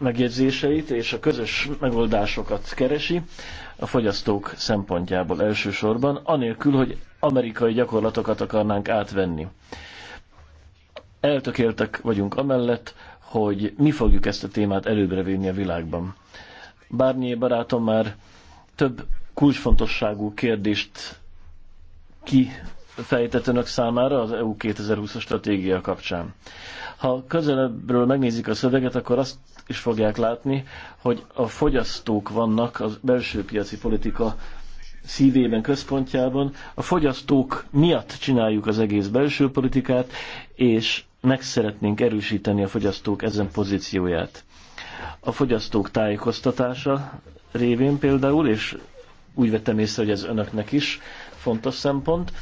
megjegyzéseit és a közös megoldásokat keresi, a fogyasztók szempontjából elsősorban, anélkül, hogy amerikai gyakorlatokat akarnánk átvenni. Eltökéltek vagyunk amellett, hogy mi fogjuk ezt a témát előbbre vinni a világban. Bárnyi barátom már több kulcsfontosságú kérdést kifejtett önök számára az EU 2020-as stratégia kapcsán. Ha közelebbről megnézik a szöveget, akkor azt is fogják látni, hogy a fogyasztók vannak a belső piaci politika szívében, központjában. A fogyasztók miatt csináljuk az egész belső politikát, és meg szeretnénk erősíteni a fogyasztók ezen pozícióját. A fogyasztók tájékoztatása révén például, és úgy vettem észre, hogy ez önöknek is fontos szempont,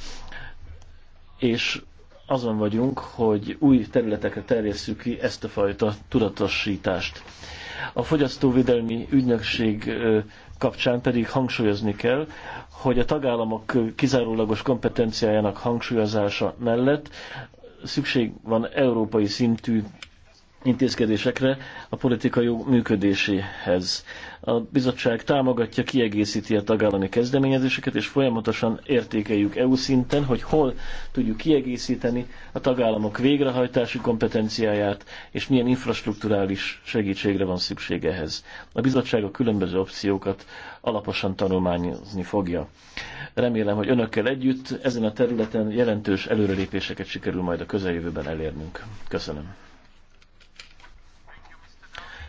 és azon vagyunk, hogy új területekre terjesszük ki ezt a fajta tudatosítást. A fogyasztóvédelmi ügynökség kapcsán pedig hangsúlyozni kell, hogy a tagállamok kizárólagos kompetenciájának hangsúlyozása mellett szükség van európai szintű intézkedésekre a politikai jó működéséhez. A bizottság támogatja, kiegészíti a tagállami kezdeményezéseket, és folyamatosan értékeljük EU szinten, hogy hol tudjuk kiegészíteni a tagállamok végrehajtási kompetenciáját, és milyen infrastruktúrális segítségre van szükség ehhez. A bizottság a különböző opciókat alaposan tanulmányozni fogja. Remélem, hogy önökkel együtt ezen a területen jelentős előrelépéseket sikerül majd a közeljövőben elérnünk. Köszönöm.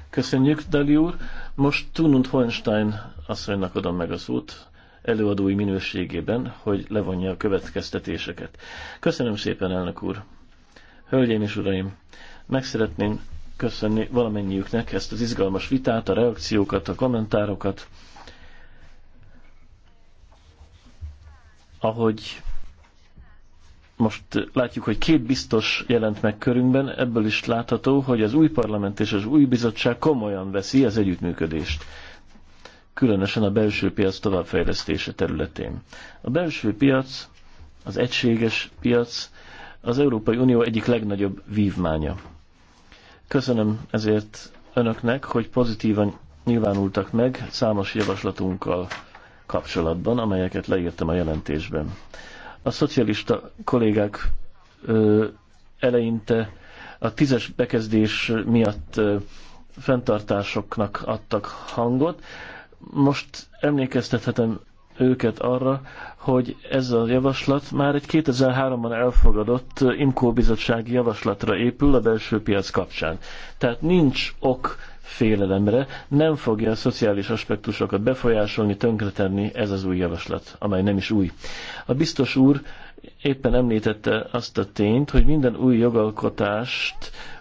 Köszönjük, Dali úr. Most Tunund Hohenstein asszonynak adom meg a szót előadói minőségében, hogy levonja a következtetéseket. Köszönöm szépen, elnök úr! Hölgyeim és uraim! Meg szeretném köszönni valamennyiüknek ezt az izgalmas vitát, a reakciókat, a kommentárokat. Ahogy most eh, látjuk, hogy két biztos jelent meg körünkben, ebből is látható, hogy az új parlament és az új bizottság komolyan veszi az együttműködést, különösen a belső piac továbbfejlesztése területén. A belső piac, az egységes piac az Európai Unió egyik legnagyobb vívmánya. Köszönöm ezért önöknek, hogy pozitívan nyilvánultak meg számos javaslatunkkal kapcsolatban, amelyeket leírtam a jelentésben. A szocialista kollégák ö, eleinte a tízes bekezdés miatt ö, fenntartásoknak adtak hangot. Most emlékeztethetem őket arra, hogy ez a javaslat már egy 2003-ban elfogadott IMCO bizottsági javaslatra épül a belső piac kapcsán. Tehát nincs ok félelemre, nem fogja a szociális aspektusokat befolyásolni, tönkretenni ez az új javaslat, amely nem is új. A biztos úr éppen említette azt a tényt, hogy minden új jogalkotást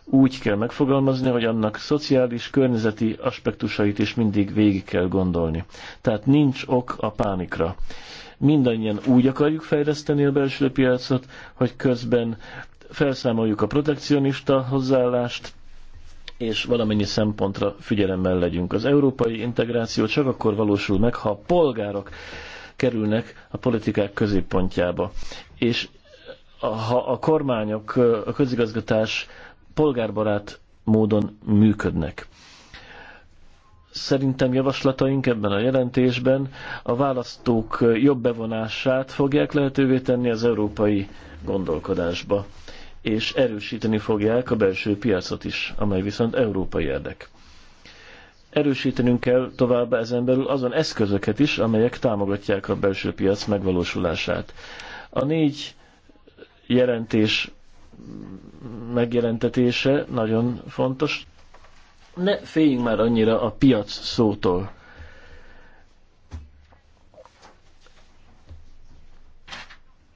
úgy kell megfogalmazni, hogy annak szociális, környezeti aspektusait is mindig végig kell gondolni. Tehát nincs ok a pánikra. Mindannyian úgy akarjuk fejleszteni a belső piacot, hogy közben felszámoljuk a protekcionista hozzáállást, és valamennyi szempontra figyelemmel legyünk. Az európai integráció csak akkor valósul meg, ha a polgárok kerülnek a politikák középpontjába. És ha a kormányok, a közigazgatás polgárbarát módon működnek. Szerintem javaslataink ebben a jelentésben a választók jobb bevonását fogják lehetővé tenni az európai gondolkodásba és erősíteni fogják a belső piacot is, amely viszont európai érdek. Erősítenünk kell továbbá ezen belül azon eszközöket is, amelyek támogatják a belső piac megvalósulását. A négy jelentés megjelentetése nagyon fontos. Ne féljünk már annyira a piac szótól.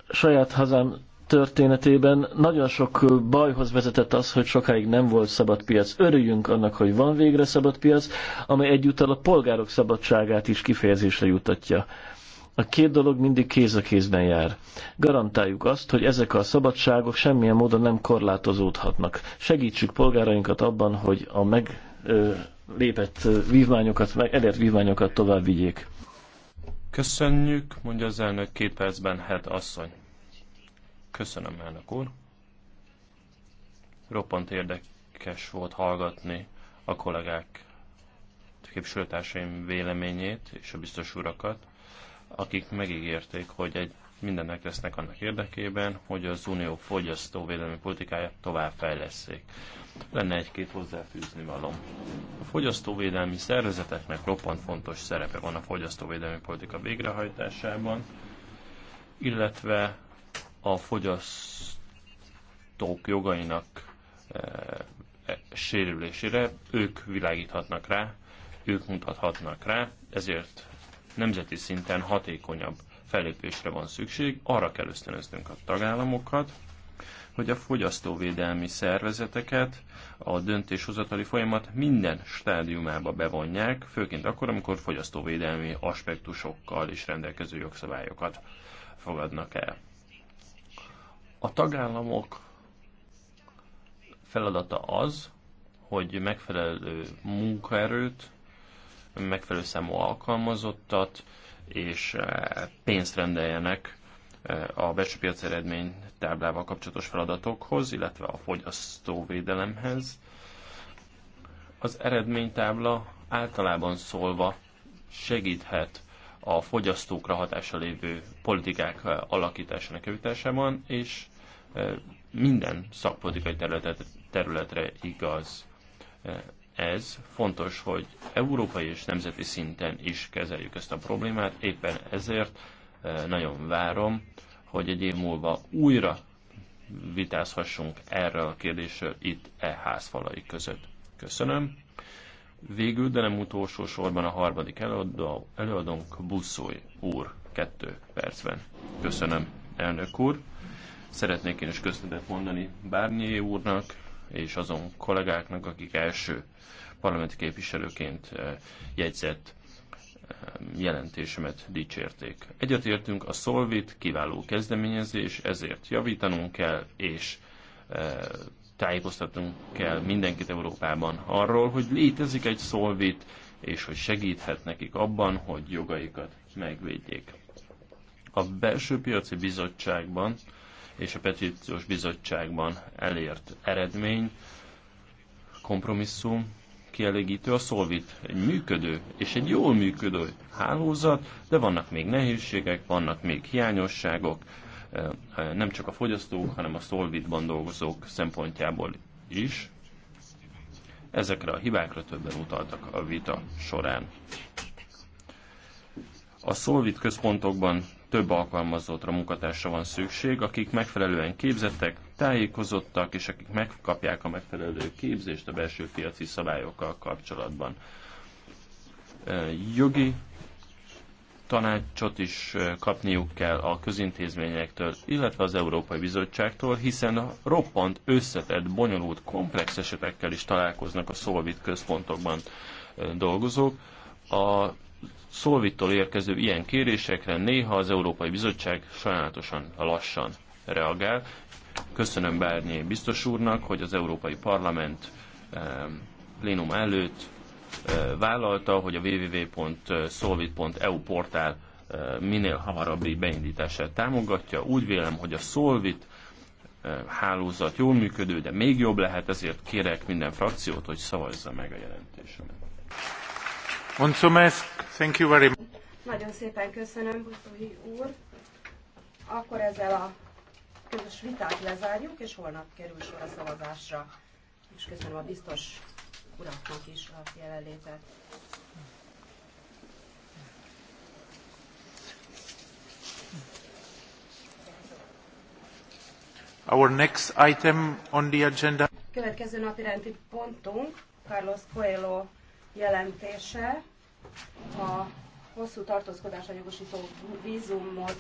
Saját hazám történetében nagyon sok bajhoz vezetett az, hogy sokáig nem volt szabad piac. Örüljünk annak, hogy van végre szabad piac, amely egyúttal a polgárok szabadságát is kifejezésre jutatja. A két dolog mindig kéz a kézben jár. Garantáljuk azt, hogy ezek a szabadságok semmilyen módon nem korlátozódhatnak. Segítsük polgárainkat abban, hogy a meglépett vívmányokat, meg elért vívmányokat tovább vigyék. Köszönjük, mondja az elnök két percben, hát asszony. Köszönöm, elnök úr. Roppant érdekes volt hallgatni a kollégák képviselőtársaim véleményét és a biztos urakat, akik megígérték, hogy egy mindennek lesznek annak érdekében, hogy az unió védelmi politikáját továbbfejleszék. Lenne egy-két hozzáfűzni valom. A fogyasztóvédelmi szervezeteknek roppant fontos szerepe van a fogyasztóvédelmi politika végrehajtásában, illetve a fogyasztók jogainak eh, e, sérülésére, ők világíthatnak rá, ők mutathatnak rá, ezért nemzeti szinten hatékonyabb fellépésre van szükség, arra kell ösztönöznünk a tagállamokat, hogy a fogyasztóvédelmi szervezeteket a döntéshozatali folyamat minden stádiumába bevonják, főként akkor, amikor fogyasztóvédelmi aspektusokkal is rendelkező jogszabályokat fogadnak el. A tagállamok feladata az, hogy megfelelő munkaerőt, megfelelő számú alkalmazottat és eh, pénzt rendeljenek eh, a belső piac eredmény táblával kapcsolatos feladatokhoz, illetve a fogyasztóvédelemhez. Az eredménytábla általában szólva segíthet a fogyasztókra hatással lévő politikák eh, alakításának javításában, és minden szakpolitikai területet, területre igaz. Ez fontos, hogy európai és nemzeti szinten is kezeljük ezt a problémát, éppen ezért nagyon várom, hogy egy év múlva újra vitázhassunk erről a kérdésről itt e házfalai között. Köszönöm. Végül, de nem utolsó sorban a harmadik előadó, előadónk Buszói úr kettő percben. Köszönöm, elnök úr. Szeretnék én is köszönetet mondani Bárnyi úrnak és azon kollégáknak, akik első parlamenti képviselőként eh, jegyzett eh, jelentésemet dicsérték. Egyetértünk, a Solvit kiváló kezdeményezés, ezért javítanunk kell, és eh, tájékoztatunk kell mindenkit Európában arról, hogy létezik egy Solvit, és hogy segíthet nekik abban, hogy jogaikat megvédjék. A belső piaci bizottságban és a petíciós bizottságban elért eredmény, kompromisszum, kielégítő a Solvit. Egy működő és egy jól működő hálózat, de vannak még nehézségek, vannak még hiányosságok, nem csak a fogyasztók, hanem a Solvitban dolgozók szempontjából is. Ezekre a hibákra többen utaltak a vita során. A Solvit központokban több alkalmazottra, munkatársra van szükség, akik megfelelően képzettek, tájékozottak, és akik megkapják a megfelelő képzést a belső piaci szabályokkal kapcsolatban. Jogi tanácsot is kapniuk kell a közintézményektől, illetve az Európai Bizottságtól, hiszen a roppant, összetett, bonyolult, komplex esetekkel is találkoznak a szolvit központokban dolgozók. A Szolvittól érkező ilyen kérésekre néha az Európai Bizottság sajnálatosan lassan reagál. Köszönöm Bárnyé biztos úrnak, hogy az Európai Parlament plénum előtt vállalta, hogy a www.solvit.eu portál minél hamarabbi beindítását támogatja. Úgy vélem, hogy a Solvit hálózat jól működő, de még jobb lehet, ezért kérek minden frakciót, hogy szavazza meg a jelentésemet. Mulțumesc. Thank you very much. Nagyon szépen köszönöm, Buszóhi úr. Akkor ezzel a közös vitát lezárjuk, és holnap kerül sor a szavazásra. És köszönöm a biztos uraknak is a jelenlétet. Our next item on the agenda. Következő napi rendi pontunk Carlos Coelho jelentése a hosszú tartózkodásra jogosító vízumot